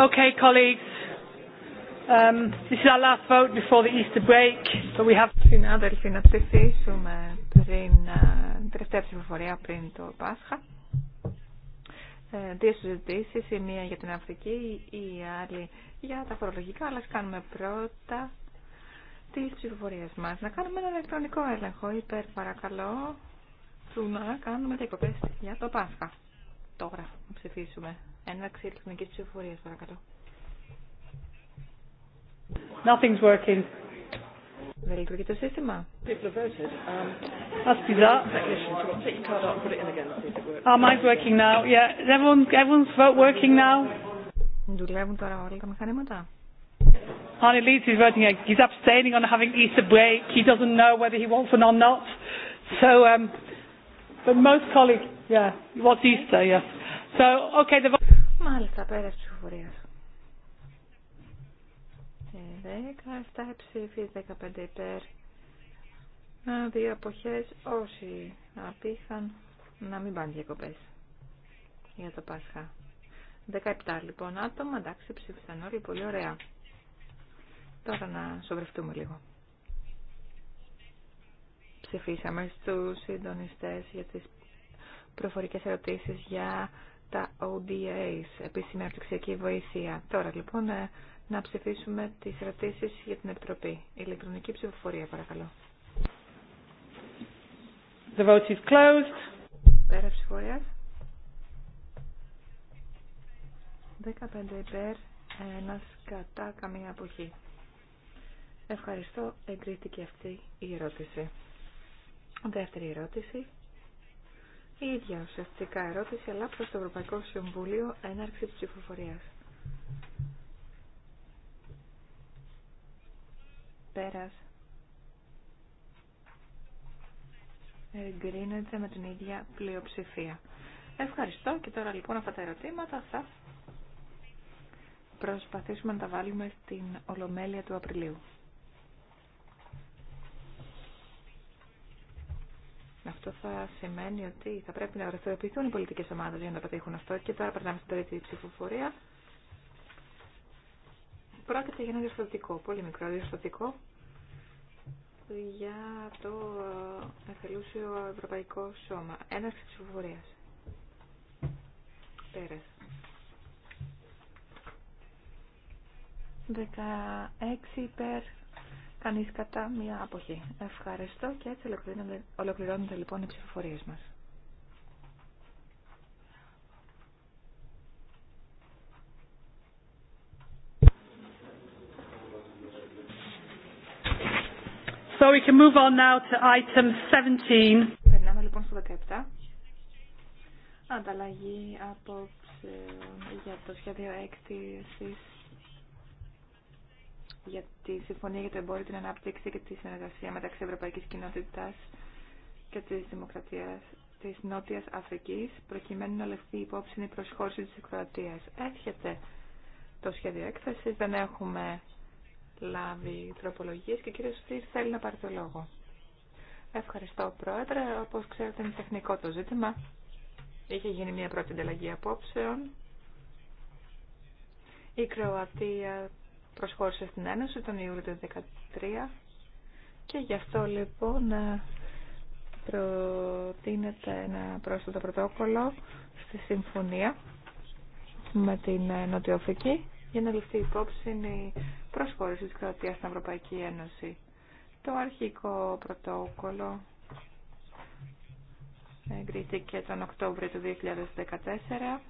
Okay, colleagues. Um, this is our last vote before the Easter break, so we have. Συνάδελφοι, να ψηφίσουμε πριν την ε, τελευταία ψηφοφορία πριν το Πάσχα. Ε, δύο συζητήσει, η μία για την Αφρική, η άλλη για τα φορολογικά, αλλά κάνουμε πρώτα τι ψηφοφορίε μα. Να κάνουμε ένα ηλεκτρονικό έλεγχο υπέρ παρακαλώ του να κάνουμε τα υποπέσει για το Πάσχα. Τώρα να ψηφίσουμε. Ένταξη ρυθμική ψηφοφορίας, παρακαλώ. Nothing's working. Δεν λειτουργεί το σύστημα. Are mine's working now? Yeah, everyone's everyone's vote working now. Δουλεύουν τώρα όλα τα μηχανήματα. Annelies is voting. He's abstaining on having Easter break. He doesn't know whether he wants one or not. So, um, but most colleagues, yeah, what's Easter? Yeah. So, okay, the... Μάλιστα, πέρα ψηφοφορία. 17 ψήφοι, 15 υπέρ. Δύο εποχέ όσοι απήχαν να μην πάνε διακοπέ για το Πάσχα. 17 λοιπόν άτομα, εντάξει, ψήφισαν όλοι πολύ ωραία. Τώρα να σοβρευτούμε λίγο. Ψηφίσαμε στους συντονιστές για τις προφορικές ερωτήσεις για τα ODAs, επίσημη αυτοξιακή βοήθεια. Τώρα λοιπόν ε, να ψηφίσουμε τις ερωτήσεις για την Επιτροπή. Ηλεκτρονική ψηφοφορία παρακαλώ. The vote is closed. Πέρα ψηφορία. 15 υπέρ, ένας κατά καμία αποχή. Ευχαριστώ, εγκρίθηκε αυτή η ερώτηση. Δεύτερη ερώτηση η ίδια ουσιαστικά ερώτηση, αλλά προ το Ευρωπαϊκό Συμβουλίο έναρξη της ψηφοφορίας. Πέρας. Εγκρίνεται με την ίδια πλειοψηφία. Ευχαριστώ και τώρα λοιπόν αυτά τα ερωτήματα θα προσπαθήσουμε να τα βάλουμε στην Ολομέλεια του Απριλίου. Αυτό θα σημαίνει ότι θα πρέπει να δραστηριοποιηθούν οι πολιτικέ ομάδε για να το πετύχουν αυτό. Και τώρα περνάμε στην τρίτη ψηφοφορία. Πρόκειται για ένα διορθωτικό, πολύ μικρό διορθωτικό, για το ε, εθελούσιο Ευρωπαϊκό Σώμα. Ένα ψηφοφορία. Πέρασε. 16 υπέρ κανεί κατά μία αποχή. Ευχαριστώ και έτσι ολοκληρώνονται, ολοκληρώνονται λοιπόν οι ψηφοφορίες μας. So we can move on now to item 17. Περνάμε λοιπόν στο 17. Ανταλλαγή απόψεων για το σχέδιο έκτησης για τη Συμφωνία για το Εμπόριο, την Ανάπτυξη και τη Συνεργασία μεταξύ Ευρωπαϊκής Κοινότητας και της Δημοκρατίας της Νότιας Αφρικής, προκειμένου να λεφθεί υπόψη η προσχώρηση της Κροατίας. Έρχεται το σχέδιο έκθεσης, δεν έχουμε λάβει τροπολογίες και ο κύριος θέλει να πάρει το λόγο. Ευχαριστώ, Πρόεδρε. Όπως ξέρετε, είναι τεχνικό το ζήτημα. Είχε γίνει μια πρώτη ανταλλαγή απόψεων. Η Κροατία προσχώρησε στην Ένωση τον Ιούλιο του 2013 και γι' αυτό λοιπόν ε, προτείνεται ένα πρόσθετο πρωτόκολλο στη συμφωνία με την ε, Νοτιοφρική για να ληφθεί υπόψη η προσχώρηση της Κροατίας στην Ευρωπαϊκή Ένωση. Το αρχικό πρωτόκολλο εγκρίθηκε τον Οκτώβριο του 2014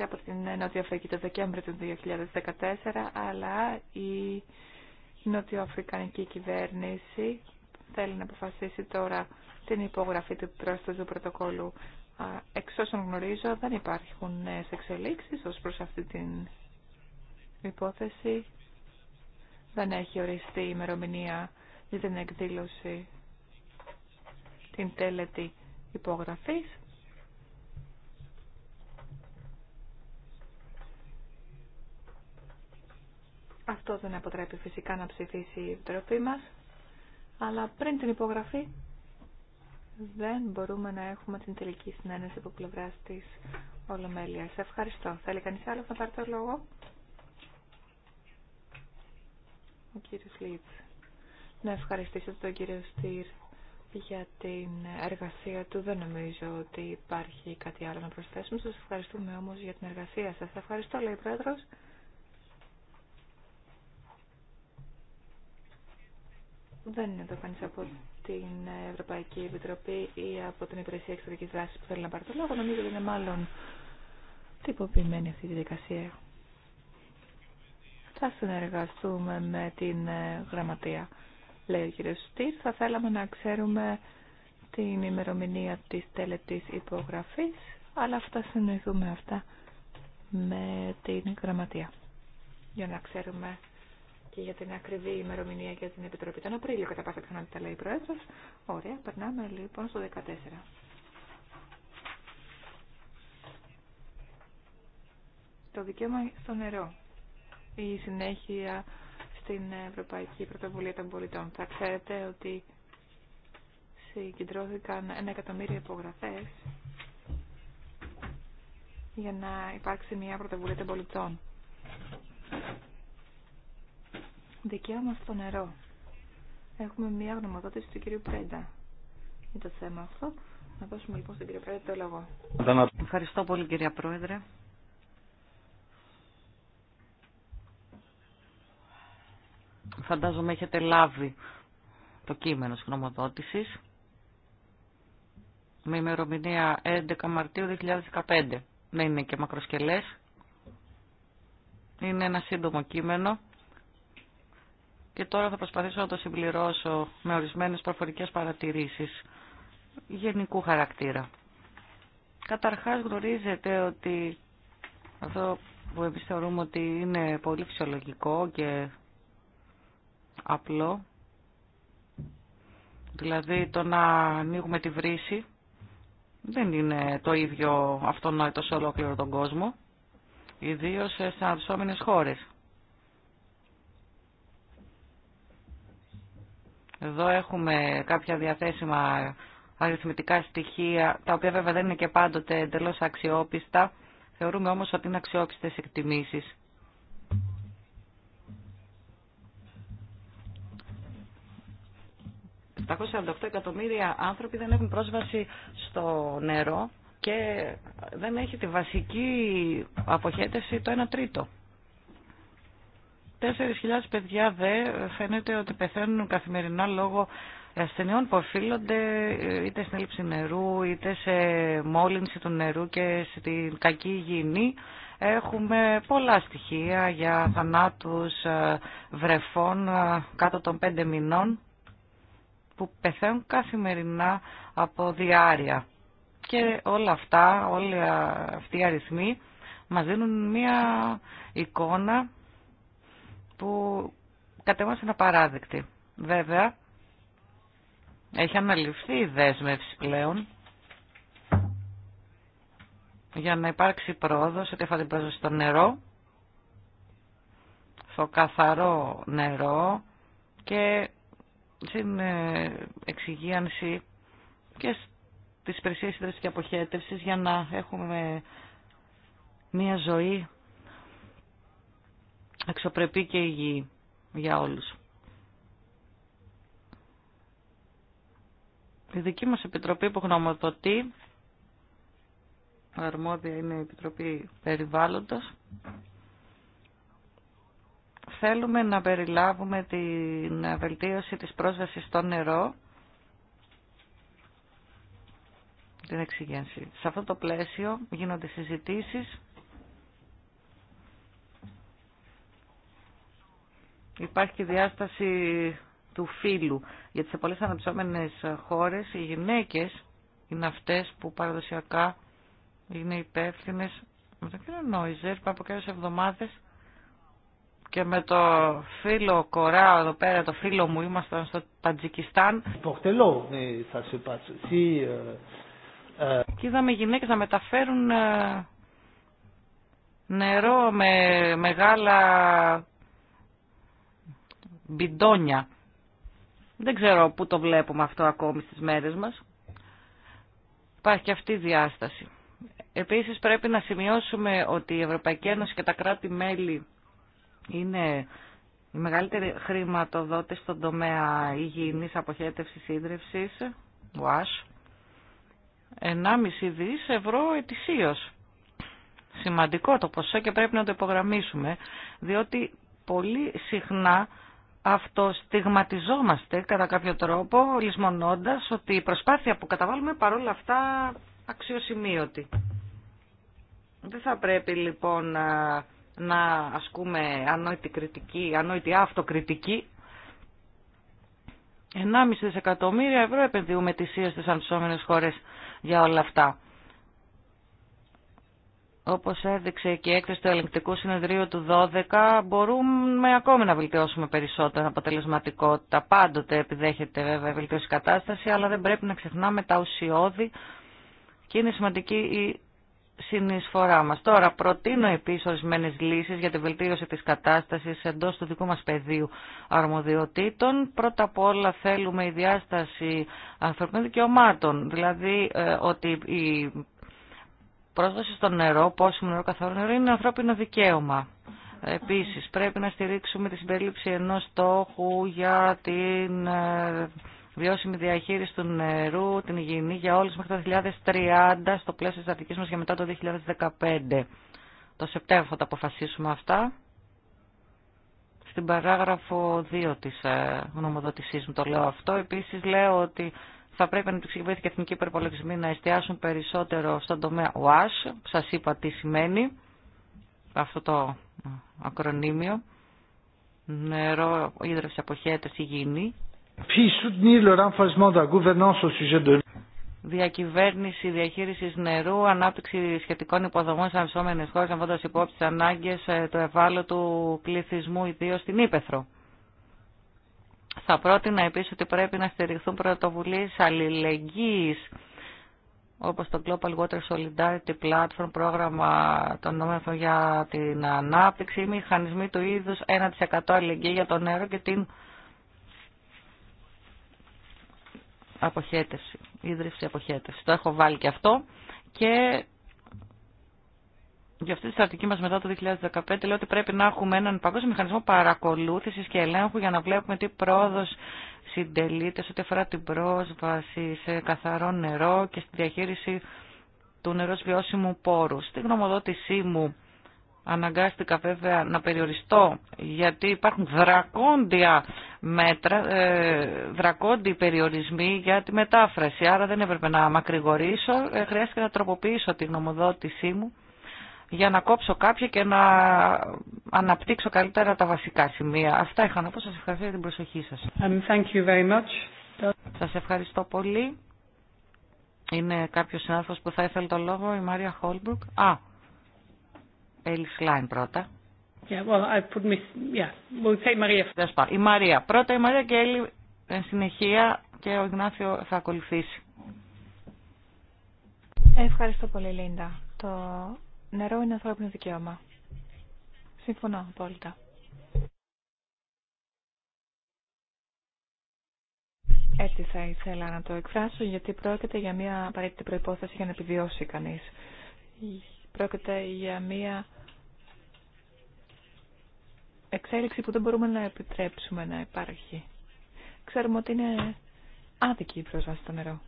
και από την Νότια Αφρική το Δεκέμβριο του 2014, αλλά η νοτιοαφρικανική κυβέρνηση θέλει να αποφασίσει τώρα την υπογραφή του πρόσθετου πρωτοκόλου. Εξ όσων γνωρίζω δεν υπάρχουν νέε εξελίξεις ως προς αυτή την υπόθεση. Δεν έχει οριστεί η ημερομηνία για την εκδήλωση την τέλετη υπογραφής. Αυτό δεν αποτρέπει φυσικά να ψηφίσει η Επιτροπή μας, αλλά πριν την υπογραφή δεν μπορούμε να έχουμε την τελική συνένεση από πλευρά τη Ολομέλεια. Ευχαριστώ. Θέλει κανεί άλλο να πάρει το λόγο. Ο κύριο Λίτ. Να ευχαριστήσω τον κύριο Στυρ για την εργασία του. Δεν νομίζω ότι υπάρχει κάτι άλλο να προσθέσουμε. Σα ευχαριστούμε όμω για την εργασία σα. Ευχαριστώ, λέει ο Πρόεδρος. Δεν είναι το κανεί από την Ευρωπαϊκή Επιτροπή ή από την Υπηρεσία Εξωτερική Δράση που θέλει να πάρει το λόγο. Νομίζω ότι είναι μάλλον τυποποιημένη αυτή η διαδικασία. Θα συνεργαστούμε με την ε, γραμματεία, λέει ο κ. Στήρ. Θα θέλαμε να ξέρουμε την ημερομηνία της τέλετης υπογραφής, αλλά αυτά συνοηθούμε αυτά με την γραμματεία για να ξέρουμε και για την ακριβή ημερομηνία για την Επιτροπή. Τον Απρίλιο κατά πάσα πιθανότητα λέει η Πρόεδρος. Ωραία, περνάμε λοιπόν στο 14. Το δικαίωμα στο νερό. Η συνέχεια στην Ευρωπαϊκή Πρωτοβουλία των Πολιτών. Θα ξέρετε ότι συγκεντρώθηκαν ένα εκατομμύριο υπογραφές για να υπάρξει μια πρωτοβουλία των πολιτών Δικαίωμα στο νερό. Έχουμε μία γνωμοδότηση του κυρίου Πρέντα για το θέμα αυτό. Να δώσουμε λοιπόν στον κύριο Πρέντα το λόγο. Ευχαριστώ πολύ κυρία Πρόεδρε. Φαντάζομαι έχετε λάβει το κείμενο της γνωμοδότησης με ημερομηνία 11 Μαρτίου 2015. Δεν ναι, είναι και μακροσκελές. Είναι ένα σύντομο κείμενο και τώρα θα προσπαθήσω να το συμπληρώσω με ορισμένες προφορικές παρατηρήσεις γενικού χαρακτήρα. Καταρχάς γνωρίζετε ότι αυτό που εμείς ότι είναι πολύ φυσιολογικό και απλό, δηλαδή το να ανοίγουμε τη βρύση, δεν είναι το ίδιο αυτονόητο σε ολόκληρο τον κόσμο, ιδίως σε αναπτυσσόμενες χώρες. Εδώ έχουμε κάποια διαθέσιμα αριθμητικά στοιχεία, τα οποία βέβαια δεν είναι και πάντοτε εντελώς αξιόπιστα. Θεωρούμε όμως ότι είναι αξιόπιστες εκτιμήσεις. Τα 748 εκατομμύρια άνθρωποι δεν έχουν πρόσβαση στο νερό και δεν έχει τη βασική αποχέτευση το 1 τρίτο. 4.000 παιδιά δε φαίνεται ότι πεθαίνουν καθημερινά λόγω ασθενειών που οφείλονται ε, είτε στην έλλειψη νερού, είτε σε μόλυνση του νερού και στην κακή υγιεινή. Έχουμε πολλά στοιχεία για θανάτους ε, βρεφών ε, κάτω των 5 μηνών που πεθαίνουν καθημερινά από διάρρεια. Και όλα αυτά, όλοι αυτοί οι αριθμοί μας δίνουν μία εικόνα που κατέμασε ένα είναι Βέβαια, έχει αναλυφθεί η δέσμευση πλέον για να υπάρξει πρόοδο σε την πρόσβαση στο νερό, στο καθαρό νερό και στην ε, εξυγίανση και στις υπηρεσίες και αποχέτευσης για να έχουμε μια ζωή αξιοπρεπή και υγιή για όλους. Η δική μας επιτροπή που γνωμοδοτεί, αρμόδια είναι η Επιτροπή Περιβάλλοντος, θέλουμε να περιλάβουμε την βελτίωση της πρόσβασης στο νερό, την εξηγένση. Σε αυτό το πλαίσιο γίνονται συζητήσεις Υπάρχει και διάσταση του φύλου, γιατί σε πολλές αναπτυσσόμενες χώρες οι γυναίκες είναι αυτές που παραδοσιακά είναι υπεύθυνε με τον κύριο Νόιζερ πριν από κάποιες εβδομάδες και με το φίλο Κορά εδώ πέρα, το φίλο μου, ήμασταν στο Τατζικιστάν. Euh, euh. Και είδαμε γυναίκες να μεταφέρουν ε, νερό με μεγάλα μπιντόνια. Δεν ξέρω πού το βλέπουμε αυτό ακόμη στις μέρες μας. Υπάρχει και αυτή η διάσταση. Επίσης πρέπει να σημειώσουμε ότι η Ευρωπαϊκή Ένωση και τα κράτη-μέλη είναι οι μεγαλύτεροι χρηματοδότες στον τομέα υγιεινής αποχέτευσης ίδρυυσης, WASH, 1,5 δις ευρώ ετησίως. Σημαντικό το ποσό και πρέπει να το υπογραμμίσουμε, διότι πολύ συχνά αυτοστιγματιζόμαστε κατά κάποιο τρόπο, λησμονώντας ότι η προσπάθεια που καταβάλουμε παρόλα αυτά αξιοσημείωτη. Δεν θα πρέπει λοιπόν να, να ασκούμε ανόητη κριτική, ανόητη αυτοκριτική. 1,5 δισεκατομμύρια ευρώ επενδύουμε τις ίδιες τις χώρες για όλα αυτά όπως έδειξε και η έκθεση του ελεγκτικού συνεδρίου του 12, μπορούμε ακόμη να βελτιώσουμε περισσότερο αποτελεσματικότητα. Πάντοτε επιδέχεται βέβαια βελτιώσει κατάσταση, αλλά δεν πρέπει να ξεχνάμε τα ουσιώδη και είναι σημαντική η συνεισφορά μας. Τώρα προτείνω επίσης ορισμένε λύσεις για τη βελτίωση της κατάστασης εντός του δικού μας πεδίου αρμοδιοτήτων. Πρώτα απ' όλα θέλουμε η διάσταση ανθρωπίνων δικαιωμάτων, δηλαδή ε, ότι πρόσβαση στο νερό, πόσιμο νερό, καθαρό νερό είναι ανθρώπινο δικαίωμα. Επίσης πρέπει να στηρίξουμε τη συμπερίληψη ενός στόχου για την ε, βιώσιμη διαχείριση του νερού, την υγιεινή για όλους μέχρι το 2030 στο πλαίσιο της στρατηγικής μας για μετά το 2015. Το Σεπτέμβριο θα τα αποφασίσουμε αυτά. Στην παράγραφο 2 της ε, γνωμοδοτησής μου το λέω αυτό. Επίσης λέω ότι θα πρέπει να ψηφίσει και εθνικοί υπερπολογισμοί να εστιάσουν περισσότερο στον τομέα ΟΑΣ. Σα είπα τι σημαίνει αυτό το ακρονίμιο. Νερό, ίδρυψη, αποχέτευση, υγιεινή. Διακυβέρνηση διαχείριση νερού, ανάπτυξη σχετικών υποδομών σε ανισόμενε χώρε, λαμβάνοντα υπόψη τι ανάγκε ε, του ευάλωτου πληθυσμού, ιδίω στην Ήπεθρο. Θα πρότεινα επίσης ότι πρέπει να στηριχθούν πρωτοβουλίες αλληλεγγύης όπως το Global Water Solidarity Platform, πρόγραμμα των νόμων για την ανάπτυξη, μηχανισμοί του είδους 1% αλληλεγγύη για το νερό και την αποχέτευση, ίδρυυση αποχέτευση. Το έχω βάλει και αυτό και για αυτή τη στρατική μα μετά το 2015 λέω ότι πρέπει να έχουμε έναν παγκόσμιο μηχανισμό παρακολούθηση και ελέγχου για να βλέπουμε τι πρόοδο συντελείται σε ό,τι αφορά την πρόσβαση σε καθαρό νερό και στη διαχείριση του νερό βιώσιμου πόρου. Στη γνωμοδότησή μου αναγκάστηκα βέβαια να περιοριστώ γιατί υπάρχουν δρακόντια μέτρα, ε, δρακόντιοι περιορισμοί για τη μετάφραση. Άρα δεν έπρεπε να μακρηγορήσω, ε, χρειάστηκε να τροποποιήσω τη γνωμοδότησή μου για να κόψω κάποια και να αναπτύξω καλύτερα τα βασικά σημεία. Αυτά είχα να πω. Σας ευχαριστώ για την προσοχή σας. Um, thank Σας ευχαριστώ πολύ. Είναι κάποιος συνάδελφος που θα ήθελε το λόγο, η Μαρία Χόλμπρουκ. Α, Έλλη Σλάιν πρώτα. Η Μαρία. Πρώτα η Μαρία και η Έλλη εν συνεχεία και ο Ιγνάθιο θα ακολουθήσει. Ευχαριστώ πολύ, Λίντα. Το Νερό είναι ανθρώπινο δικαίωμα. Συμφωνώ απόλυτα. Έτσι θα ήθελα να το εκφράσω, γιατί πρόκειται για μια απαραίτητη προϋπόθεση για να επιβιώσει κανείς. Πρόκειται για μια εξέλιξη που δεν μπορούμε να επιτρέψουμε να υπάρχει. Ξέρουμε ότι είναι άδικη η πρόσβαση στο νερό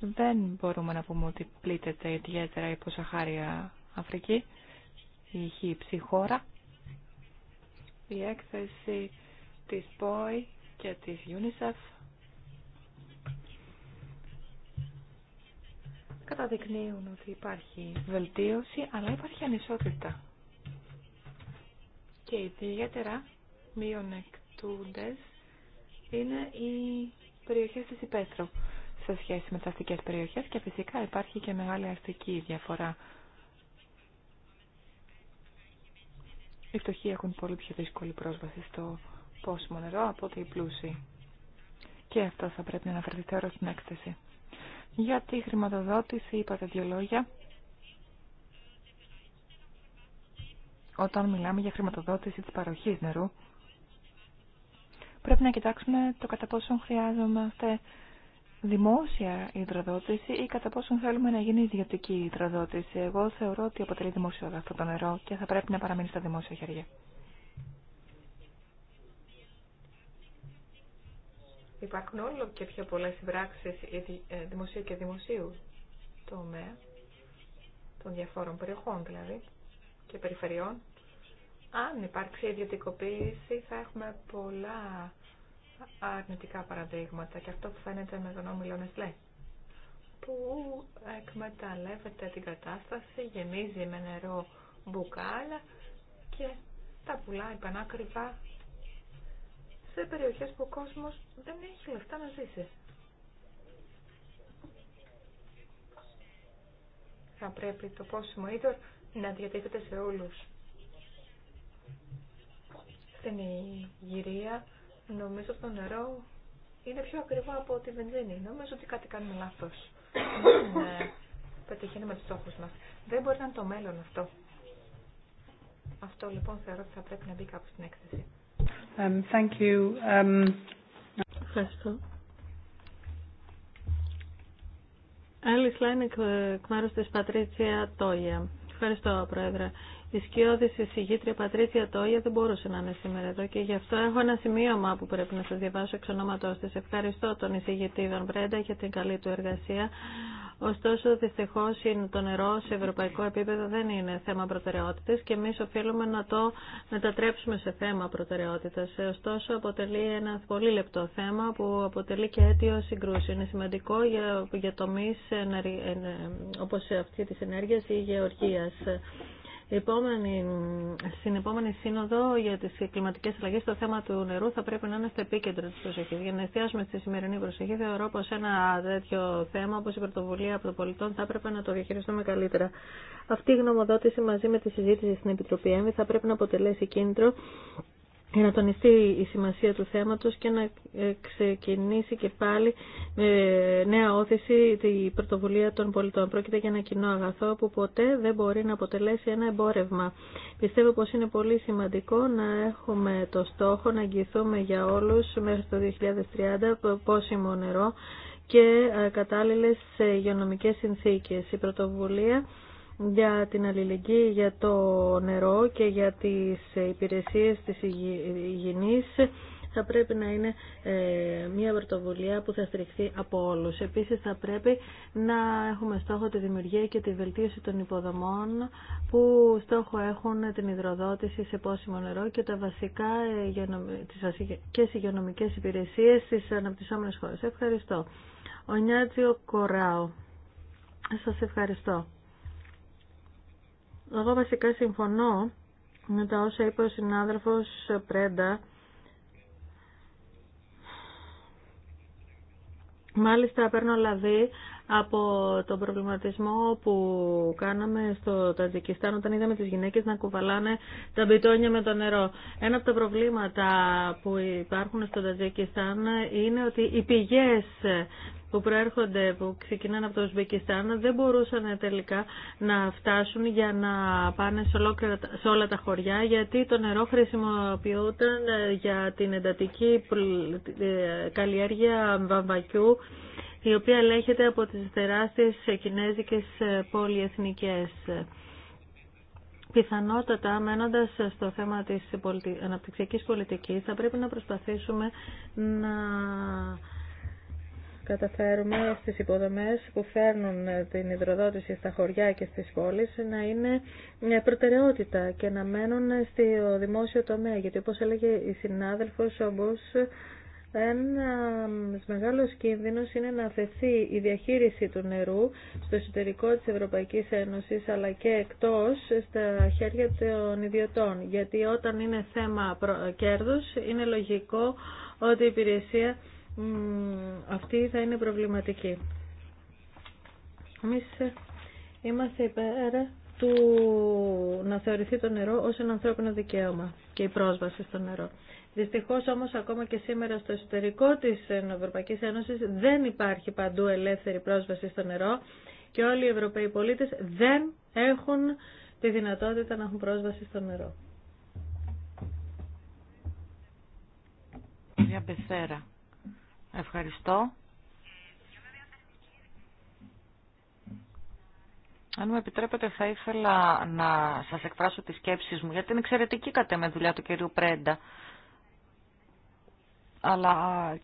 δεν μπορούμε να πούμε ότι πλήττεται ιδιαίτερα η Ποσαχάρια Αφρική, η χύψη χώρα. Η έκθεση της ΠΟΗ και της UNICEF καταδεικνύουν ότι υπάρχει βελτίωση, αλλά υπάρχει ανισότητα. Και ιδιαίτερα μειονεκτούντες είναι οι περιοχές της υπαίθρου σε σχέση με τις αστικές περιοχές και φυσικά υπάρχει και μεγάλη αστική διαφορά. Οι φτωχοί έχουν πολύ πιο δύσκολη πρόσβαση στο πόσιμο νερό από ότι οι πλούσιοι. Και αυτό θα πρέπει να αναφερθεί τώρα στην έκθεση. Για τη χρηματοδότηση είπατε δύο λόγια. Όταν μιλάμε για χρηματοδότηση της παροχής νερού, πρέπει να κοιτάξουμε το κατά πόσο χρειάζομαστε δημόσια υδροδότηση ή κατά πόσον θέλουμε να γίνει ιδιωτική υδροδότηση. Εγώ θεωρώ ότι αποτελεί δημόσιο αυτό το νερό και θα πρέπει να παραμείνει στα δημόσια χέρια. Υπάρχουν όλο και πιο πολλέ συμπράξεις ε, ε, δημοσίου και δημοσίου τομέα των διαφόρων περιοχών δηλαδή και περιφερειών. Αν υπάρξει ιδιωτικοποίηση θα έχουμε πολλά αρνητικά παραδείγματα και αυτό που φαίνεται με τον όμιλο Νεσλέ που εκμεταλλεύεται την κατάσταση, γεμίζει με νερό μπουκάλα και τα πουλάει πανάκριβα σε περιοχές που ο κόσμος δεν έχει λεφτά να ζήσει. Θα πρέπει το πόσιμο είδωρ να διατίθεται σε όλους. Στην Ιγυρία Νομίζω το νερό είναι πιο ακριβό από τη βενζίνη. Νομίζω ότι κάτι κάνουμε λάθο. Δεν ε, πετυχαίνουμε του στόχου μα. Δεν μπορεί να είναι το μέλλον αυτό. Αυτό λοιπόν θεωρώ ότι θα πρέπει να μπει κάπου στην έκθεση. Um, um, Ευχαριστώ. Άλλη Λάινεκ, εκ μέρου της Πατρίτσια Τόγια. Ευχαριστώ, Πρόεδρε. Η σκιώδη εισηγήτρια Πατρίτσια Τόγια δεν μπορούσε να είναι σήμερα εδώ και γι' αυτό έχω ένα σημείωμα που πρέπει να σα διαβάσω εξ ονόματό τη. Ευχαριστώ τον εισηγητή Βαν Μπρέντα για την καλή του εργασία. Ωστόσο, δυστυχώ το νερό σε ευρωπαϊκό επίπεδο δεν είναι θέμα προτεραιότητα και εμεί οφείλουμε να το μετατρέψουμε σε θέμα προτεραιότητα. Ωστόσο, αποτελεί ένα πολύ λεπτό θέμα που αποτελεί και αίτιο συγκρούση. Είναι σημαντικό για, για τομεί όπω αυτή τη ενέργεια ή γεωργία επόμενη, στην επόμενη σύνοδο για τις κλιματικές αλλαγές το θέμα του νερού θα πρέπει να είναι στο επίκεντρο της προσοχής. Για να εστιάσουμε στη σημερινή προσοχή θεωρώ πως ένα τέτοιο θέμα όπως η πρωτοβουλία από το πολιτών θα έπρεπε να το διαχειριστούμε καλύτερα. Αυτή η γνωμοδότηση μαζί με τη συζήτηση στην Επιτροπή ΕΜΗ θα πρέπει να αποτελέσει κίνητρο για να τονιστεί η σημασία του θέματος και να ε, ξεκινήσει και πάλι με νέα όθηση η πρωτοβουλία των πολιτών. Πρόκειται για ένα κοινό αγαθό που ποτέ δεν μπορεί να αποτελέσει ένα εμπόρευμα. Πιστεύω πως είναι πολύ σημαντικό να έχουμε το στόχο να αγγιθούμε για όλους μέχρι το 2030 πόσιμο νερό και ε, κατάλληλες υγειονομικές συνθήκες. Η πρωτοβουλία για την αλληλεγγύη για το νερό και για τις υπηρεσίες της υγιεινής θα πρέπει να είναι ε, μια πρωτοβουλία που θα στριχθεί από όλους. Επίσης θα πρέπει να έχουμε στόχο τη δημιουργία και τη βελτίωση των υποδομών που στόχο έχουν την υδροδότηση σε πόσιμο νερό και τα βασικά, ε, τις βασικές υγειονομικές υπηρεσίες στις αναπτυσσόμενες χώρες. Ευχαριστώ. Ο Νιάτζιο Κοράου. Σας ευχαριστώ. Εγώ βασικά συμφωνώ με τα όσα είπε ο συνάδελφος Πρέντα. Μάλιστα παίρνω λαδί από τον προβληματισμό που κάναμε στο Τατζικιστάν όταν είδαμε τις γυναίκες να κουβαλάνε τα μπιτόνια με το νερό. Ένα από τα προβλήματα που υπάρχουν στο Τατζικιστάν είναι ότι οι πηγές που προέρχονται, που ξεκινάνε από το Ουσβεκιστάν, δεν μπορούσαν τελικά να φτάσουν για να πάνε σε, όλα τα χωριά γιατί το νερό χρησιμοποιούταν ε, για την εντατική ε, καλλιέργεια βαμβακιού η οποία ελέγχεται από τις τεράστιες κινέζικες ε, πολυεθνικές. Πιθανότατα, μένοντας στο θέμα της αναπτυξιακής πολιτικής, θα πρέπει να προσπαθήσουμε να καταφέρουμε στις υποδομές που φέρνουν την υδροδότηση στα χωριά και στις πόλεις να είναι μια προτεραιότητα και να μένουν στο δημόσιο τομέα. Γιατί όπως έλεγε η συνάδελφος όπως ένα μεγάλος κίνδυνος είναι να θεθεί η διαχείριση του νερού στο εσωτερικό της Ευρωπαϊκής Ένωσης αλλά και εκτός στα χέρια των ιδιωτών. Γιατί όταν είναι θέμα κέρδους είναι λογικό ότι η υπηρεσία αυτή θα είναι προβληματική. Εμείς είμαστε υπέρ του να θεωρηθεί το νερό ως ένα ανθρώπινο δικαίωμα και η πρόσβαση στο νερό. Δυστυχώς όμως ακόμα και σήμερα στο εσωτερικό της Ευρωπαϊκής Ένωσης δεν υπάρχει παντού ελεύθερη πρόσβαση στο νερό και όλοι οι Ευρωπαίοι πολίτες δεν έχουν τη δυνατότητα να έχουν πρόσβαση στο νερό. Κυρία Ευχαριστώ. Αν μου επιτρέπετε θα ήθελα να σας εκφράσω τις σκέψεις μου γιατί είναι εξαιρετική κατά με δουλειά του κυρίου Πρέντα. Αλλά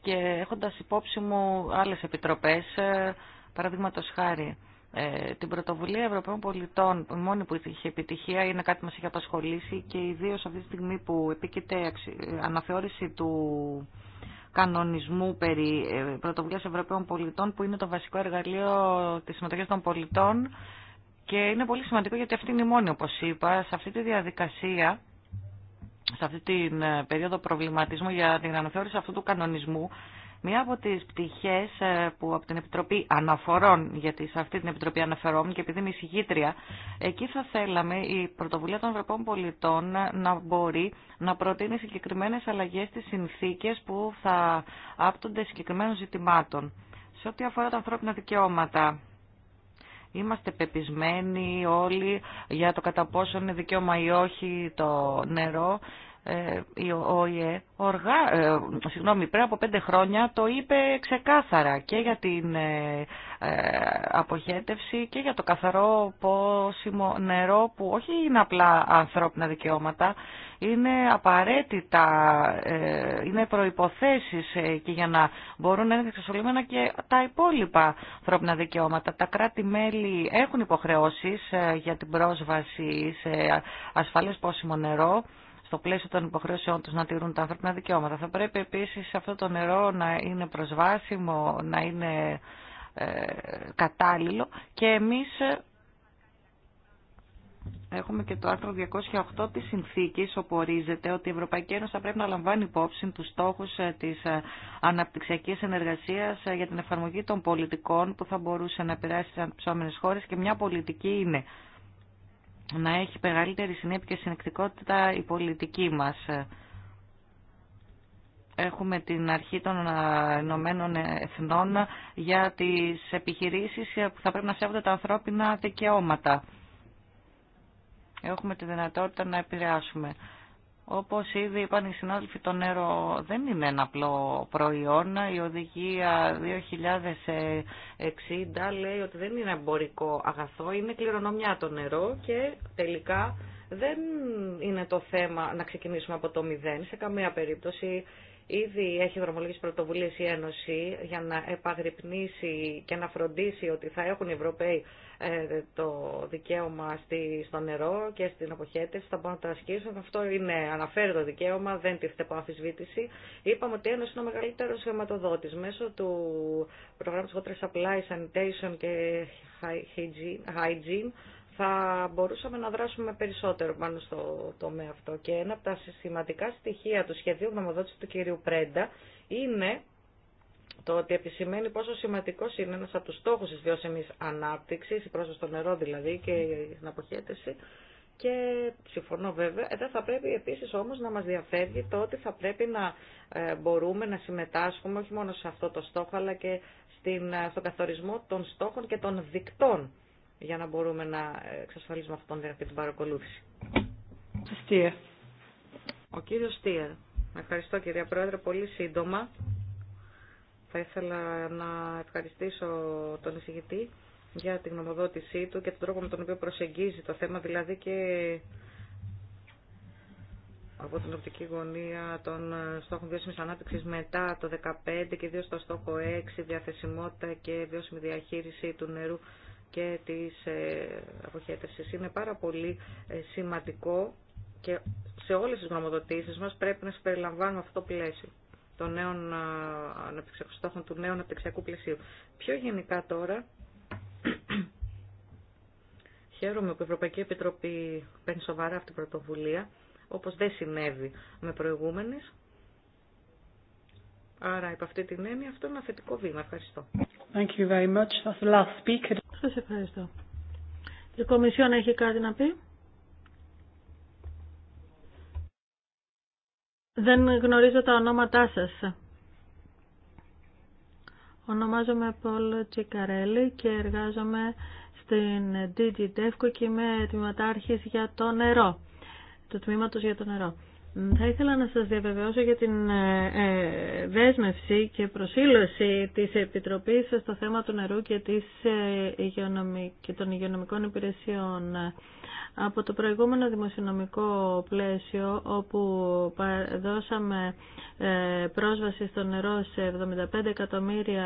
και έχοντας υπόψη μου άλλες επιτροπές, ε, παραδείγματο χάρη, ε, την πρωτοβουλία Ευρωπαίων πολιτών, η μόνη που είχε επιτυχία, είναι κάτι που μας είχε απασχολήσει και ιδίως αυτή τη στιγμή που επίκειται αναθεώρηση του κανονισμού περί ε, πρωτοβουλίας Ευρωπαίων πολιτών που είναι το βασικό εργαλείο της συμμετοχής των πολιτών και είναι πολύ σημαντικό γιατί αυτή είναι η μόνη, όπως είπα, σε αυτή τη διαδικασία, σε αυτή την ε, περίοδο προβληματισμού για την αναθεώρηση αυτού του κανονισμού Μία από τις πτυχές ε, που από την Επιτροπή Αναφορών, γιατί σε αυτή την Επιτροπή αναφερόμουν και επειδή είμαι εισηγήτρια, εκεί θα θέλαμε η πρωτοβουλία των Ευρωπαίων Πολιτών να μπορεί να προτείνει συγκεκριμένες αλλαγές στις συνθήκες που θα άπτονται συγκεκριμένων ζητημάτων. Σε ό,τι αφορά τα ανθρώπινα δικαιώματα, Είμαστε πεπισμένοι όλοι για το κατά πόσο είναι δικαίωμα ή όχι το νερό ο ΙΕ, οργά, ε, συγγνώμη, πριν από πέντε χρόνια το είπε ξεκάθαρα και για την ε, ε, αποχέτευση και για το καθαρό πόσιμο νερό που όχι είναι απλά ανθρώπινα δικαιώματα, είναι απαραίτητα, ε, είναι προϋποθέσεις και για να μπορούν να είναι εξασφαλισμένα και τα υπόλοιπα ανθρώπινα δικαιώματα. Τα κράτη-μέλη έχουν υποχρεώσεις για την πρόσβαση σε ασφαλές πόσιμο νερό στο πλαίσιο των υποχρεώσεών τους να τηρούν τα ανθρώπινα δικαιώματα. Θα πρέπει επίσης αυτό το νερό να είναι προσβάσιμο, να είναι ε, κατάλληλο και εμείς ε, Έχουμε και το άρθρο 208 της συνθήκης όπου ορίζεται ότι η Ευρωπαϊκή Ένωση θα πρέπει να λαμβάνει υπόψη τους στόχους ε, της αναπτυξιακής ενεργασίας για την εφαρμογή των πολιτικών που θα μπορούσε να επηρεάσει τις αναπτυσσόμενες χώρες και μια πολιτική είναι να έχει μεγαλύτερη συνέπεια και συνεκτικότητα η πολιτική μας. Έχουμε την αρχή των ε, Ηνωμένων Εθνών για τις επιχειρήσεις που θα πρέπει να σέβονται τα ανθρώπινα δικαιώματα. Έχουμε τη δυνατότητα να επηρεάσουμε. Όπως ήδη είπαν οι συνάδελφοι, το νερό δεν είναι ένα απλό προϊόν. Η οδηγία 2060 λέει ότι δεν είναι εμπορικό αγαθό, είναι κληρονομιά το νερό και τελικά δεν είναι το θέμα να ξεκινήσουμε από το μηδέν. Σε καμία περίπτωση Ήδη έχει δρομολογήσει πρωτοβουλίε η Ένωση για να επαγρυπνήσει και να φροντίσει ότι θα έχουν οι Ευρωπαίοι ε, το δικαίωμα στη, στο νερό και στην αποχέτευση, θα μπορούν να το ασκήσουν. Αυτό είναι, αναφέρει το δικαίωμα, δεν τίθεται από αμφισβήτηση. Είπαμε ότι η Ένωση είναι ο μεγαλύτερο χρηματοδότη. Μέσω του προγράμματο Water Supply, Sanitation και Hygiene θα μπορούσαμε να δράσουμε περισσότερο πάνω στο τομέα αυτό. Και ένα από τα σημαντικά στοιχεία του σχεδίου γνωμοδότηση του κυρίου Πρέντα είναι το ότι επισημαίνει πόσο σημαντικό είναι ένα από του στόχου τη βιώσιμη ανάπτυξη, η πρόσβαση στο νερό δηλαδή και την αποχέτευση, και συμφωνώ βέβαια, ε, δεν θα πρέπει επίσης όμως να μας διαφεύγει το ότι θα πρέπει να ε, μπορούμε να συμμετάσχουμε όχι μόνο σε αυτό το στόχο αλλά και στην, ε, στον καθορισμό των στόχων και των δικτών για να μπορούμε να εξασφαλίσουμε αυτόν τον την παρακολούθηση. Στία. Ο κύριος Στία. Ευχαριστώ κυρία Πρόεδρε. Πολύ σύντομα θα ήθελα να ευχαριστήσω τον εισηγητή για την γνωμοδότησή του και τον τρόπο με τον οποίο προσεγγίζει το θέμα, δηλαδή και από την οπτική γωνία των στόχων βιώσιμη ανάπτυξη μετά το 2015 και ιδίω το στόχο 6, διαθεσιμότητα και βιώσιμη διαχείριση του νερού και της ε, αποχέτευσης. Είναι πάρα πολύ ε, σημαντικό και σε όλες τις γνωμοδοτήσεις μας πρέπει να συμπεριλαμβάνουμε αυτό το πλαίσιο των νέων στόχων του νέου αναπτυξιακού πλαισίου. Πιο γενικά τώρα, χαίρομαι που η Ευρωπαϊκή Επιτροπή παίρνει σοβαρά αυτή την πρωτοβουλία, όπως δεν συνέβη με προηγούμενες. Άρα, υπ' αυτή την έννοια, αυτό είναι ένα θετικό βήμα. Ευχαριστώ. Thank you very much. the last speaker. Σας ευχαριστώ. Η Κομισιόν έχει κάτι να πει. Δεν γνωρίζω τα ονόματά σας. Ονομάζομαι Πολ Τσικαρέλη και εργάζομαι στην DigiDevco και είμαι τμήματάρχης για το νερό, του τμήματος για το νερό. Θα ήθελα να σας διαβεβαιώσω για την ε, ε, δέσμευση και προσήλωση της Επιτροπής στο θέμα του νερού και ε, των υγειονομικών υπηρεσιών από το προηγούμενο δημοσιονομικό πλαίσιο όπου δώσαμε ε, πρόσβαση στο νερό σε 75 εκατομμύρια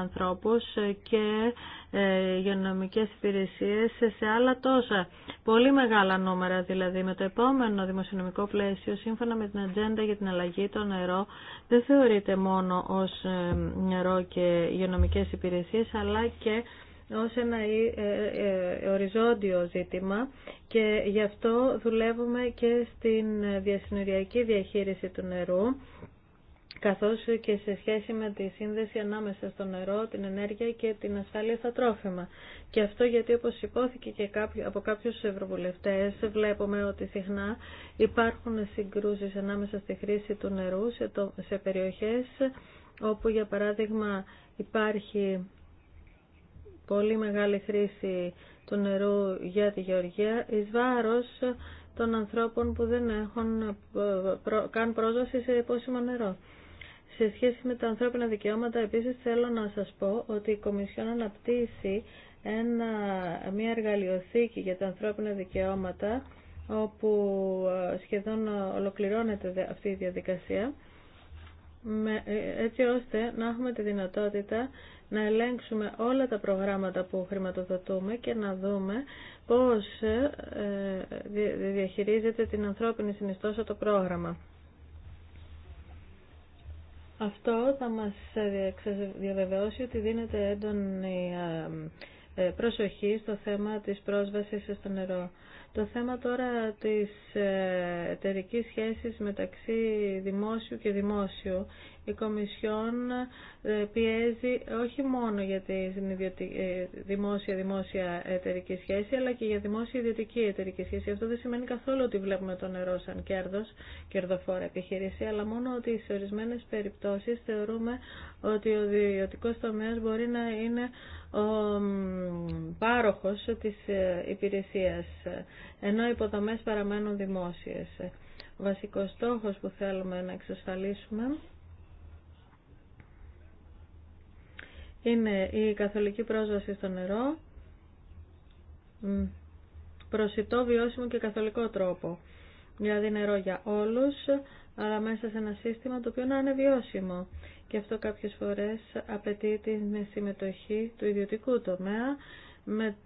ανθρώπους και ε, υγειονομικές υπηρεσίες σε άλλα τόσα. Πολύ μεγάλα νούμερα δηλαδή. Με το επόμενο δημοσιονομικό πλαίσιο, σύμφωνα με την ατζέντα για την αλλαγή, το νερό δεν θεωρείται μόνο ως ε, νερό και υγειονομικές υπηρεσίες, αλλά και ως ένα ε, ε, ε, οριζόντιο ζήτημα και γι' αυτό δουλεύουμε και στην διασυνοριακή διαχείριση του νερού καθώς και σε σχέση με τη σύνδεση ανάμεσα στο νερό, την ενέργεια και την ασφάλεια στα τρόφιμα. Και αυτό γιατί όπως υπόθηκε και από κάποιους ευρωβουλευτές βλέπουμε ότι συχνά υπάρχουν συγκρούσεις ανάμεσα στη χρήση του νερού σε, το, σε περιοχές όπου για παράδειγμα υπάρχει πολύ μεγάλη χρήση του νερού για τη γεωργία εις βάρος των ανθρώπων που δεν έχουν ε, καν πρόσβαση σε πόσιμο νερό. Σε σχέση με τα ανθρώπινα δικαιώματα, επίσης θέλω να σας πω ότι η Κομισιόν αναπτύσσει ένα, μια εργαλειοθήκη για τα ανθρώπινα δικαιώματα, όπου ε, σχεδόν ολοκληρώνεται αυτή η διαδικασία, ε, έτσι ώστε να έχουμε τη δυνατότητα να ελέγξουμε όλα τα προγράμματα που χρηματοδοτούμε και να δούμε πώς ε, διαχειρίζεται την ανθρώπινη συνιστόσα το πρόγραμμα. Αυτό θα μας ε, διαβεβαιώσει ότι δίνεται έντονη ε, προσοχή στο θέμα της πρόσβασης στο νερό. Το θέμα τώρα της ε, εταιρική σχέσης μεταξύ δημόσιου και δημόσιου, η Κομισιόν ε, πιέζει όχι μόνο για τη ε, δημόσια-δημόσια εταιρική σχέση, αλλά και για δημόσια-ιδιωτική εταιρική σχέση. Αυτό δεν σημαίνει καθόλου ότι βλέπουμε το νερό σαν κέρδος, κερδοφόρα επιχείρηση, αλλά μόνο ότι σε ορισμένες περιπτώσεις θεωρούμε ότι ο ιδιωτικό τομέας μπορεί να είναι ο πάροχος της υπηρεσίας ενώ οι υποδομές παραμένουν δημόσιες. Ο βασικός στόχος που θέλουμε να εξασφαλίσουμε είναι η καθολική πρόσβαση στο νερό, προσιτό, βιώσιμο και καθολικό τρόπο. Δηλαδή νερό για όλους, αλλά μέσα σε ένα σύστημα το οποίο να είναι βιώσιμο. Και αυτό κάποιες φορές απαιτεί την συμμετοχή του ιδιωτικού τομέα με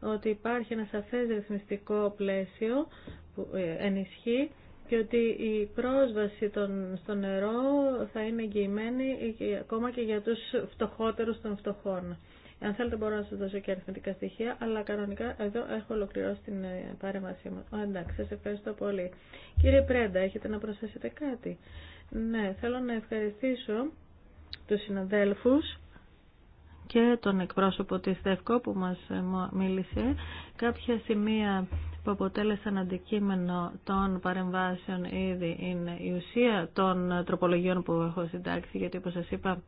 ότι υπάρχει ένα σαφές ρυθμιστικό πλαίσιο που ε, ενισχύει και ότι η πρόσβαση στο νερό θα είναι εγγυημένη ακόμα και για τους φτωχότερους των φτωχών. Αν θέλετε μπορώ να σας δώσω και αριθμητικά στοιχεία, αλλά κανονικά εδώ έχω ολοκληρώσει την ε, παρέμβασή μου. εντάξει, σας ευχαριστώ πολύ. Κύριε Πρέντα, έχετε να προσθέσετε κάτι. Ναι, θέλω να ευχαριστήσω τους συναδέλφους και τον εκπρόσωπο της ΔΕΦΚΟ που μας ε, μίλησε. Κάποια σημεία που αποτέλεσαν αντικείμενο των παρεμβάσεων ήδη είναι η ουσία των τροπολογιών που έχω συντάξει, γιατί όπως σας είπα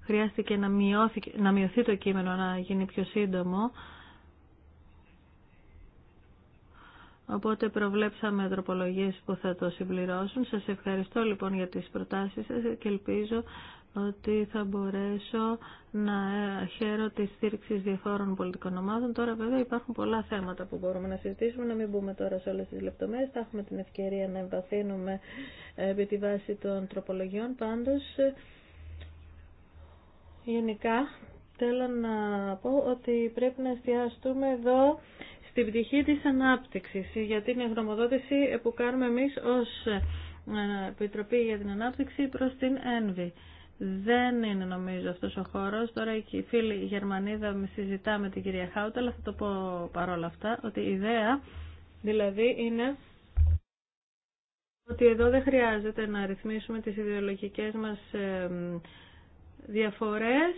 χρειάστηκε να, μειώθει, να το κείμενο, να γίνει πιο σύντομο. Οπότε προβλέψαμε τροπολογίες που θα το συμπληρώσουν. Σας ευχαριστώ λοιπόν για τις προτάσεις σας και ελπίζω ότι θα μπορέσω να χαίρω τη στήριξη διαφόρων πολιτικών ομάδων. Τώρα βέβαια υπάρχουν πολλά θέματα που μπορούμε να συζητήσουμε, να μην μπούμε τώρα σε όλες τις λεπτομέρειες. Θα έχουμε την ευκαιρία να εμβαθύνουμε ε, επί τη βάση των τροπολογιών. Πάντως, ε, γενικά, θέλω να πω ότι πρέπει να εστιαστούμε εδώ στην πτυχή της ανάπτυξης, για την γνωμοδότηση που κάνουμε εμείς ως ε, Επιτροπή για την Ανάπτυξη προς την ΕΝΒΗ. Δεν είναι νομίζω αυτός ο χώρος. Τώρα η φίλη Γερμανίδα με συζητά με την κυρία Χάουτα, αλλά θα το πω παρόλα αυτά, ότι η ιδέα δηλαδή είναι ότι εδώ δεν χρειάζεται να ρυθμίσουμε τις ιδεολογικές μας διαφορές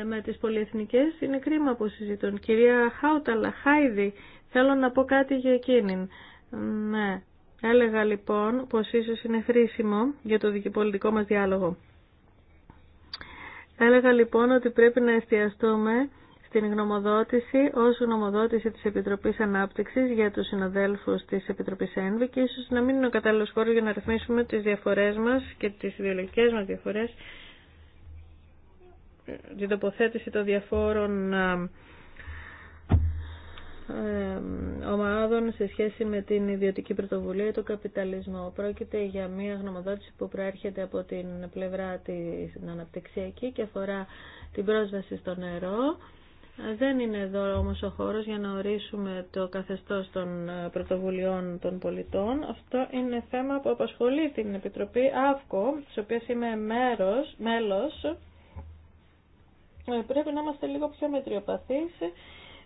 ε, με τις πολυεθνικές. Είναι κρίμα που συζητούν. Κυρία αλλά Χάιδη, θέλω να πω κάτι για εκείνην. Ναι. Έλεγα λοιπόν πως ίσως είναι χρήσιμο για το δικηπολιτικό μας διάλογο. Έλεγα λοιπόν ότι πρέπει να εστιαστούμε στην γνωμοδότηση ως γνωμοδότηση της Επιτροπής Ανάπτυξης για τους συναδέλφους της Επιτροπής ΕΝΒΗ και ίσως να μην είναι ο κατάλληλος χώρος για να ρυθμίσουμε τις διαφορές μας και τις ιδεολογικές μας διαφορές την τοποθέτηση των διαφόρων ε, ομάδων σε σχέση με την ιδιωτική πρωτοβουλία ή τον καπιταλισμό. Πρόκειται για μια γνωμοδότηση που προέρχεται από την πλευρά της αναπτυξιακή και αφορά την πρόσβαση στο νερό. Δεν είναι εδώ όμως ο χώρος για να ορίσουμε το καθεστώς των ε, πρωτοβουλειών των πολιτών. Αυτό είναι θέμα που απασχολεί την Επιτροπή ΑΦΚΟ, της οποίας είμαι μέρος, μέλος. Ε, πρέπει να είμαστε λίγο πιο μετριοπαθείς,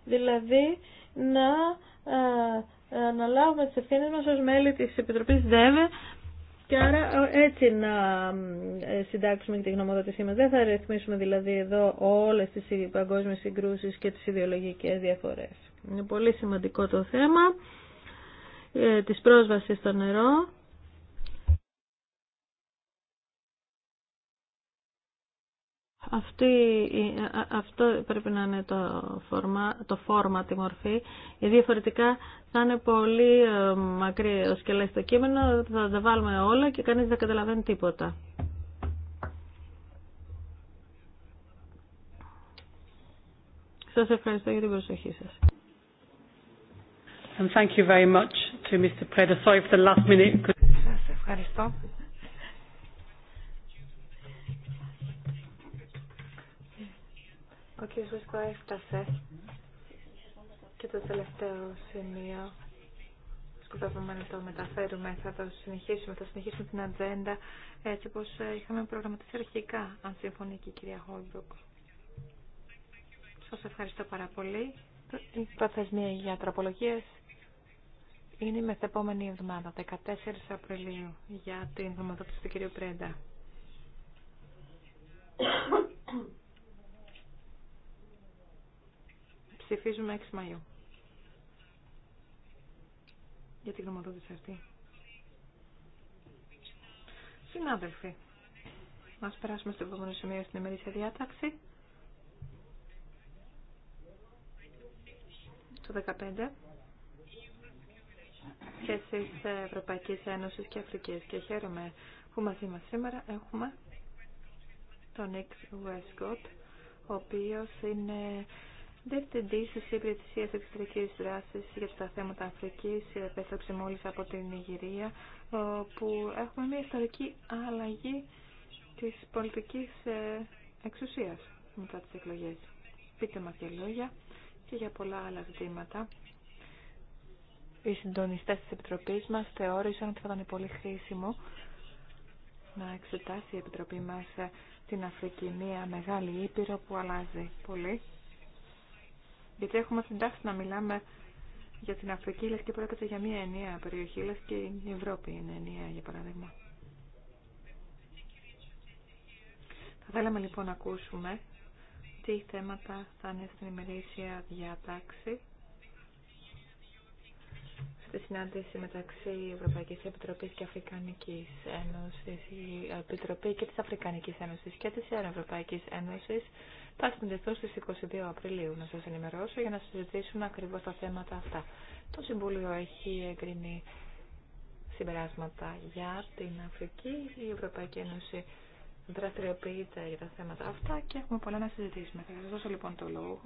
δηλαδή να ε, αναλάβουμε τις ευθύνες μας ως μέλη της Επιτροπής ΔΕΒΕ και άρα ε, έτσι να ε, συντάξουμε και τη γνωμοδότησή μας. Δεν θα ρυθμίσουμε δηλαδή εδώ όλες τις παγκόσμιες συγκρούσεις και τις ιδεολογικές διαφορές. Είναι πολύ σημαντικό το θέμα της πρόσβασης στο νερό Αυτή, αυτό πρέπει να είναι το φόρμα, το φόρμα, τη μορφή, Η διαφορετικά θα είναι πολύ ε, μακρύ ο σκελές το κείμενο, θα τα βάλουμε όλα και κανείς δεν καταλαβαίνει τίποτα. Σας ευχαριστώ για την προσοχή σας. Σας ευχαριστώ. Ο κ. Βουσκό έφτασε και το τελευταίο σημείο. Σκοπεύουμε να το μεταφέρουμε. Θα το συνεχίσουμε. Θα συνεχίσουμε την ατζέντα έτσι όπως είχαμε προγραμματίσει αρχικά, αν συμφωνεί και η κυρία Χόλμπρουκ. Σας ευχαριστώ πάρα πολύ. Η προθεσμία για τροπολογίες είναι η μεθεπόμενη εβδομάδα, 14 Απριλίου, για την δομοδότηση του κυρίου Πρέντα. ψηφίζουμε 6 Μαΐου. Για την γνωμοδότηση αυτή. Συνάδελφοι, μας περάσουμε στο επόμενο σημείο στην ημερήσια διάταξη. Το 15. Σχέσεις Ευρωπαϊκής Ένωσης και Αφρικής. Και χαίρομαι που μαζί μας σήμερα έχουμε τον Νίκ Βέσκοτ, ο οποίος είναι Διευθυντή τη Υπηρεσία Εξωτερική Δράση για τα θέματα Αφρική επέστρεψε μόλι από την Ιγυρία όπου έχουμε μια ιστορική αλλαγή τη πολιτική ε, εξουσία μετά τι εκλογέ. Πείτε μα και λόγια και για πολλά άλλα ζητήματα. Οι συντονιστέ τη Επιτροπή μα θεώρησαν ότι θα ήταν πολύ χρήσιμο να εξετάσει η Επιτροπή μα ε, την Αφρική, μια μεγάλη ήπειρο που αλλάζει πολύ γιατί έχουμε την να μιλάμε για την Αφρική, λες και πρόκειται για μια ενιαία περιοχή, λες και η Ευρώπη είναι ενιαία, για παράδειγμα. Θα θέλαμε λοιπόν να ακούσουμε τι θέματα θα είναι στην ημερήσια διατάξη στη συνάντηση μεταξύ Ευρωπαϊκής Επιτροπής και Αφρικανικής Ένωσης, η Επιτροπή και της Αφρικανικής Ένωσης και της Ευρωπαϊκής Ένωσης θα συνδεθούν στις 22 Απριλίου να σας ενημερώσω για να συζητήσουν ακριβώς τα θέματα αυτά. Το Συμβούλιο έχει εγκρινεί συμπεράσματα για την Αφρική. Η Ευρωπαϊκή Ένωση δραστηριοποιείται για τα θέματα αυτά και έχουμε πολλά να συζητήσουμε. Θα σας δώσω λοιπόν το λόγο.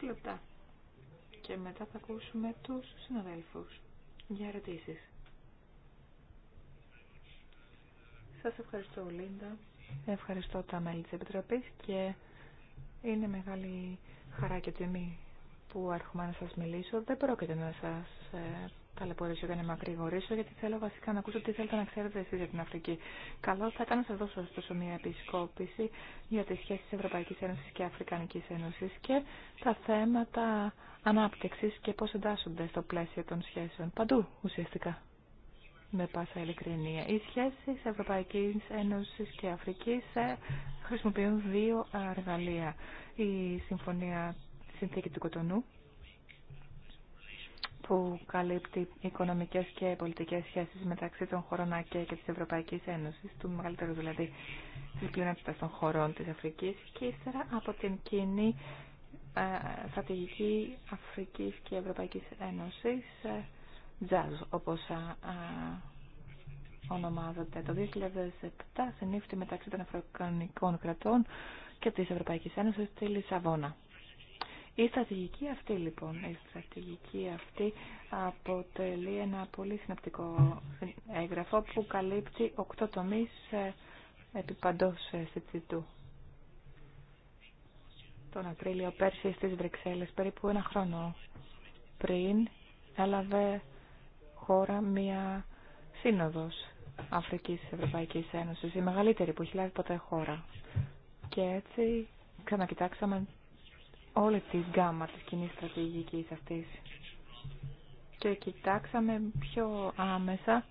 20 λεπτά. Και μετά θα ακούσουμε τους συναδέλφους για ερωτήσεις. Σας ευχαριστώ Λίντα. Ευχαριστώ τα μέλη της Επιτροπής και είναι μεγάλη χαρά και τιμή που έρχομαι να σας μιλήσω. Δεν πρόκειται να σας ε, ταλαιπωρήσω και να μακρηγορήσω, γιατί θέλω βασικά να ακούσω τι θέλετε να ξέρετε εσείς για την Αφρική. Καλό θα ήταν να σας δώσω ωστόσο μια επισκόπηση για τις σχέσεις Ευρωπαϊκής Ένωσης και Αφρικανικής Ένωσης και τα θέματα ανάπτυξης και πώς εντάσσονται στο πλαίσιο των σχέσεων παντού ουσιαστικά με πάσα ειλικρινία. Οι σχέσει ευρωπαϊκή Ένωση και Αφρική ε, χρησιμοποιούν δύο ε, εργαλεία. Η Συμφωνία Συνθήκη του Κοτονού που καλύπτει οικονομικέ και πολιτικέ σχέσει μεταξύ των χωρών ΑΚΕ και τη Ευρωπαϊκή Ένωση, του μεγαλύτερου δηλαδή τη πλειονότητα των χωρών τη Αφρική και ύστερα από την κοινή ε, στρατηγική Αφρικής και Ευρωπαϊκής Ένωσης Jazz, όπως α, α, ονομάζεται. Το 2007 συνήφθη μεταξύ των Αφρικανικών κρατών και της Ευρωπαϊκής Ένωσης στη Λισαβόνα. Η στρατηγική αυτή λοιπόν, η στρατηγική αυτή αποτελεί ένα πολύ συναπτικό έγγραφο που καλύπτει οκτω τομείς ε, επί παντός ε, του. Τον Απρίλιο πέρσι στις Βρυξέλλες, περίπου ένα χρόνο πριν, έλαβε χώρα μια σύνοδος Αφρικής Ευρωπαϊκής Ένωσης, η μεγαλύτερη που έχει λάβει ποτέ χώρα. Και έτσι ξανακοιτάξαμε όλη τη γκάμα της κοινή στρατηγικής αυτής. Και κοιτάξαμε πιο άμεσα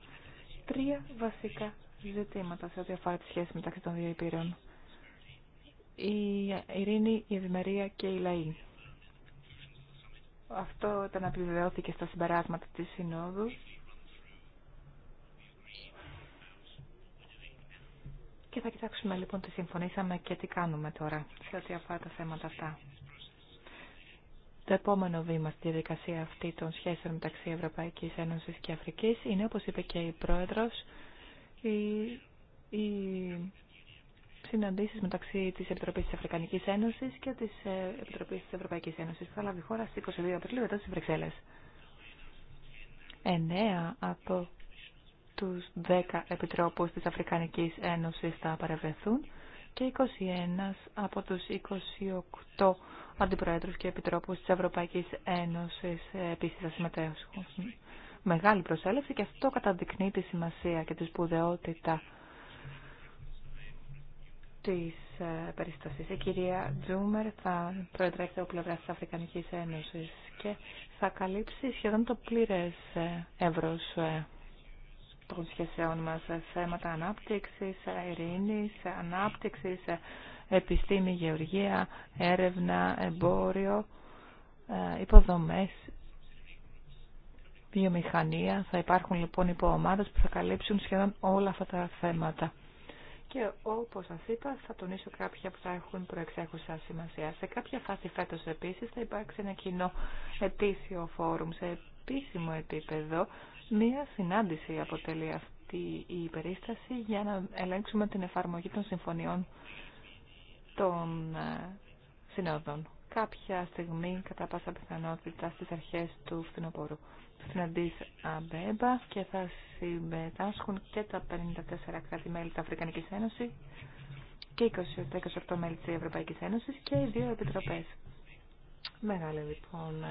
τρία βασικά ζητήματα σε ό,τι αφορά τη σχέση μεταξύ των δύο υπήρων. Η ειρήνη, η ευημερία και η λαή. Αυτό ήταν επιβεβαιώθηκε στα συμπεράσματα της Συνόδου. Και θα κοιτάξουμε λοιπόν τι συμφωνήσαμε και τι κάνουμε τώρα σε ό,τι αφορά τα θέματα αυτά. Το επόμενο βήμα στη διαδικασία αυτή των σχέσεων μεταξύ Ευρωπαϊκής Ένωσης και Αφρικής είναι, όπως είπε και η Πρόεδρος, η, η συναντήσει μεταξύ τη Επιτροπή τη Αφρικανική Ένωση και τη ε, Επιτροπή τη Ευρωπαϊκή Ένωση. που θα λάβει χώρα στι 22 Απριλίου εδώ στι Βρυξέλλε. 9 από του 10 Επιτρόπου τη Αφρικανική Ένωση θα παρευρεθούν και 21 από του 28 Αντιπροέδρου και επιτρόπου τη Ευρωπαϊκή Ένωση ε, επίση θα συμμετέχουν. Μεγάλη προσέλευση και αυτό καταδεικνύει τη σημασία και τη σπουδαιότητα της ε, περιστασής. Η ε, κυρία Τζούμερ θα προετρέψει από πλευρά της Αφρικανικής Ένωσης και θα καλύψει σχεδόν το πλήρες ε, εύρος των σχέσεων μας θέματα ανάπτυξης, ειρήνης, ανάπτυξης, επιστήμη, γεωργία, έρευνα, εμπόριο, υποδομές, βιομηχανία. Θα υπάρχουν λοιπόν υποομάδες που θα καλύψουν σχεδόν όλα αυτά τα θέματα και όπως σας είπα θα τονίσω κάποια που θα έχουν προεξέχουσα σημασία. Σε κάποια φάση φέτος επίσης θα υπάρξει ένα κοινό ετήσιο φόρουμ σε επίσημο επίπεδο. Μία συνάντηση αποτελεί αυτή η περίσταση για να ελέγξουμε την εφαρμογή των συμφωνιών των ε, συνόδων. Κάποια στιγμή, κατά πάσα πιθανότητα, στις αρχές του φθινοπόρου στην Αμπέμπα και θα συμμετάσχουν και τα 54 κράτη-μέλη της Αφρικανικής Ένωσης και 28 μέλη της Ευρωπαϊκής Ένωσης και οι δύο επιτροπές. Μεγάλη λοιπόν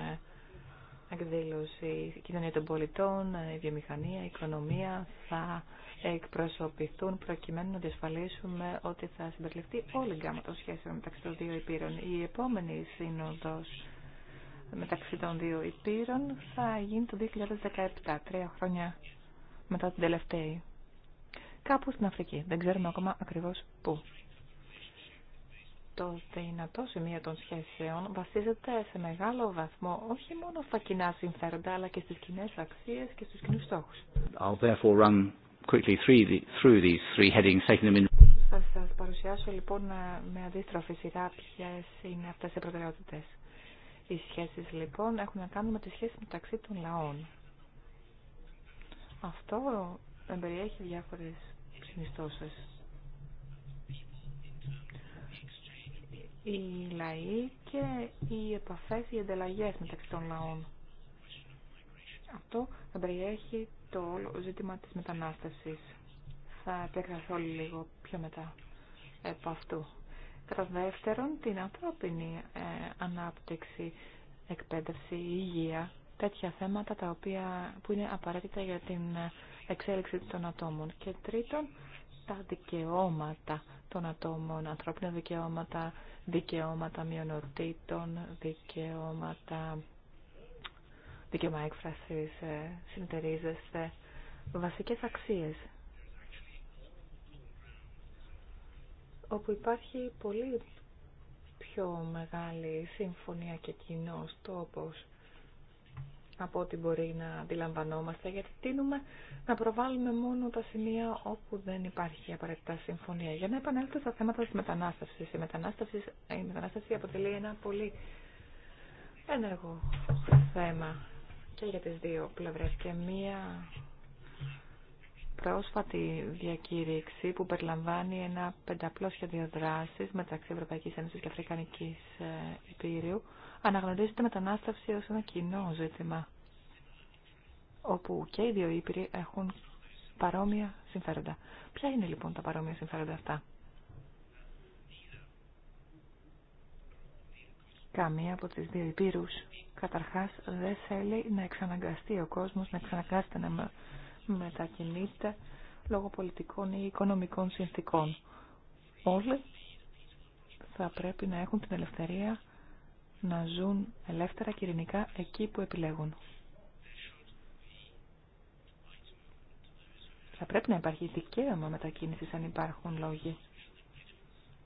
εκδήλωση η κοινωνία των πολιτών, η βιομηχανία, η οικονομία θα εκπροσωπηθούν προκειμένου να διασφαλίσουμε ότι θα συμπεριληφθεί όλη η γκάμα των σχέσεων μεταξύ των δύο υπήρων. Η επόμενη σύνοδος μεταξύ των δύο υπήρων θα γίνει το 2017, τρία χρόνια μετά την τελευταία. Κάπου στην Αφρική. Δεν ξέρουμε ακόμα ακριβώς πού. Το δυνατό σημείο των σχέσεων βασίζεται σε μεγάλο βαθμό όχι μόνο στα κοινά συμφέροντα αλλά και στις κοινέ αξίες και στους κοινούς στόχους. Θα σας παρουσιάσω λοιπόν με αντίστροφη σειρά ποιες είναι αυτές οι προτεραιότητες. Οι σχέσεις λοιπόν έχουν να κάνουν με τις σχέσεις μεταξύ των λαών. Αυτό εμπεριέχει διάφορες συνιστώσεις. Οι λαοί και οι επαφές, οι ενταλλαγές μεταξύ των λαών. Αυτό εμπεριέχει το όλο ζήτημα της μετανάστευσης. Θα επεκταθώ λίγο πιο μετά από αυτού. Κατά δεύτερον, την ανθρώπινη ε, ανάπτυξη, εκπαίδευση, υγεία, τέτοια θέματα τα οποία, που είναι απαραίτητα για την ε, εξέλιξη των ατόμων. Και τρίτον, τα δικαιώματα των ατόμων, ανθρώπινα δικαιώματα, δικαιώματα μειονοτήτων, δικαιώματα, δικαιώμα έκφρασης, ε, συνεταιρίζεσθε, βασικές αξίες όπου υπάρχει πολύ πιο μεγάλη συμφωνία και κοινό τόπος από ό,τι μπορεί να αντιλαμβανόμαστε, γιατί τίνουμε να προβάλλουμε μόνο τα σημεία όπου δεν υπάρχει απαραίτητα συμφωνία. Για να επανέλθω στα θέματα της μετανάστευσης. Η μετανάστευση, η μετανάστευση αποτελεί ένα πολύ ένεργο θέμα και για τις δύο πλευρές και μία πρόσφατη διακήρυξη που περιλαμβάνει ένα πενταπλό σχέδιο δράση μεταξύ Ευρωπαϊκή Ένωση και Αφρικανική ε, Υπήρου αναγνωρίζεται μετανάστευση ω ένα κοινό ζήτημα όπου και οι δύο Ήπειροι έχουν παρόμοια συμφέροντα. Ποια είναι λοιπόν τα παρόμοια συμφέροντα αυτά. Καμία από τις δύο Ήπειρους καταρχάς δεν θέλει να εξαναγκαστεί ο κόσμος να εξαναγκάζεται να μετακινείται λόγω πολιτικών ή οικονομικών συνθήκων. Όλοι θα πρέπει να έχουν την ελευθερία να ζουν ελεύθερα και ειρηνικά εκεί που επιλέγουν. Θα πρέπει να υπάρχει δικαίωμα μετακίνησης αν υπάρχουν λόγοι.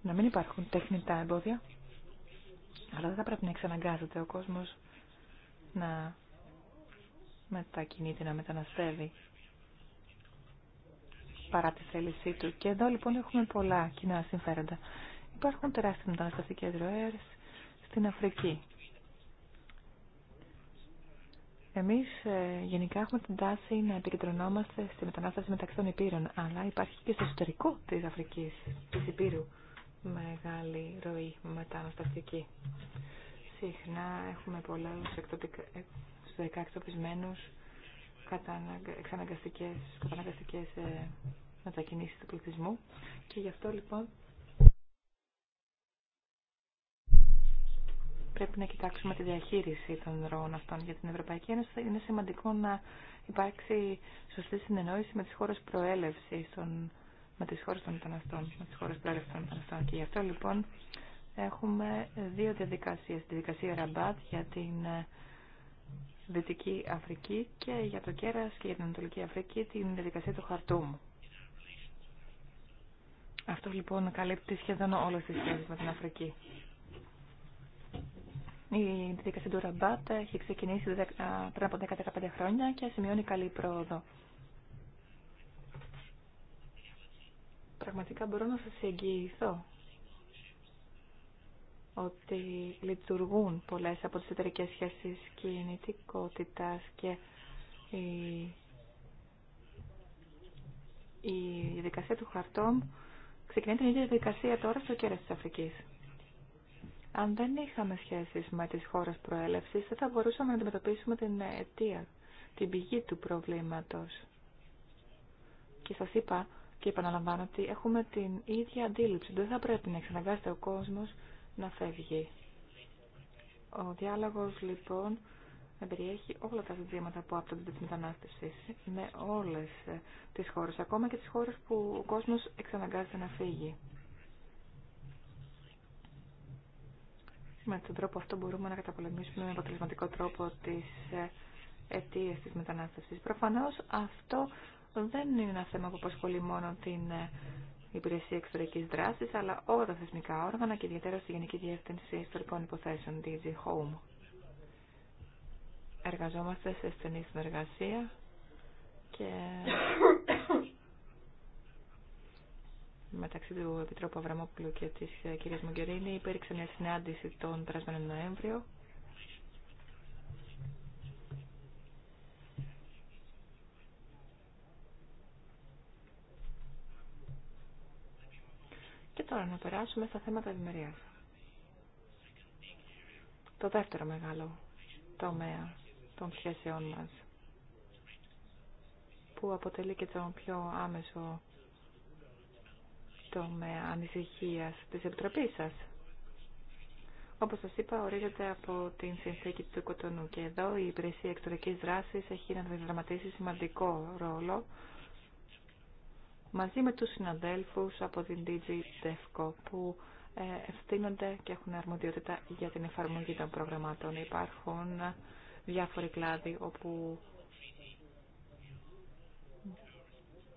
Να μην υπάρχουν τεχνητά εμπόδια, αλλά δεν θα πρέπει να εξαναγκάζεται ο κόσμος να μετακινείται, να μεταναστεύει παρά τη θέλησή του. Και εδώ λοιπόν έχουμε πολλά κοινά συμφέροντα. Υπάρχουν τεράστιες μεταναστευτικές ροές στην Αφρική. Εμείς ε, γενικά έχουμε την τάση να επικεντρωνόμαστε στη μετανάσταση μεταξύ των υπήρων, αλλά υπάρχει και στο εσωτερικό της Αφρικής, της υπήρου, μεγάλη ροή μεταναστευτική. Συχνά έχουμε πολλούς ε, εκτοπισμένου καταναγκαστικέ ε, μετακινήσεις του πληθυσμού και γι' αυτό λοιπόν πρέπει να κοιτάξουμε τη διαχείριση των ροών αυτών για την Ευρωπαϊκή Ένωση. Είναι σημαντικό να υπάρξει σωστή συνεννόηση με τι χώρε προέλευση των με τις χώρες των μεταναστών, με τις χώρες προέλευσης των μεταναστών. Και γι' αυτό λοιπόν έχουμε δύο διαδικασίες. Τη διαδικασία Ραμπάτ για την ε, Δυτική Αφρική και για το κέρας και για την Ανατολική Αφρική την διαδικασία του χαρτούμ. Αυτό λοιπόν καλύπτει σχεδόν όλες τις σχέσεις με την Αφρική. Η διαδικασία του Ραμπάτ έχει ξεκινήσει πριν από 10-15 χρόνια και σημειώνει καλή πρόοδο. Πραγματικά μπορώ να σας εγγυηθώ ότι λειτουργούν πολλές από τις εταιρικές σχέσεις κινητικότητας και η, η διαδικασία του χαρτόμ ξεκινάει την ίδια διαδικασία τώρα στο κέρας της Αφρικής. Αν δεν είχαμε σχέσεις με τις χώρες προέλευσης, δεν θα μπορούσαμε να αντιμετωπίσουμε την αιτία, την πηγή του προβλήματος. Και σας είπα και επαναλαμβάνω ότι έχουμε την ίδια αντίληψη. Δεν θα πρέπει να εξαναγκάσετε ο κόσμος να φεύγει. Ο διάλογος λοιπόν περιέχει όλα τα ζητήματα που άπτονται τη μετανάστευση, με όλες ε, τις χώρες, ακόμα και τις χώρες που ο κόσμος εξαναγκάζεται να φύγει. Με τον τρόπο αυτό μπορούμε να καταπολεμήσουμε με αποτελεσματικό τρόπο τις ε, αιτίες της μετανάστευσης. Προφανώς αυτό δεν είναι ένα θέμα που απασχολεί μόνο την ε, Υπηρεσία εξωτερική δράση, αλλά όλα τα θεσμικά όργανα και ιδιαίτερα στη Γενική Διεύθυνση Ιστορικών Υποθέσεων, DG Home. Εργαζόμαστε σε στενή συνεργασία και μεταξύ του Επιτρόπου Αβραμόπουλου και της ε, κυρίας Μογκερίνη υπήρξε μια συνάντηση τον περασμένο Νοέμβριο Και τώρα να περάσουμε στα θέματα ευημερία. Το δεύτερο μεγάλο τομέα των σχέσεών μας που αποτελεί και τον πιο άμεσο τομέα ανησυχίας της Επιτροπής σας. Όπως σας είπα, ορίζεται από την συνθήκη του Κοτονού και εδώ η υπηρεσία εξωτερικής δράσης έχει να δραματίσει σημαντικό ρόλο μαζί με τους συναδέλφους από την DG DEFCO που ε, ευθύνονται και έχουν αρμοδιότητα για την εφαρμογή των προγραμμάτων. Υπάρχουν διάφοροι κλάδοι όπου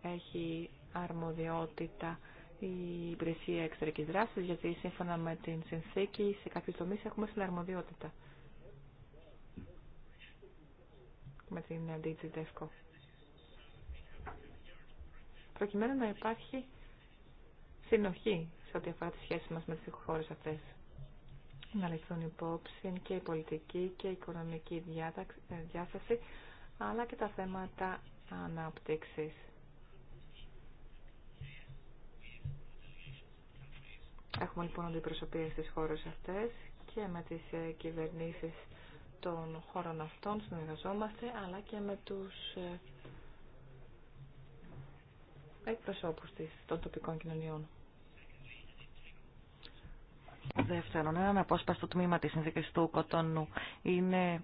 έχει αρμοδιότητα η υπηρεσία εξωτερικής δράσης, γιατί σύμφωνα με την συνθήκη σε κάποιους τομείς έχουμε συναρμοδιότητα με την DG προκειμένου να υπάρχει συνοχή σε ό,τι αφορά τις σχέσεις μας με τις χώρες αυτές. Να ληφθούν υπόψη και η πολιτική και η οικονομική διάσταση, ε, αλλά και τα θέματα ανάπτυξης. Έχουμε λοιπόν αντιπροσωπείες στις χώρες αυτές και με τις ε, κυβερνήσεις των χώρων αυτών συνεργαζόμαστε, αλλά και με τους ε, εκπροσώπους της, των τοπικών κοινωνιών. Δεύτερον, ένα απόσπαστο τμήμα της συνθήκης του Κοτονού είναι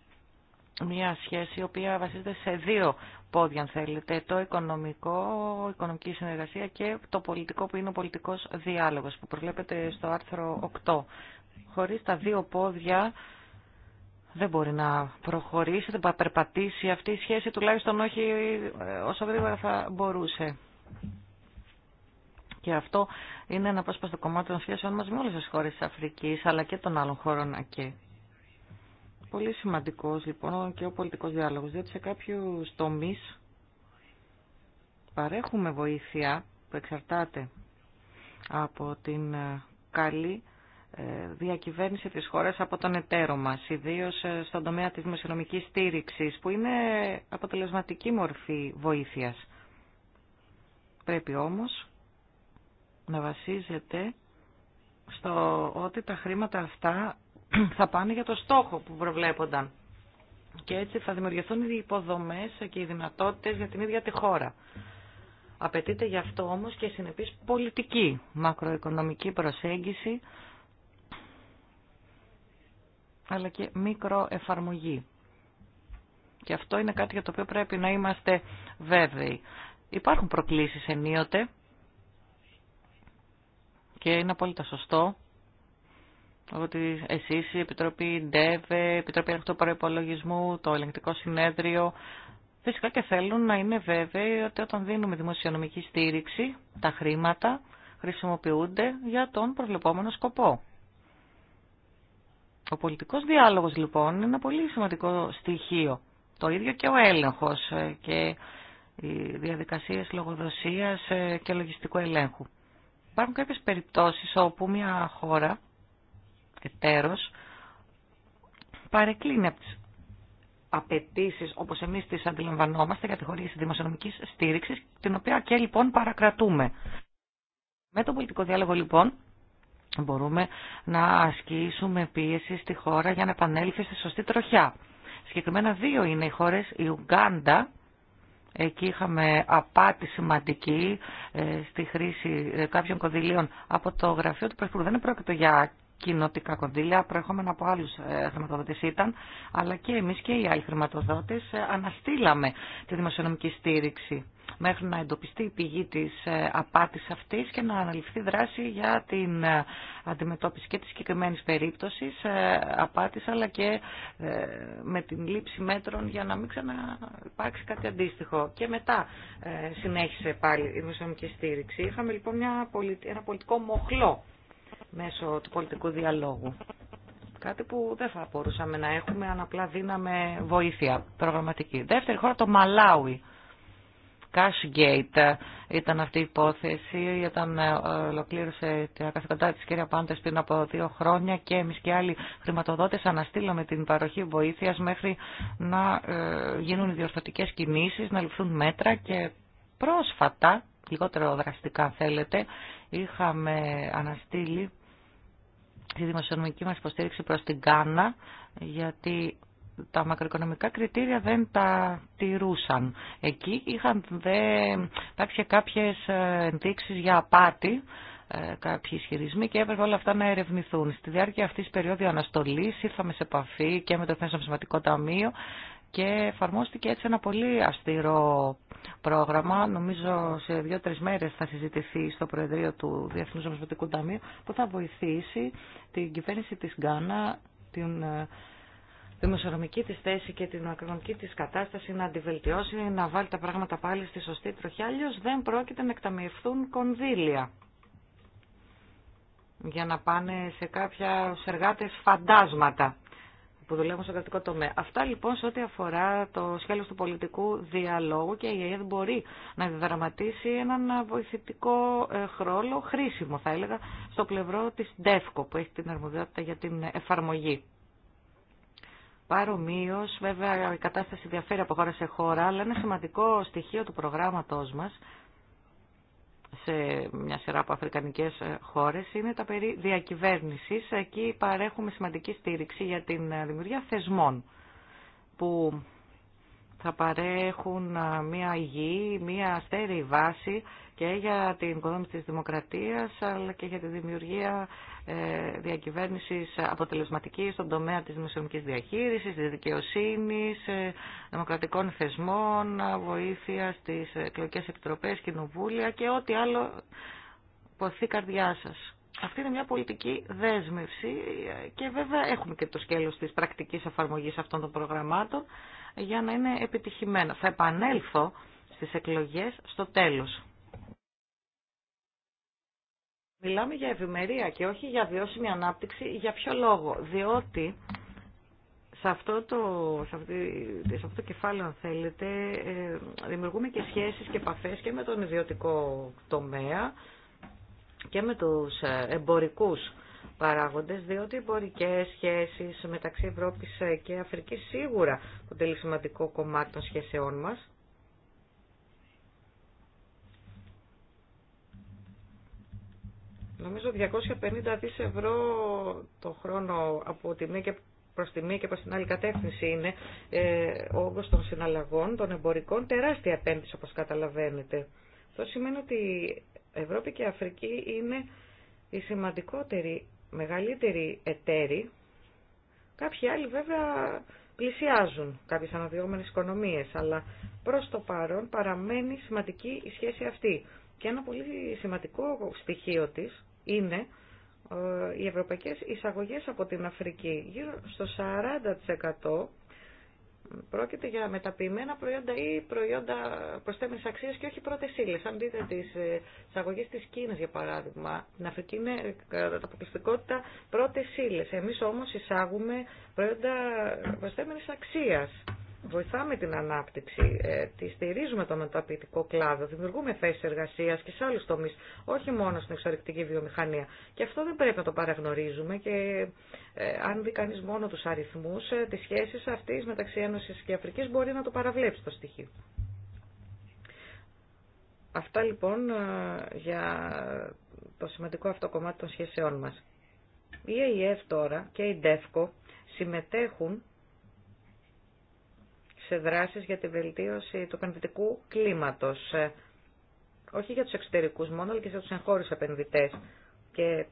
μια σχέση η οποία βασίζεται σε δύο πόδια, αν θέλετε. Το οικονομικό, οικονομική συνεργασία και το πολιτικό που είναι ο πολιτικός διάλογος που προβλέπεται στο άρθρο 8. Χωρίς τα δύο πόδια δεν μπορεί να προχωρήσει, δεν θα περπατήσει αυτή η σχέση, τουλάχιστον όχι ε, όσο γρήγορα θα μπορούσε. Και αυτό είναι ένα στο κομμάτι των σχέσεων μας με όλες τις χώρες της Αφρικής, αλλά και των άλλων χώρων ΑΚΕ. Πολύ σημαντικός λοιπόν και ο πολιτικός διάλογος, διότι σε κάποιους τομείς παρέχουμε βοήθεια που εξαρτάται από την ε, καλή ε, διακυβέρνηση της χώρας από τον εταίρο μας, ιδίως ε, στον τομέα της δημοσιονομικής στήριξης, που είναι αποτελεσματική μορφή βοήθειας. Πρέπει όμως να βασίζεται στο ότι τα χρήματα αυτά θα πάνε για το στόχο που προβλέπονταν. Και έτσι θα δημιουργηθούν οι υποδομές και οι δυνατότητες για την ίδια τη χώρα. Απαιτείται γι' αυτό όμως και συνεπής πολιτική, μακροοικονομική προσέγγιση, αλλά και μικροεφαρμογή. Και αυτό είναι κάτι για το οποίο πρέπει να είμαστε βέβαιοι. Υπάρχουν προκλήσεις ενίοτε και είναι απόλυτα σωστό ότι εσείς η Επιτροπή ΝΤΕΒΕ, η Επιτροπή Ελεκτρικού προπολογισμού, το Ελεγκτικό Συνέδριο φυσικά και θέλουν να είναι βέβαιοι ότι όταν δίνουμε δημοσιονομική στήριξη τα χρήματα χρησιμοποιούνται για τον προβλεπόμενο σκοπό. Ο πολιτικός διάλογος λοιπόν είναι ένα πολύ σημαντικό στοιχείο. Το ίδιο και ο έλεγχος ε, και οι διαδικασίες λογοδοσίας ε, και λογιστικού ελέγχου. Υπάρχουν κάποιες περιπτώσεις όπου μια χώρα, εταίρος, παρεκκλίνει από τις απαιτήσεις όπως εμείς τις αντιλαμβανόμαστε για τη της δημοσιονομικής στήριξης, την οποία και λοιπόν παρακρατούμε. Με τον πολιτικό διάλογο λοιπόν μπορούμε να ασκήσουμε πίεση στη χώρα για να επανέλθει στη σωστή τροχιά. Συγκεκριμένα δύο είναι οι χώρες, η Ουγγάντα, Εκεί είχαμε απάτη σημαντική ε, στη χρήση ε, κάποιων κονδυλίων από το γραφείο του Πρωθυπουργού. Δεν πρόκειται για κοινοτικά κονδύλια προερχόμενα από άλλου ε, χρηματοδότες ήταν, αλλά και εμείς και οι άλλοι χρηματοδότε ε, αναστήλαμε τη δημοσιονομική στήριξη μέχρι να εντοπιστεί η πηγή τη ε, απάτης αυτής και να αναλυφθεί δράση για την αντιμετώπιση και τη συγκεκριμένη περίπτωση απάτης αλλά και με την λήψη μέτρων για να μην ξαναυπάρξει κάτι αντίστοιχο. Και μετά συνέχισε πάλι η δημοσιονομική στήριξη. Είχαμε λοιπόν μια ένα πολιτικό μοχλό μέσω του πολιτικού διαλόγου. Κάτι που δεν θα μπορούσαμε να έχουμε αν απλά δίναμε βοήθεια προγραμματική. Δεύτερη χώρα το Μαλάουι. Cashgate ε, ήταν αυτή η υπόθεση, όταν ε, ολοκλήρωσε τα καθηκοντά της κυρία Πάντες πριν από δύο χρόνια και εμείς και άλλοι χρηματοδότες αναστήλαμε την παροχή βοήθειας μέχρι να ε, γίνουν οι διορθωτικές κινήσεις, να ληφθούν μέτρα και πρόσφατα, λιγότερο δραστικά θέλετε, είχαμε αναστείλει τη δημοσιονομική μας υποστήριξη προς την Κάνα, γιατί τα μακροοικονομικά κριτήρια δεν τα τηρούσαν. Εκεί είχαν δε, κάποιε κάποιες ε, ενδείξεις για απάτη, ε, κάποιοι ισχυρισμοί και έπρεπε όλα αυτά να ερευνηθούν. Στη διάρκεια αυτής της περίοδου αναστολής ήρθαμε σε επαφή και με το Εθνικό Ταμείο και εφαρμόστηκε έτσι ένα πολύ αυστηρό πρόγραμμα. Νομίζω σε δύο-τρει μέρε θα συζητηθεί στο Προεδρείο του Διεθνού Νομισματικού Ταμείου που θα βοηθήσει την κυβέρνηση τη Γκάνα, την ε, δημοσιονομική τη θέση και την οικονομική τη κατάσταση να αντιβελτιώσει, να βάλει τα πράγματα πάλι στη σωστή τροχιά. Αλλιώ δεν πρόκειται να εκταμιευθούν κονδύλια για να πάνε σε κάποια εργάτες φαντάσματα που δουλεύουν στο κρατικό τομέα. Αυτά λοιπόν σε ό,τι αφορά το σχέδιο του πολιτικού διαλόγου και η ΑΕΔ μπορεί να διδραματίσει έναν βοηθητικό ε, χρόνο, χρήσιμο θα έλεγα, στο πλευρό της ΔΕΦΚΟ που έχει την αρμοδιότητα για την εφαρμογή. Παρομοίω, βέβαια η κατάσταση διαφέρει από χώρα σε χώρα, αλλά ένα σημαντικό στοιχείο του προγράμματό μα σε μια σειρά από αφρικανικές ε, χώρες είναι τα περί διακυβέρνησης. Εκεί παρέχουμε σημαντική στήριξη για την ε, δημιουργία θεσμών που θα παρέχουν ε, μια υγιή, μια στέρεη βάση και για την οικοδόμηση της δημοκρατίας αλλά και για τη δημιουργία ε, διακυβέρνησης αποτελεσματικής στον τομέα της δημοσιονομικής διαχείρισης, της δικαιοσύνης, ε, δημοκρατικών θεσμών, βοήθεια στις εκλογικές επιτροπές, κοινοβούλια και ό,τι άλλο ποθεί καρδιά σας. Αυτή είναι μια πολιτική δέσμευση και βέβαια έχουμε και το σκέλος της πρακτικής εφαρμογής αυτών των προγραμμάτων για να είναι επιτυχημένα. Θα επανέλθω στις εκλογές στο τέλος. Μιλάμε για ευημερία και όχι για βιώσιμη ανάπτυξη. Για ποιο λόγο. Διότι σε αυτό το, σε αυτή, σε αυτό το κεφάλαιο, αν θέλετε, ε, δημιουργούμε και σχέσεις και επαφές και με τον ιδιωτικό τομέα και με τους ε, εμπορικούς παράγοντες, διότι οι εμπορικές σχέσεις μεταξύ Ευρώπης και Αφρικής σίγουρα αποτελεί σημαντικό κομμάτι των σχέσεών μας. Νομίζω 250 δις ευρώ το χρόνο από τη μία και προς τη και προς την άλλη κατεύθυνση είναι ε, ο όγκος των συναλλαγών, των εμπορικών, τεράστια επένδυση όπως καταλαβαίνετε. Το σημαίνει ότι Ευρώπη και Αφρική είναι οι σημαντικότεροι, μεγαλύτεροι εταίροι. Κάποιοι άλλοι βέβαια πλησιάζουν κάποιες αναδυόμενες οικονομίες, αλλά προς το παρόν παραμένει σημαντική η σχέση αυτή. Και ένα πολύ σημαντικό στοιχείο της είναι ε, οι ευρωπαϊκές εισαγωγές από την Αφρική. Γύρω στο 40% πρόκειται για μεταποιημένα προϊόντα ή προϊόντα προσθέμενης αξίας και όχι πρώτες ύλε. Αν δείτε τις ε, εισαγωγές της Κίνας, για παράδειγμα, την Αφρική είναι ε, κατά αποκλειστικότητα πρώτες ύλε. Εμείς όμως εισάγουμε προϊόντα προσθέμενης αξίας βοηθάμε την ανάπτυξη, ε, τη στηρίζουμε το μεταπητικό κλάδο, δημιουργούμε θέσει εργασία και σε άλλου τομεί, όχι μόνο στην εξορρυκτική βιομηχανία. Και αυτό δεν πρέπει να το παραγνωρίζουμε και ε, αν δει κανεί μόνο του αριθμού, ε, τι σχέσει αυτή μεταξύ Ένωση και Αφρική μπορεί να το παραβλέψει το στοιχείο. Αυτά λοιπόν ε, για το σημαντικό αυτό κομμάτι των σχέσεών μας. Η τώρα και η ΔΕΦΚΟ συμμετέχουν σε δράσεις για τη βελτίωση του επενδυτικού κλίματος. Ε, όχι για τους εξωτερικούς μόνο, αλλά και για τους εγχώριους επενδυτές. Και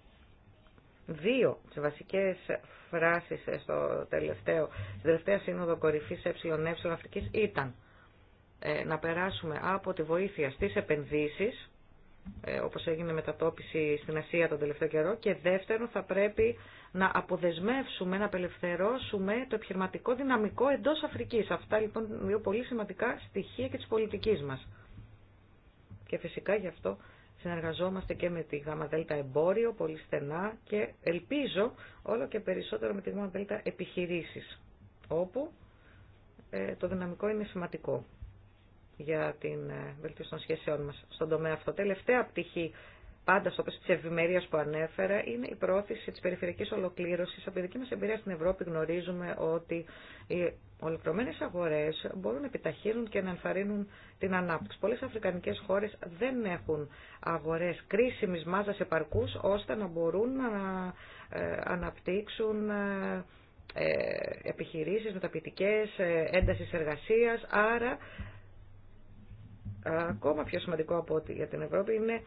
δύο τις βασικές φράσεις ε, στο τελευταίο, στην τελευταία σύνοδο κορυφής ΕΕ Αφρικής ήταν ε, να περάσουμε από τη βοήθεια στις επενδύσεις ε, όπως έγινε μετατόπιση στην Ασία τον τελευταίο καιρό και δεύτερον θα πρέπει να αποδεσμεύσουμε, να απελευθερώσουμε το επιχειρηματικό δυναμικό εντός Αφρικής. Αυτά λοιπόν είναι δύο πολύ σημαντικά στοιχεία και της πολιτικής μας. Και φυσικά γι' αυτό συνεργαζόμαστε και με τη ΓΔ Εμπόριο πολύ στενά και ελπίζω όλο και περισσότερο με τη ΓΔ Επιχειρήσεις, όπου ε, το δυναμικό είναι σημαντικό για την ε, βελτίωση των σχέσεών μας στον τομέα αυτό. Τελευταία πτυχή πάντα στο πλαίσιο τη ευημερία που ανέφερα, είναι η πρόθεση τη περιφερειακή ολοκλήρωση. Από δική μα εμπειρία στην Ευρώπη γνωρίζουμε ότι οι ολοκληρωμένε αγορέ μπορούν να επιταχύνουν και να ενθαρρύνουν την ανάπτυξη. Πολλέ αφρικανικέ χώρε δεν έχουν αγορέ κρίσιμη μάζα επαρκού ώστε να μπορούν να ε, αναπτύξουν ε, επιχειρήσεις μεταπητικές, έντασης εργασίας, άρα ακόμα πιο σημαντικό από ό,τι για την Ευρώπη, είναι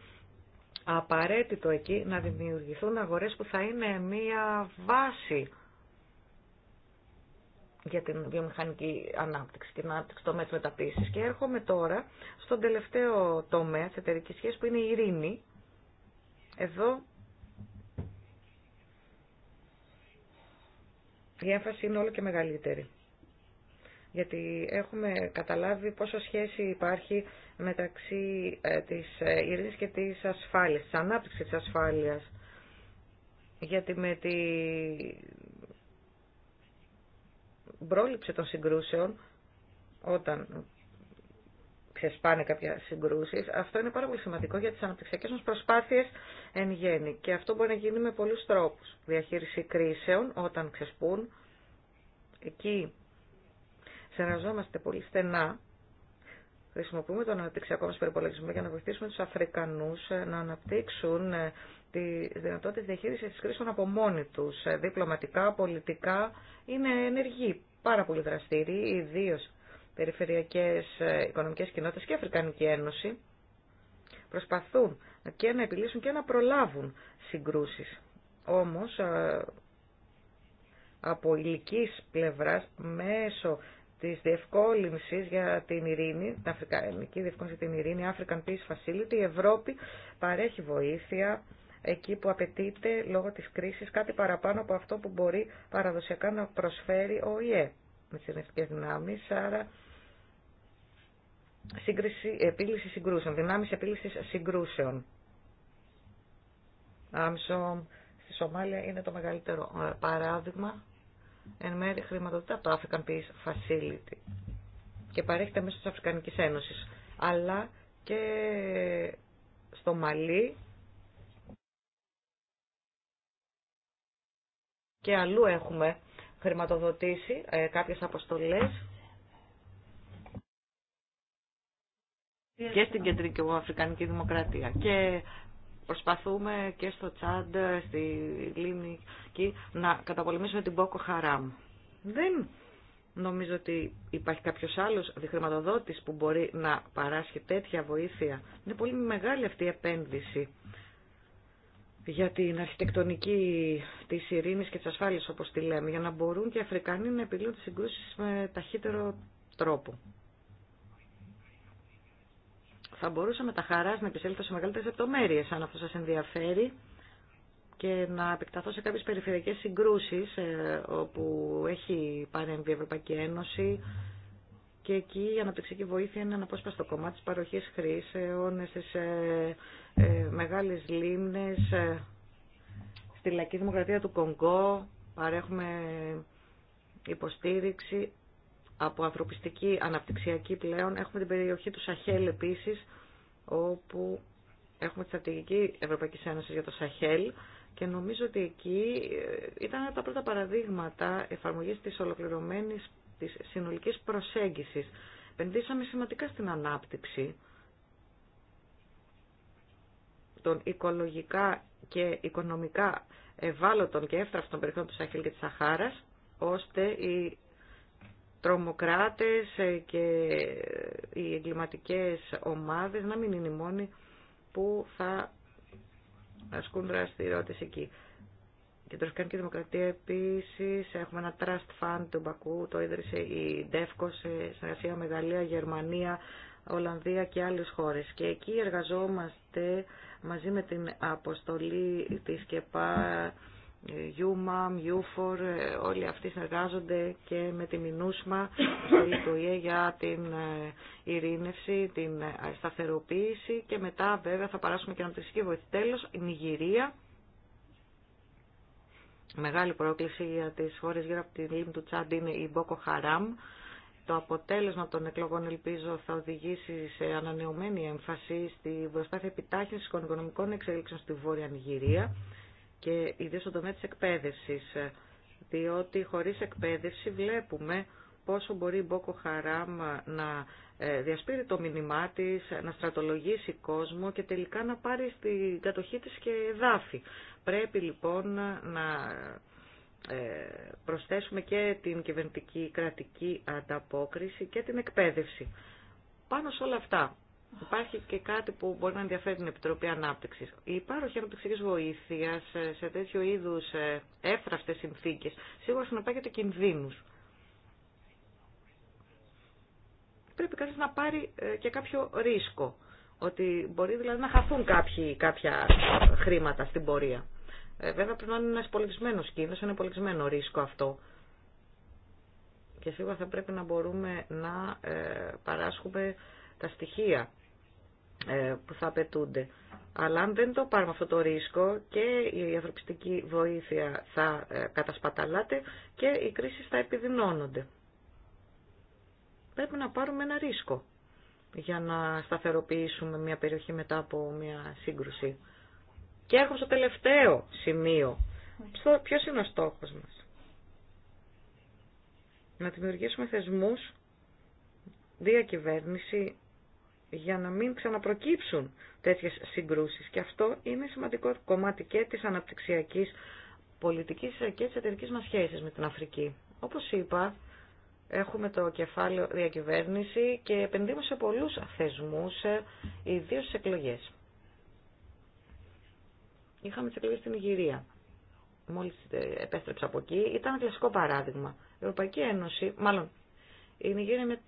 απαραίτητο εκεί να δημιουργηθούν αγορές που θα είναι μία βάση για την βιομηχανική ανάπτυξη και την ανάπτυξη των μέτρων Και έρχομαι τώρα στον τελευταίο τομέα τη εταιρική σχέση που είναι η ειρήνη. Εδώ η έμφαση είναι όλο και μεγαλύτερη. Γιατί έχουμε καταλάβει πόσο σχέση υπάρχει μεταξύ ε, της ε, ειρήνης και της ασφάλειας, της ανάπτυξης της ασφάλειας. Γιατί με την πρόληψη των συγκρούσεων, όταν ξεσπάνε κάποια συγκρούσει. Αυτό είναι πάρα πολύ σημαντικό για τι αναπτυξιακέ μα προσπάθειε εν γέννη. Και αυτό μπορεί να γίνει με πολλού τρόπου. Διαχείριση κρίσεων όταν ξεσπούν. Εκεί συνεργαζόμαστε πολύ στενά Χρησιμοποιούμε τον αναπτυξιακό μας περιπολογισμό για να βοηθήσουμε τους Αφρικανούς ε, να αναπτύξουν ε, τη δυνατότητα διαχείρισης της κρίσης από μόνοι τους. Ε, διπλωματικά, πολιτικά, είναι ενεργοί, πάρα πολύ δραστήριοι, ιδίω περιφερειακές οικονομικές κοινότητες και Αφρικανική Ένωση προσπαθούν και να επιλύσουν και να προλάβουν συγκρούσεις. Όμως από ηλικής πλευράς μέσω Τη διευκόλυνση για την ειρήνη, την Αφρικανική διευκόλυνση για την ειρήνη, African Peace Facility, η Ευρώπη παρέχει βοήθεια εκεί που απαιτείται λόγω της κρίσης κάτι παραπάνω από αυτό που μπορεί παραδοσιακά να προσφέρει ο ΙΕ με τις ενευτικές δυνάμεις, άρα σύγκριση, επίλυση συγκρούσεων, δυνάμεις επίλυσης συγκρούσεων. Άμσο στη Σομάλια είναι το μεγαλύτερο ε, παράδειγμα εν μέρει χρηματοδοτείται από το African Peace Facility και παρέχεται μέσω της Αφρικανικής Ένωσης, αλλά και στο Μαλί και αλλού έχουμε χρηματοδοτήσει ε, κάποιες αποστολές και στην Κεντρική Αφρικανική Δημοκρατία. Και προσπαθούμε και στο Τσάντ, στη Λίμνη εκεί, να καταπολεμήσουμε την Πόκο Χαράμ. Δεν νομίζω ότι υπάρχει κάποιος άλλος διχρηματοδότης που μπορεί να παράσχει τέτοια βοήθεια. Είναι πολύ μεγάλη αυτή η επένδυση για την αρχιτεκτονική της ειρήνης και της ασφάλειας όπως τη λέμε, για να μπορούν και οι Αφρικανοί να επιλύουν τις συγκρούσεις με ταχύτερο τρόπο. Θα μπορούσα με τα χαρά να επισέλθω σε μεγαλύτερε λεπτομέρειε, αν αυτό σα ενδιαφέρει, και να επεκταθώ σε κάποιε περιφερειακέ συγκρούσει ε, όπου έχει παρέμβει η Ευρωπαϊκή Ένωση και εκεί η αναπτυξιακή βοήθεια είναι ένα απόσπαστο κομμάτι τη παροχή χρήσεων στι ε, ε, μεγάλε λίμνε, στη Λαϊκή Δημοκρατία του Κονγκό. Παρέχουμε υποστήριξη από ανθρωπιστική αναπτυξιακή πλέον. Έχουμε την περιοχή του Σαχέλ επίσης, όπου έχουμε τη στρατηγική Ευρωπαϊκή Ένωση για το Σαχέλ και νομίζω ότι εκεί ε, ήταν τα πρώτα παραδείγματα εφαρμογής της ολοκληρωμένης της συνολικής προσέγγισης. Επενδύσαμε σημαντικά στην ανάπτυξη των οικολογικά και οικονομικά ευάλωτων και εύθραυστων περιοχών του Σαχέλ και της Σαχάρας, ώστε η τρομοκράτες ε, και ε, οι εγκληματικές ομάδες να μην είναι οι μόνοι που θα ασκούν δραστηριότητες εκεί. Και η Δημοκρατία επίσης έχουμε ένα trust fund του Μπακού, το ίδρυσε η ΔΕΦΚΟ σε συνεργασία με Γαλλία, Γερμανία, Ολλανδία και άλλες χώρες. Και εκεί εργαζόμαστε μαζί με την αποστολή της ΚΕΠΑ ε, UMAM, UFOR, ε, όλοι αυτοί συνεργάζονται και με τη Μινούσμα στο ΙΕ για την ε, ειρήνευση, την σταθεροποίηση και μετά βέβαια θα παράσουμε και αναπτυξική βοήθεια. Τέλος, η Νιγηρία, μεγάλη πρόκληση για τις χώρες γύρω από τη λίμνη του Τσάντ είναι η Μπόκο Χαράμ. Το αποτέλεσμα των εκλογών ελπίζω θα οδηγήσει σε ανανεωμένη έμφαση στη προσπάθεια επιτάχυνση των οικονομικών εξέλιξεων στη Βόρεια Νιγηρία και ιδίως στον τομέα της εκπαίδευσης, διότι χωρίς εκπαίδευση βλέπουμε πόσο μπορεί η Μπόκο Χαράμ να ε, διασπείρει το μήνυμά τη, να στρατολογήσει κόσμο και τελικά να πάρει στην κατοχή της και δάφη. Πρέπει λοιπόν να ε, προσθέσουμε και την κυβερνητική κρατική ανταπόκριση και την εκπαίδευση. Πάνω σε όλα αυτά Υπάρχει και κάτι που μπορεί να ενδιαφέρει την Επιτροπή Ανάπτυξη. Η πάροχη αναπτυξιακή βοήθεια ε, σε τέτοιου είδου έφραστε ε, συνθήκε σίγουρα συνεπάγεται κινδύνου. Πρέπει κανεί να πάρει ε, και κάποιο ρίσκο. Ότι μπορεί δηλαδή να χαθούν κάποιοι, κάποια χρήματα στην πορεία. βέβαια πρέπει να είναι ένα υπολογισμένο κίνδυνο, ένα πολιτισμένο ρίσκο αυτό. Και σίγουρα θα πρέπει να μπορούμε να παράσχουμε τα στοιχεία ε, που θα απαιτούνται. Αλλά αν δεν το πάρουμε αυτό το ρίσκο και η ανθρωπιστική βοήθεια θα ε, κατασπαταλάται και οι κρίσει θα επιδεινώνονται. Πρέπει να πάρουμε ένα ρίσκο για να σταθεροποιήσουμε μια περιοχή μετά από μια σύγκρουση. Και έρχομαι στο τελευταίο σημείο. Ποιος είναι ο στόχος μας. Να δημιουργήσουμε θεσμούς, διακυβέρνηση, για να μην ξαναπροκύψουν τέτοιες συγκρούσεις. Και αυτό είναι σημαντικό κομμάτι και της αναπτυξιακής πολιτικής και της εταιρικής μας σχέσης με την Αφρική. Όπως είπα, έχουμε το κεφάλαιο διακυβέρνηση και επενδύουμε σε πολλούς θεσμούς, ε, ιδίως στις εκλογές. Είχαμε τις εκλογές στην Ιγυρία. Μόλις ε, επέστρεψα από εκεί, ήταν ένα κλασικό παράδειγμα. Η Ευρωπαϊκή Ένωση, μάλλον η Ιγυρία είναι μια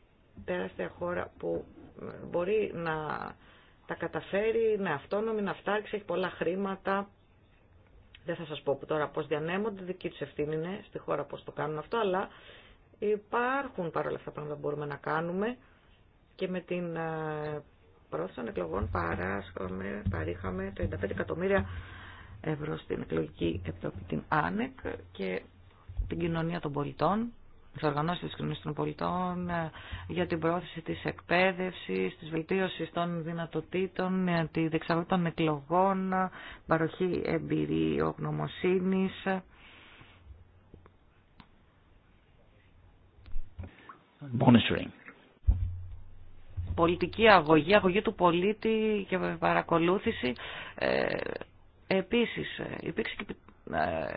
τεράστια χώρα που μπορεί να τα καταφέρει, είναι αυτόνομη, να φτάξει, έχει πολλά χρήματα. Δεν θα σας πω τώρα πώς διανέμονται, δική τους ευθύνη είναι στη χώρα πώς το κάνουν αυτό, αλλά υπάρχουν παρόλα αυτά πράγματα που μπορούμε να κάνουμε και με την ε, πρόθεση των εκλογών παράσχομαι, παρήχαμε 35 εκατομμύρια ευρώ στην εκλογική επιτροπή, την ΑΝΕΚ και την κοινωνία των πολιτών τις οργανώσεις της κοινωνίας των πολιτών ε, για την πρόθεση της εκπαίδευσης, της βελτίωσης των δυνατοτήτων, ε, τη δεξαγωγή των εκλογών, ε, παροχή εμπειριογνωμοσύνης. Monitoring. Πολιτική αγωγή, αγωγή του πολίτη και παρακολούθηση. επίσης, υπήρξε και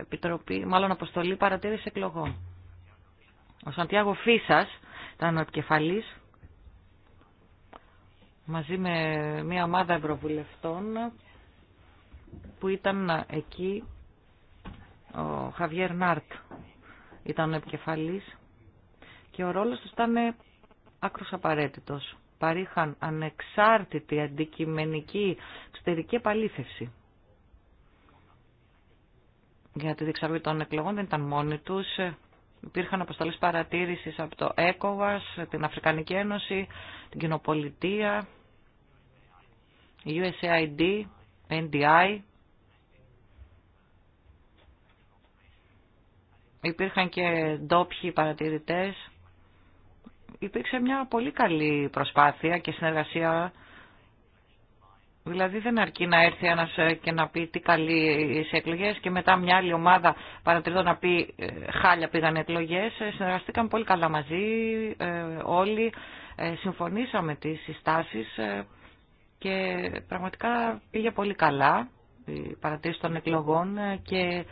επιτροπή, μάλλον αποστολή παρατήρηση εκλογών. Ο Σαντιάγο Φίσας ήταν ο επικεφαλής μαζί με μια ομάδα ευρωβουλευτών που ήταν εκεί ο Χαβιέρ Νάρτ ήταν ο επικεφαλής και ο ρόλος του ήταν άκρος απαραίτητος. Παρήχαν ανεξάρτητη αντικειμενική εξωτερική επαλήθευση. γιατί τη των εκλογών δεν ήταν μόνοι τους, Υπήρχαν αποστολές παρατήρησης από το ECOWAS, την Αφρικανική Ένωση, την Κοινοπολιτεία, USAID, NDI. Υπήρχαν και ντόπιοι παρατηρητές. Υπήρξε μια πολύ καλή προσπάθεια και συνεργασία Δηλαδή δεν αρκεί να έρθει ένας ε, και να πει τι καλή οι εκλογές και μετά μια άλλη ομάδα παρατηρητών να πει ε, χάλια πήγαν εκλογές. Ε, συνεργαστήκαμε πολύ καλά μαζί όλοι, συμφωνήσαμε τις συστάσεις και πραγματικά πήγε πολύ καλά η παρατήρηση των εκλογών και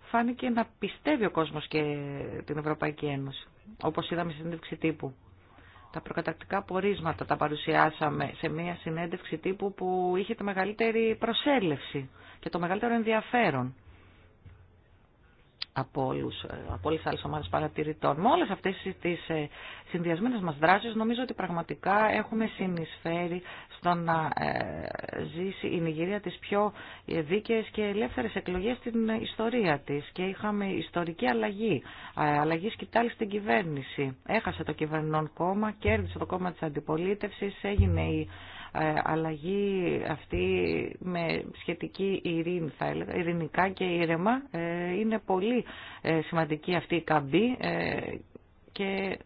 φάνηκε να πιστεύει ο κόσμος και την Ευρωπαϊκή Ένωση, όπως είδαμε στην συνέντευξη τύπου. Τα προκατακτικά πορίσματα τα παρουσιάσαμε σε μια συνέντευξη τύπου που είχε τη μεγαλύτερη προσέλευση και το μεγαλύτερο ενδιαφέρον από, όλους, ε, από όλες τις άλλες παρατηρητών. Με όλες αυτές τις ε, συνδυασμένες μας δράσεις νομίζω ότι πραγματικά έχουμε συνεισφέρει στο να ε, ζήσει η Νιγηρία τις πιο δίκαιες και ελεύθερες εκλογές στην ιστορία της και είχαμε ιστορική αλλαγή, αλλαγή σκητάλη στην κυβέρνηση. Έχασε το κυβερνών κόμμα, κέρδισε το κόμμα της αντιπολίτευσης, έγινε η ε, αλλαγή αυτή με σχετική ειρήνη, θα έλεγα, ειρηνικά και ήρεμα. Ε, είναι πολύ ε, σημαντική αυτή η καμπή και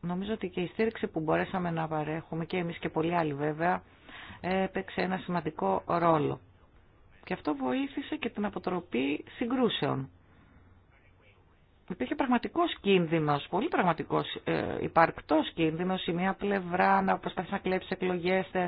νομίζω ότι και η στήριξη που μπορέσαμε να παρέχουμε και εμείς και πολλοί άλλοι βέβαια έπαιξε ένα σημαντικό ρόλο. Και αυτό βοήθησε και την αποτροπή συγκρούσεων υπήρχε πραγματικός κίνδυνος, πολύ πραγματικός ε, υπαρκτός κίνδυνος η μία πλευρά να προσπαθεί να κλέψει εκλογές ε,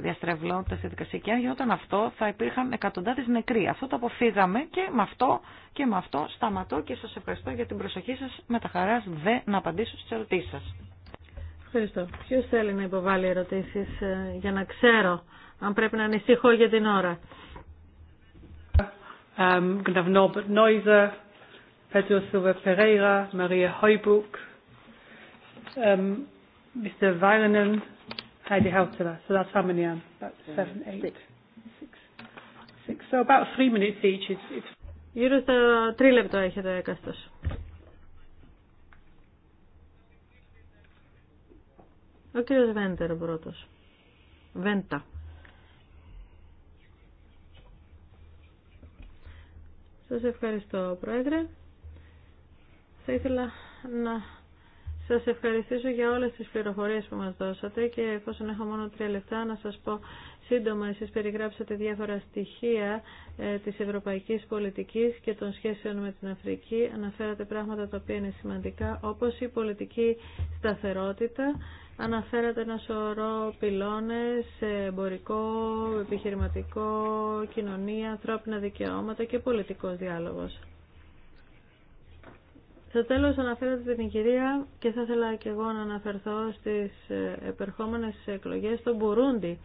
διαστρεβλώντας τη δικασία και αν γινόταν αυτό θα υπήρχαν εκατοντάδες νεκροί. Αυτό το αποφύγαμε και με αυτό, και με αυτό σταματώ και σας ευχαριστώ για την προσοχή σας. Με τα χαράς δε να απαντήσω στις ερωτήσεις σας. Ευχαριστώ. Ποιος θέλει να υποβάλει ερωτήσεις για να ξέρω αν πρέπει να ανησυχώ για την ώρα. Um, Pedro Silva Pereira, Maria Heubuck, um, Mr. Weilenen, Heidi Hautala. So that's how many are? About yeah, seven, eight, six. Six. six. So about three minutes each. It's, it's... Γύρω στα τρία λεπτά έχετε έκαστος. Ο κύριος Βέντερ πρώτος. Βέντα. Σας ευχαριστώ, Πρόεδρε. Θα ήθελα να σας ευχαριστήσω για όλες τις πληροφορίες που μας δώσατε και εφόσον έχω μόνο τρία λεπτά να σας πω σύντομα εσείς περιγράψατε διάφορα στοιχεία ε, της ευρωπαϊκής πολιτικής και των σχέσεων με την Αφρική. Αναφέρατε πράγματα τα οποία είναι σημαντικά όπως η πολιτική σταθερότητα. Αναφέρατε ένα σωρό πυλώνες, εμπορικό, επιχειρηματικό, κοινωνία, ανθρώπινα δικαιώματα και πολιτικός διάλογος. Στο τέλος αναφέρατε την κυρία και θα ήθελα και εγώ να αναφερθώ στις ε, επερχόμενες εκλογές στο Μπουρούντι.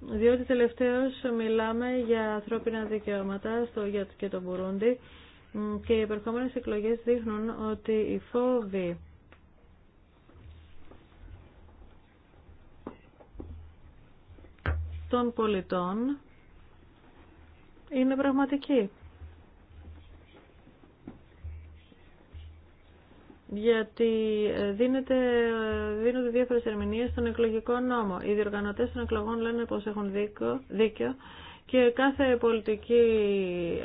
διότι τελευταίως μιλάμε για ανθρώπινα δικαιώματα στο, για, και το Μπουρούντι και οι επερχόμενες εκλογές δείχνουν ότι οι φόβοι των πολιτών είναι πραγματική. γιατί ε, δίνεται, ε, δίνονται διάφορε ερμηνείε στον εκλογικό νόμο. Οι διοργανωτέ των εκλογών λένε πω έχουν δίκιο, δίκιο και κάθε πολιτική,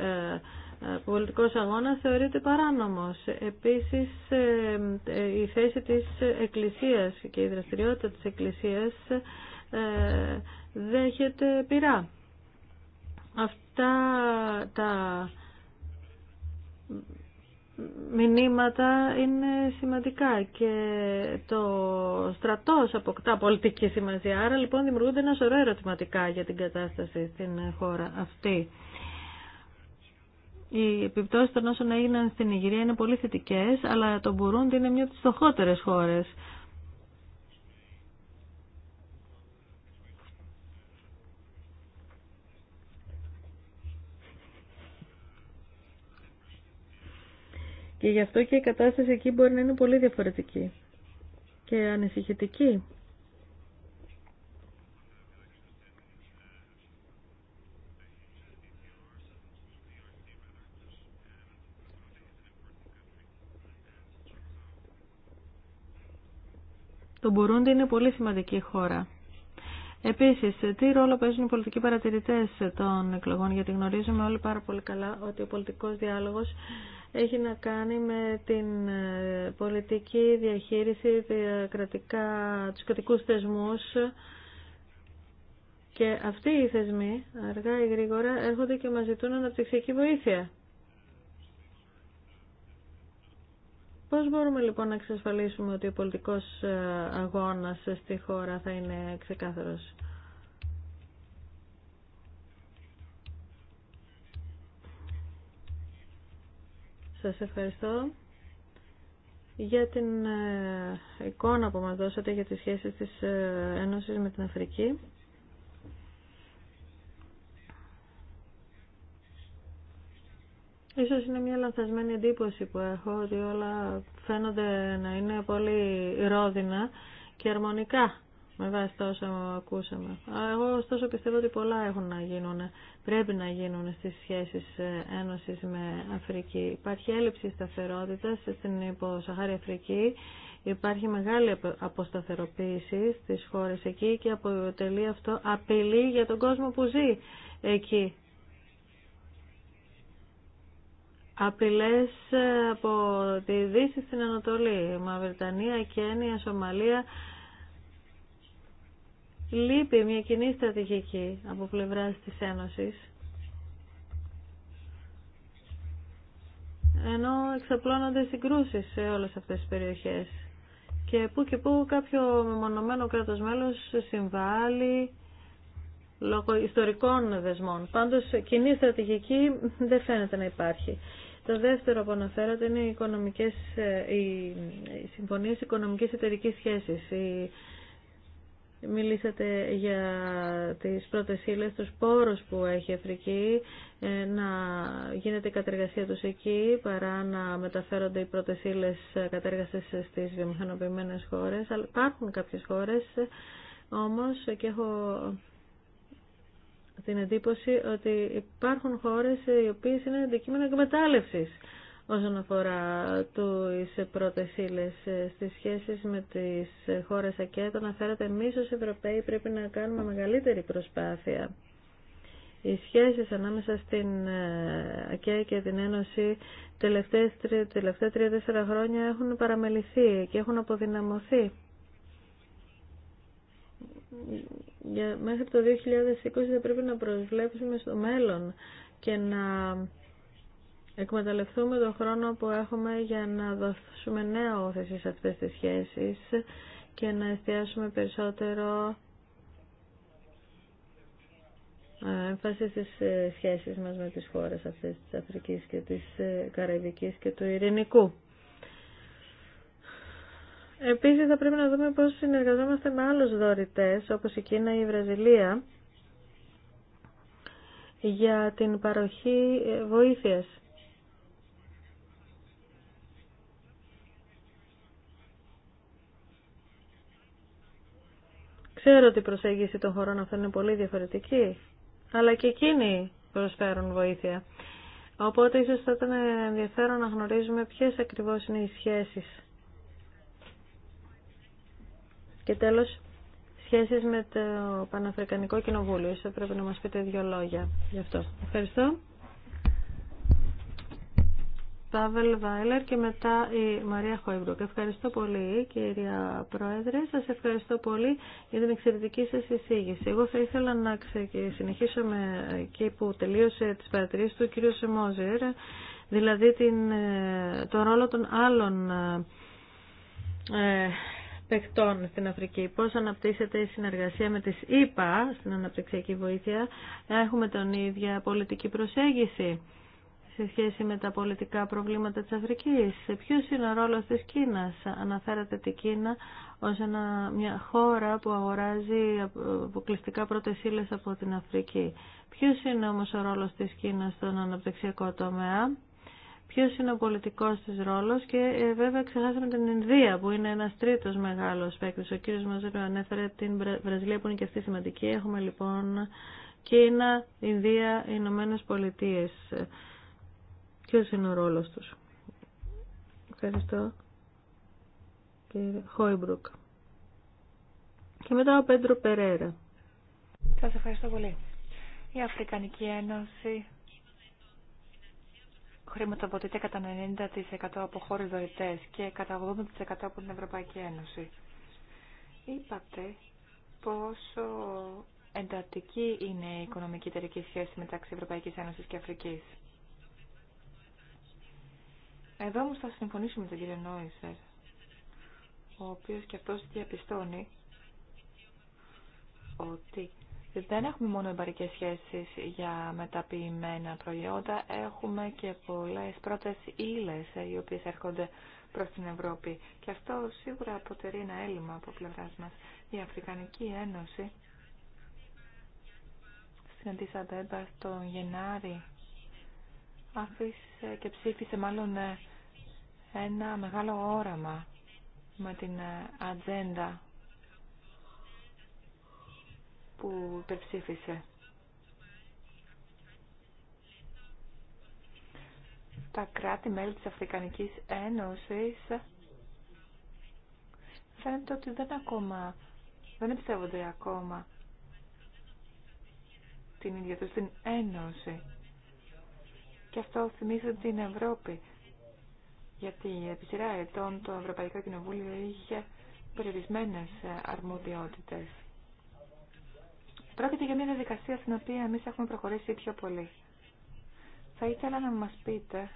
ε, πολιτικός αγώνας θεωρείται παράνομος. Επίσης η θέση της Εκκλησίας και η δραστηριότητα της Εκκλησίας δέχεται πειρά. Αυτά τα μηνύματα είναι σημαντικά και το στρατός αποκτά πολιτική σημασία. Άρα λοιπόν δημιουργούνται ένα σωρό ερωτηματικά για την κατάσταση στην χώρα αυτή. Οι επιπτώσει των όσων έγιναν στην Ιγυρία είναι πολύ θετικέ, αλλά το Μπουρούντι είναι μια από τις στοχότερες χώρες. Και γι' αυτό και η κατάσταση εκεί μπορεί να είναι πολύ διαφορετική και ανησυχητική. Το Μπουρούντι είναι πολύ σημαντική χώρα. Επίσης, τι ρόλο παίζουν οι πολιτικοί παρατηρητές των εκλογών, γιατί γνωρίζουμε όλοι πάρα πολύ καλά ότι ο πολιτικός διάλογος έχει να κάνει με την ε, πολιτική διαχείριση, κρατικά, τους κρατικούς θεσμούς και αυτοί οι θεσμοί αργά ή γρήγορα έρχονται και μας ζητούν αναπτυξιακή βοήθεια. Πώς μπορούμε λοιπόν να εξασφαλίσουμε ότι ο πολιτικός ε, αγώνας στη χώρα θα είναι ξεκάθαρος. Σας ευχαριστώ για την ε, εικόνα που μας δώσατε για τις σχέσεις της ε, Ένωσης με την Αφρική. Ίσως είναι μια λανθασμένη εντύπωση που έχω ότι όλα φαίνονται να είναι πολύ ρόδινα και αρμονικά με βάση ακούσαμε. Εγώ ωστόσο πιστεύω ότι πολλά έχουν να γίνουν, πρέπει να γίνουν στις σχέσεις ε, ένωσης με Αφρική. Υπάρχει έλλειψη σταθερότητας στην υποσαχάρη Αφρική, υπάρχει μεγάλη αποσταθεροποίηση στις χώρες εκεί και αποτελεί αυτό απειλή για τον κόσμο που ζει εκεί. Απειλές ε, από τη Δύση στην Ανατολή, Μαυρτανία, Κένια, Σομαλία, λείπει μια κοινή στρατηγική από πλευράς της Ένωσης ενώ εξαπλώνονται συγκρούσεις σε όλες αυτές τις περιοχές και που και που κάποιο μονομενο κράτος μέλος συμβάλλει λόγω ιστορικών δεσμών. Πάντως κοινή στρατηγική δεν φαίνεται να υπάρχει. Το δεύτερο που αναφέρατε είναι οι, οικονομικές, ε, οι συμφωνίες οικονομικής εταιρικής σχέσης. Μιλήσατε για τις πρώτες ύλε, τους πόρους που έχει η Αφρική, ε, να γίνεται η κατεργασία τους εκεί παρά να μεταφέρονται οι πρώτες ύλε κατέργασης στις βιομηχανοποιημένες χώρες. Αλλά υπάρχουν κάποιες χώρες όμως και έχω την εντύπωση ότι υπάρχουν χώρες οι οποίες είναι αντικείμενα εκμετάλλευσης όσον αφορά τις πρώτες ύλε ε, στις σχέσεις με τις χώρες ΑΚΕΤ αναφέρατε εμείς ως Ευρωπαίοι πρέπει να κάνουμε μεγαλύτερη προσπάθεια. Οι σχέσεις ανάμεσα στην ε, ΑΚΕ και την Ένωση τελευταία, τελευταία τρία-τέσσερα χρόνια έχουν παραμεληθεί και έχουν αποδυναμωθεί. Για, μέχρι το 2020 θα πρέπει να προσβλέψουμε στο μέλλον και να εκμεταλλευτούμε τον χρόνο που έχουμε για να δώσουμε νέα όθεση σε αυτές τις σχέσεις και να εστιάσουμε περισσότερο ε, έμφαση στις ε, σχέσεις μας με τις χώρες αυτές της Αφρικής και της ε, Καραϊβικής και του Ειρηνικού. Επίσης θα πρέπει να δούμε πώς συνεργαζόμαστε με άλλους δωρητές όπως η Κίνα ή η Βραζιλία για την παροχή βοήθειας Ξέρω ότι η προσέγγιση των χωρών αυτών είναι πολύ διαφορετική, αλλά και εκείνοι προσφέρουν βοήθεια. Οπότε ίσως θα ήταν ενδιαφέρον να γνωρίζουμε ποιες ακριβώς είναι οι σχέσεις. Και τέλος, σχέσεις με το Παναφρικανικό Κοινοβούλιο. Ίσως πρέπει να μας πείτε δύο λόγια γι' αυτό. Ευχαριστώ. Παύελ Βάιλερ και μετά η Μαρία Χόιμπρουκ. Ευχαριστώ πολύ κυρία Πρόεδρε, σας ευχαριστώ πολύ για την εξαιρετική σας εισήγηση. Εγώ θα ήθελα να συνεχίσω με εκεί που τελείωσε τις παρατηρήσεις του κύριου Σεμόζερ, δηλαδή την, ε, τον ρόλο των άλλων ε, παιχτών στην Αφρική, πώς αναπτύσσεται η συνεργασία με τις ΗΠΑ στην αναπτυξιακή βοήθεια, έχουμε τον ίδια πολιτική προσέγγιση σε σχέση με τα πολιτικά προβλήματα της Αφρικής. Ποιος είναι ο ρόλος της Κίνας. Αναφέρατε την Κίνα ως ένα, μια χώρα που αγοράζει αποκλειστικά πρώτες ύλες από την Αφρική. Ποιος είναι όμως ο ρόλος της Κίνας στον αναπτυξιακό τομέα. ποιο είναι ο πολιτικό τη ρόλος και ε, βέβαια ξεχάσαμε την Ινδία που είναι ένας τρίτος μεγάλος παίκτη Ο κύριο Μαζέρο ανέφερε την Βραζιλία που είναι και αυτή σημαντική. Έχουμε λοιπόν Κίνα, Ινδία, Ηνωμένε Πολιτείε Ποιος είναι ο ρόλος τους. Ευχαριστώ. Κύριε Χόιμπρουκ. Και μετά ο Πέντρο Περέρα. Σας ευχαριστώ πολύ. Η Αφρικανική Ένωση χρηματοδοτείται κατά 90% από χώρες δωρητές και κατά 80% από την Ευρωπαϊκή Ένωση. Είπατε πόσο εντατική είναι η οικονομική εταιρική σχέση μεταξύ Ευρωπαϊκής Ένωσης και Αφρικής. Εδώ όμως θα συμφωνήσουμε με τον κύριο Νόησερ, ο οποίος και αυτός διαπιστώνει ότι δεν έχουμε μόνο εμπαρικές σχέσεις για μεταποιημένα προϊόντα, έχουμε και πολλές πρώτες ύλες ε, οι οποίες έρχονται προς την Ευρώπη. Και αυτό σίγουρα αποτελεί ένα έλλειμμα από πλευρά μα. Η Αφρικανική Ένωση στην Αντίσα Μπέμπα τον Γενάρη άφησε και ψήφισε μάλλον ε, ένα μεγάλο όραμα με την ε, ατζέντα που υπερψήφισε. Τα κράτη-μέλη της Αφρικανικής Ένωσης φαίνεται ότι δεν ακόμα, δεν εμπιστεύονται ακόμα την ίδια τους την Ένωση. Και αυτό θυμίζει την Ευρώπη γιατί επί σειρά ετών το Ευρωπαϊκό Κοινοβούλιο είχε περιορισμένε αρμοδιότητε. Πρόκειται για μια διαδικασία στην οποία εμείς έχουμε προχωρήσει πιο πολύ. Θα ήθελα να μας πείτε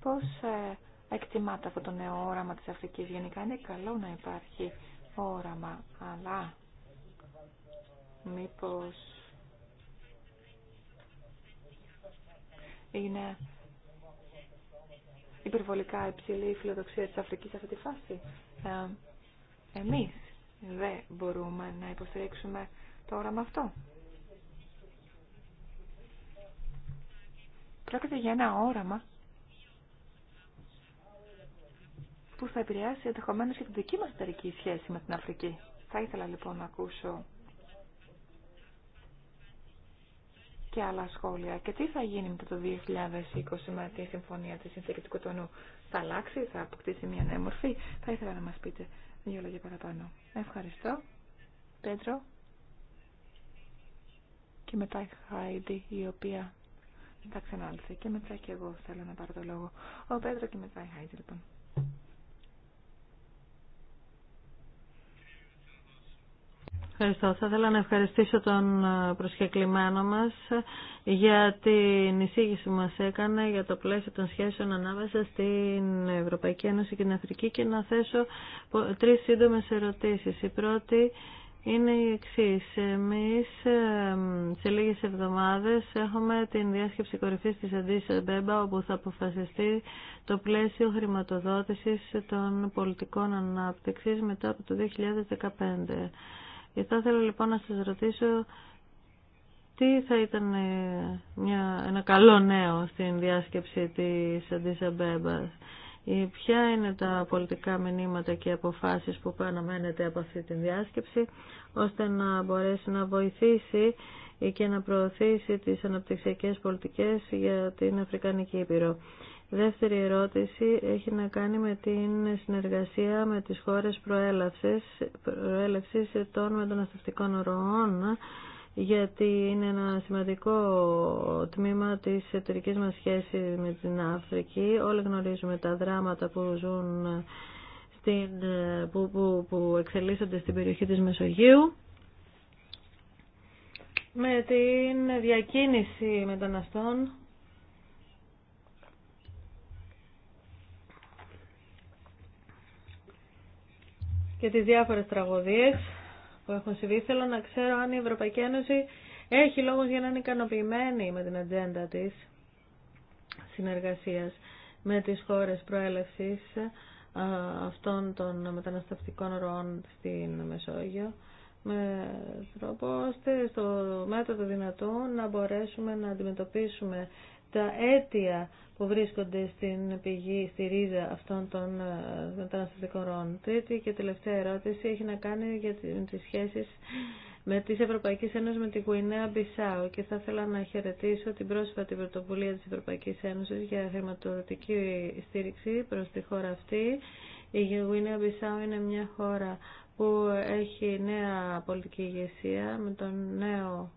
πώς ε, εκτιμάτε αυτό το νέο όραμα της Αφρική. Γενικά είναι καλό να υπάρχει όραμα, αλλά μήπω είναι υπερβολικά υψηλή η φιλοδοξία της Αφρικής σε αυτή τη φάση. Ε, εμείς δεν μπορούμε να υποστηρίξουμε το όραμα αυτό. Πρόκειται για ένα όραμα που θα επηρεάσει ενδεχομένω και την δική μας εταιρική σχέση με την Αφρική. Θα ήθελα λοιπόν να ακούσω και άλλα σχόλια. Και τι θα γίνει μετά το 2020 με τη συμφωνία τη συνθήκη του Κοτονού. Θα αλλάξει, θα αποκτήσει μια νέα μορφή. Θα ήθελα να μας πείτε δύο λόγια παραπάνω. Ευχαριστώ. Πέτρο. Και μετά η Χάιντι, η οποία θα ξανάλθει. Και μετά και εγώ θέλω να πάρω το λόγο. Ο Πέτρο και μετά η Χάιντι, λοιπόν. Ευχαριστώ. Θα ήθελα να ευχαριστήσω τον ε, προσκεκλημένο μας για την εισήγηση που μας έκανε για το πλαίσιο των σχέσεων ανάμεσα στην Ευρωπαϊκή Ένωση και την Αφρική και να θέσω τρεις σύντομες ερωτήσεις. Η πρώτη είναι η εξή. Εμεί ε, σε λίγε εβδομάδε έχουμε την διάσκεψη κορυφής της Αντίσα Μπέμπα, όπου θα αποφασιστεί το πλαίσιο χρηματοδότησης των πολιτικών ανάπτυξης μετά από το 2015. Θα ήθελα λοιπόν να σας ρωτήσω τι θα ήταν ε, μια, ένα καλό νέο στην διάσκεψη της Αντισαμπέμπας ή ε, ποια είναι τα πολιτικά μηνύματα και αποφάσεις που αναμένεται από αυτή τη διάσκεψη ώστε να μπορέσει να βοηθήσει και να προωθήσει τις αναπτυξιακές πολιτικές για την Αφρικανική Ήπειρο. Δεύτερη ερώτηση έχει να κάνει με την συνεργασία με τις χώρες προέλευσης, των μεταναστευτικών ροών γιατί είναι ένα σημαντικό τμήμα της εταιρικής μας σχέσης με την Αφρική. Όλοι γνωρίζουμε τα δράματα που ζουν στην, που, που, που εξελίσσονται στην περιοχή της Μεσογείου με την διακίνηση μεταναστών Για τις διάφορες τραγωδίες που έχουν συμβεί. Θέλω να ξέρω αν η Ευρωπαϊκή Ένωση έχει λόγους για να είναι ικανοποιημένη με την ατζέντα της συνεργασίας με τις χώρες προέλευσης αυτών των μεταναστευτικών ροών στην Μεσόγειο με τρόπο ώστε στο μέτωπο του δυνατού να μπορέσουμε να αντιμετωπίσουμε τα αίτια που βρίσκονται στην πηγή, στη ρίζα αυτών των ε, μεταναστευτικών ροών. Τρίτη και τελευταία ερώτηση έχει να κάνει για τις σχέσεις με τη Ευρωπαϊκή Ένωση με την Γουινέα Μπισάου και θα ήθελα να χαιρετήσω την πρόσφατη πρωτοβουλία της Ευρωπαϊκής Ένωσης για χρηματοδοτική στήριξη προς τη χώρα αυτή. Η Γουινέα Μπισάου είναι μια χώρα που έχει νέα πολιτική ηγεσία με τον νέο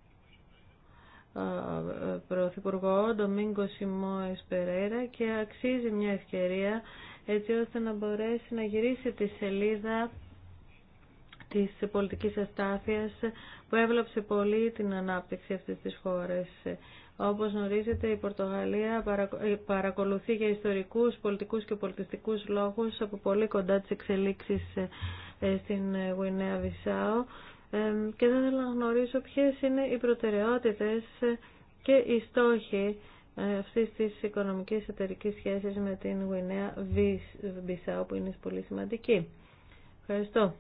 Πρωθυπουργό Ντομίνγκο Σιμό Εσπερέρα και αξίζει μια ευκαιρία έτσι ώστε να μπορέσει να γυρίσει τη σελίδα της πολιτικής αστάθειας που έβλαψε πολύ την ανάπτυξη αυτής της χώρας. Όπως γνωρίζετε η Πορτογαλία ε, παρακολουθεί για ιστορικούς, πολιτικούς και πολιτιστικούς λόγους από πολύ κοντά τις εξελίξεις ε, στην Γουινέα Βισάου και θα ήθελα να γνωρίσω ποιες είναι οι προτεραιότητες και οι στόχοι ε, αυτής της οικονομικής εταιρική σχέσης με την Γουινέα ΒΙΣΑΟ που είναι πολύ σημαντική. Ευχαριστώ.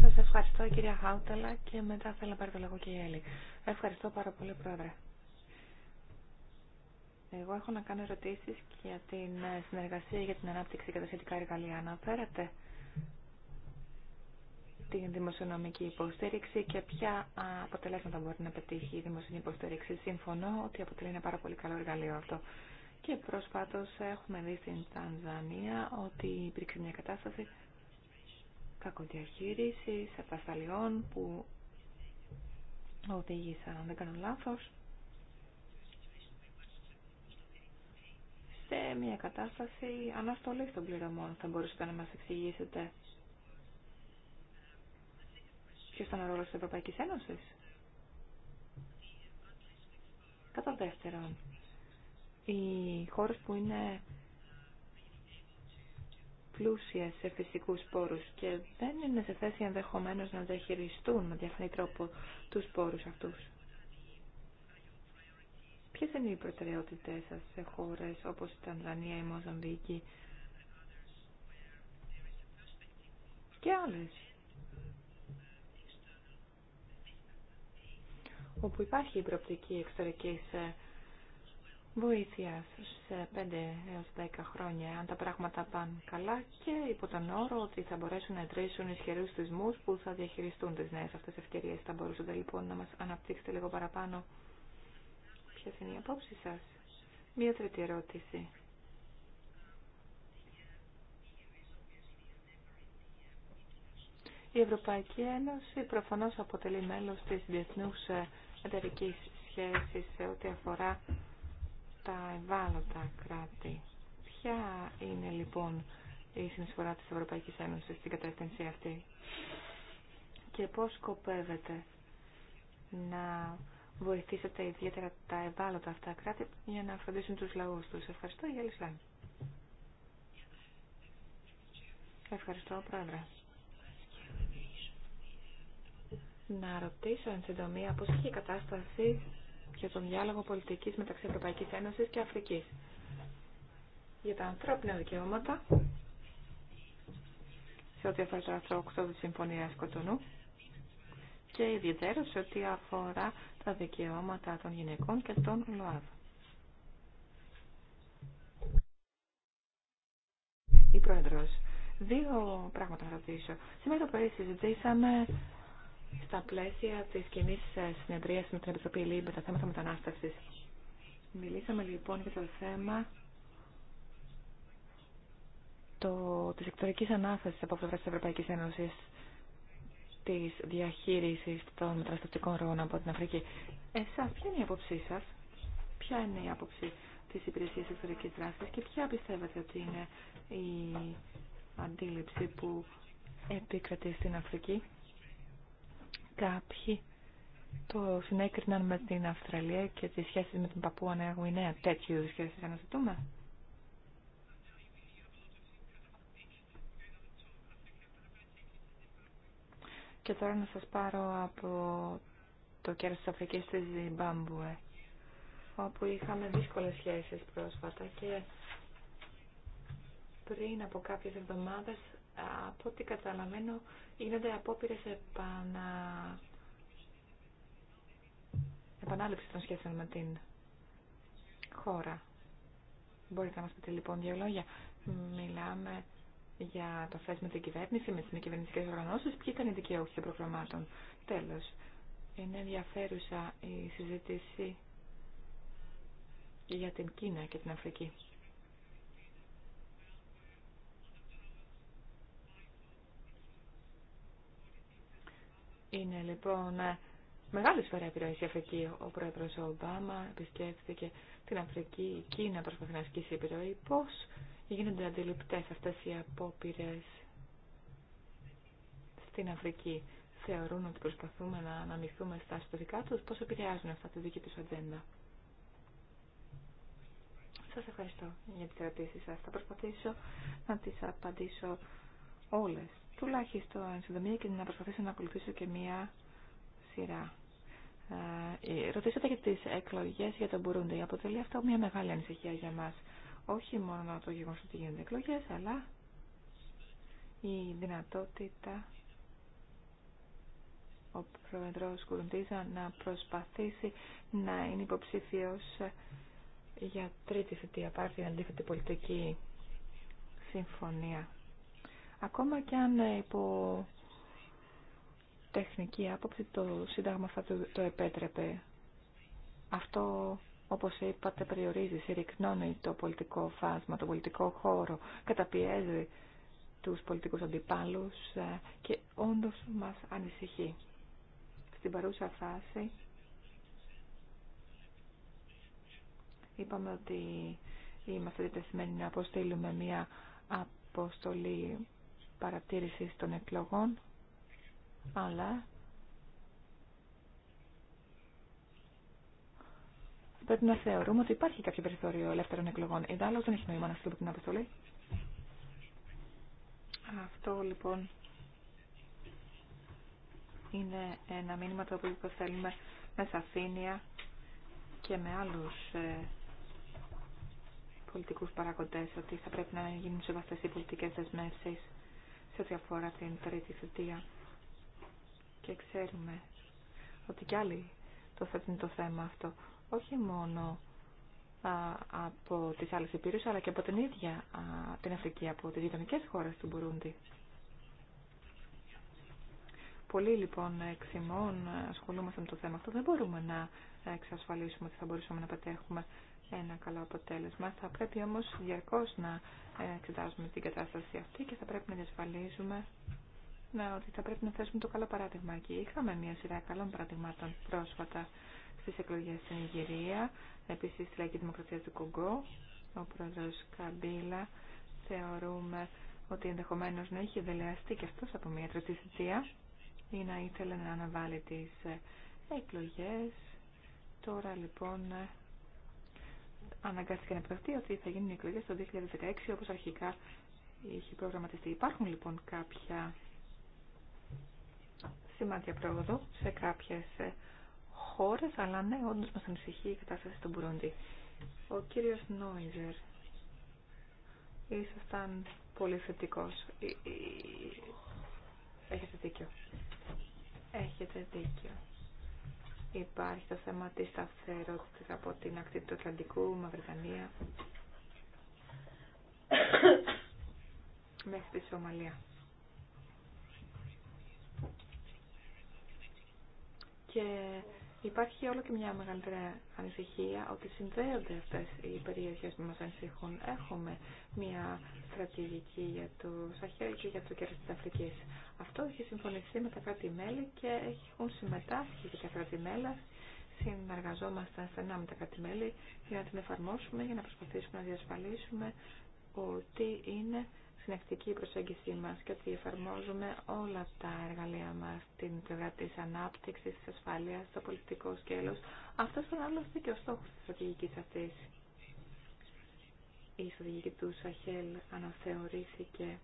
Σας ευχαριστώ κυρία Χάουταλα και μετά θέλω να πάρει το λόγο και η Έλλη. Ευχαριστώ πάρα πολύ πρόεδρε. Εγώ έχω να κάνω ερωτήσεις για την συνεργασία για την ανάπτυξη και τα σχετικά εργαλεία. Αναφέρατε τη δημοσιονομική υποστήριξη και ποια αποτελέσματα μπορεί να πετύχει η δημοσιονομική υποστήριξη. Συμφωνώ ότι αποτελεί ένα πάρα πολύ καλό εργαλείο αυτό. Και πρόσφατος έχουμε δει στην Τανζανία ότι υπήρξε μια κατάσταση κακοδιαχείριση επασταλιών που οδήγησαν, αν δεν κάνω λάθο. σε μια κατάσταση αναστολή των πληρωμών. Θα μπορούσατε να μα εξηγήσετε Ποιος ήταν ο ρόλος της Ευρωπαϊκής Ένωσης. Κατά δεύτερον, οι χώρες που είναι πλούσιες σε φυσικούς πόρους και δεν είναι σε θέση ενδεχομένως να διαχειριστούν με διαφανή τρόπο τους πόρους αυτούς. Ποιες είναι οι προτεραιότητες σας σε χώρες όπως η Τανζανία, η Μοζαμβίκη και άλλες όπου υπάρχει η προοπτική εξωτερικής ε, βοήθειας σε 5 έως 10 χρόνια, αν τα πράγματα πάνε καλά και υπό τον όρο ότι θα μπορέσουν να εντρήσουν ισχυρούς θεσμούς που θα διαχειριστούν τις νέες αυτές ευκαιρίες. Θα μπορούσατε λοιπόν να μας αναπτύξετε λίγο παραπάνω ποιε είναι οι απόψεις σας. Μία τρίτη ερώτηση. Η Ευρωπαϊκή Ένωση προφανώς αποτελεί μέλος της διεθνούς ε, εταιρική σχέση σε ό,τι αφορά τα ευάλωτα κράτη. Ποια είναι λοιπόν η συνεισφορά της Ευρωπαϊκής Ένωσης στην κατεύθυνση αυτή και πώς σκοπεύετε να βοηθήσετε ιδιαίτερα τα ευάλωτα αυτά κράτη για να φροντίσουν τους λαούς τους. Ευχαριστώ, Γέλη Ευχαριστώ, Πρόεδρε να ρωτήσω εν συντομία πώς έχει η κατάσταση για τον διάλογο πολιτικής μεταξύ Ευρωπαϊκής Ένωσης και Αφρικής. Για τα ανθρώπινα δικαιώματα, σε ό,τι αφορά το άρθρο 8 της Συμφωνία Κοτονού και ιδιαίτερα σε ό,τι αφορά τα δικαιώματα των γυναικών και των ΛΟΑΔ. Η Πρόεδρος, δύο πράγματα θα ρωτήσω. Σήμερα το πρωί συζητήσαμε στα πλαίσια τη κοινή ε, συνεδρία με την Επιτροπή ΛΥΜΠΕ τα θέματα μετανάστευση. Μιλήσαμε λοιπόν για το θέμα το, της εκτορικής από πλευρά τη Ευρωπαϊκή Ένωση τη διαχείριση των μεταναστευτικών ροών από την Αφρική. Εσά, ποια είναι η άποψή σα, ποια είναι η άποψη τη Υπηρεσία Εκτορική δράση και ποια πιστεύετε ότι είναι η αντίληψη που επικρατεί στην Αφρική Κάποιοι το συνέκριναν με την Αυστραλία και τις σχέσεις με την παππού Νέα Γουινέα. Τέτοιου είδους σχέσεις αναζητούμε. Και τώρα να σας πάρω από το κέρας της Αφρικής της Ζιμπάμπουε, όπου είχαμε δύσκολες σχέσεις πρόσφατα και πριν από κάποιες εβδομάδες από ό,τι καταλαβαίνω γίνονται απόπειρες επανα... επανάληψη των σχέσεων με την χώρα. Μπορείτε να μας πείτε λοιπόν δύο λόγια. Μιλάμε για το θέσμα με την κυβέρνηση, με τις μη κυβερνητικές οργανώσεις, ποιοι ήταν οι δικαιούχοι των προγραμμάτων. Τέλος, είναι ενδιαφέρουσα η συζήτηση για την Κίνα και την Αφρική. Είναι λοιπόν μεγάλη σφαίρα επιρροή η Αφρική. Ο πρόεδρο Ομπάμα επισκέφθηκε την Αφρική, η Κίνα προσπαθεί να ασκήσει επιρροή. Πώ γίνονται αντιληπτέ αυτέ οι απόπειρε στην Αφρική. Θεωρούν ότι προσπαθούμε να αναμειχθούμε στα εσωτερικά του. Πώ επηρεάζουν αυτά τη δική του ατζέντα. Σα ευχαριστώ για τι ερωτήσει σα. Θα προσπαθήσω να τι απαντήσω όλες τουλάχιστον συντομία και να προσπαθήσω να ακολουθήσω και μία σειρά. Ε, ε, ρωτήσατε για τις εκλογές για τον Μπουρούντι. Αποτελεί αυτό μια μεγάλη ανησυχία για μας. Όχι μόνο το γεγονός ότι γίνονται εκλογές, αλλά η δυνατότητα ο πρόεδρος Κουρουντίζα να προσπαθήσει να είναι υποψήφιος για τρίτη θητεία. Υπάρχει αντίθετη πολιτική συμφωνία Ακόμα και αν ε, υπό τεχνική άποψη το Σύνταγμα θα το επέτρεπε. Αυτό όπως είπατε, περιορίζει, συρρυκνώνει το πολιτικό φάσμα, το πολιτικό χώρο, καταπιέζει τους πολιτικούς αντιπάλους ε, και όντως μας ανησυχεί. Στην παρούσα φάση είπαμε ότι είμαστε διατεθειμένοι να αποστείλουμε μία αποστολή παρατήρησης των εκλογών, αλλά πρέπει να θεωρούμε ότι υπάρχει κάποιο περιθώριο ελεύθερων εκλογών. Ιδάλλω δεν έχει νόημα να στείλουμε την αποστολή. Αυτό λοιπόν είναι ένα μήνυμα το οποίο θέλουμε με σαφήνεια και με άλλους ε, πολιτικούς παραγοντές ότι θα πρέπει να γίνουν σεβαστές οι πολιτικές δεσμεύσεις σε ό,τι αφορά την τρίτη θητεία. Και ξέρουμε ότι κι άλλοι το θέτουν το θέμα αυτό. Όχι μόνο από τις άλλες υπήρους, αλλά και από την ίδια την Αφρική, από τις γειτονικέ χώρες του Μπουρούντι. Πολλοί λοιπόν εξημών ε, ασχολούμαστε με το θέμα αυτό. Δεν μπορούμε να εξασφαλίσουμε ότι θα μπορούσαμε να πετύχουμε ένα καλό αποτέλεσμα. Θα πρέπει όμως διαρκώς να ε, εξετάζουμε την κατάσταση αυτή και θα πρέπει να διασφαλίζουμε να, ότι θα πρέπει να θέσουμε το καλό παράδειγμα εκεί. Είχαμε μια σειρά καλών παραδειγμάτων πρόσφατα στις εκλογές στην Ιγυρία, επίσης στη Λαϊκή Δημοκρατία του Κογκό, ο πρόεδρος Καμπίλα θεωρούμε ότι ενδεχομένως να είχε δελεαστεί και αυτός από μια τρίτη θητεία ή να ήθελε να αναβάλει τις ε, εκλογές. Τώρα λοιπόν αναγκάστηκε να επιταχθεί ότι θα γίνουν οι εκλογέ το 2016 όπω αρχικά είχε προγραμματιστεί. Υπάρχουν λοιπόν κάποια σημάδια πρόοδο σε κάποιε ε, χώρε, αλλά ναι, όντω μα ανησυχεί η κατάσταση στον Μπουρούντι. Ο κύριο Νόιζερ, ήσασταν πολύ θετικό. Ε, ε, έχετε δίκιο. Έχετε δίκιο. Υπάρχει το θέμα της σταθερότητας από την ακτή του Ατλαντικού, Μαυριτανία, μέχρι τη Σομαλία. Και Υπάρχει όλο και μια μεγαλύτερη ανησυχία ότι συνδέονται αυτές οι περιοχές που μας ανησυχούν. Έχουμε μια στρατηγική για το Σαχέλ και για το κέρδο της Αφρικής. Αυτό έχει συμφωνηθεί με τα κράτη-μέλη και έχουν συμμετάσχει και τα κράτη-μέλη. Συνεργαζόμαστε στενά με τα κράτη-μέλη για να την εφαρμόσουμε, για να προσπαθήσουμε να διασφαλίσουμε ότι είναι συνεκτική προσέγγιση μας και ότι εφαρμόζουμε όλα τα εργαλεία μας την πλευρά της ανάπτυξης, τη ασφάλειας, στο πολιτικό σκέλος. Αυτό ήταν άλλωστε και ο στόχος της στρατηγικής αυτής. Η στρατηγική του Σαχέλ αναθεωρήθηκε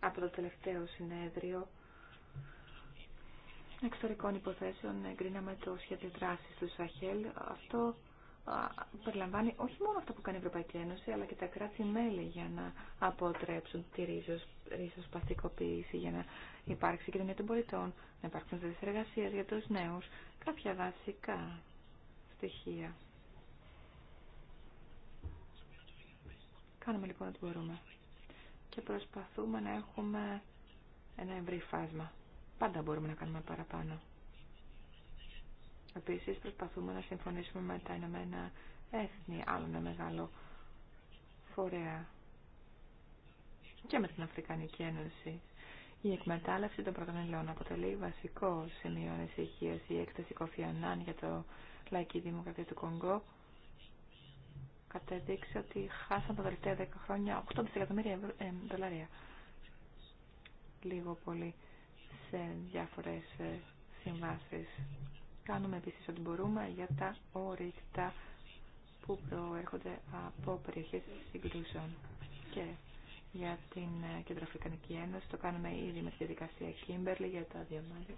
από το τελευταίο συνέδριο εξωτερικών υποθέσεων εγκρίναμε το σχέδιο δράση του Σαχέλ. Αυτό περιλαμβάνει όχι μόνο αυτά που κάνει η Ευρωπαϊκή Ένωση, αλλά και τα κράτη-μέλη για να αποτρέψουν τη ρίζος, παθηκοποίηση για να υπάρξει κοινωνία των πολιτών, να υπάρξουν θέσει εργασία για τους νέους, κάποια βασικά στοιχεία. Κάνουμε λοιπόν ό,τι μπορούμε και προσπαθούμε να έχουμε ένα ευρύ φάσμα. Πάντα μπορούμε να κάνουμε παραπάνω. Επίσης προσπαθούμε να συμφωνήσουμε με τα Ηνωμένα Έθνη, άλλο ένα μεγάλο φορέα και με την Αφρικανική Ένωση. Η εκμετάλλευση των πρωτομελών αποτελεί βασικό σημείο ανησυχία. Η έκθεση Κοφιανάν για το Λαϊκή Δημοκρατία του Κονγκό κατέδειξε ότι χάσαν τα τελευταία 10 χρόνια 8 δισεκατομμύρια ε, δολάρια. Λίγο πολύ σε διάφορες ε, συμβάσεις Κάνουμε επίσης ό,τι μπορούμε για τα ορυκτά που προέρχονται από περιοχές συγκρούσεων. Και για την ε, Κεντροαφρικανική Ένωση το κάνουμε ήδη με τη διαδικασία Κίμπερλι για τα διαμάδια.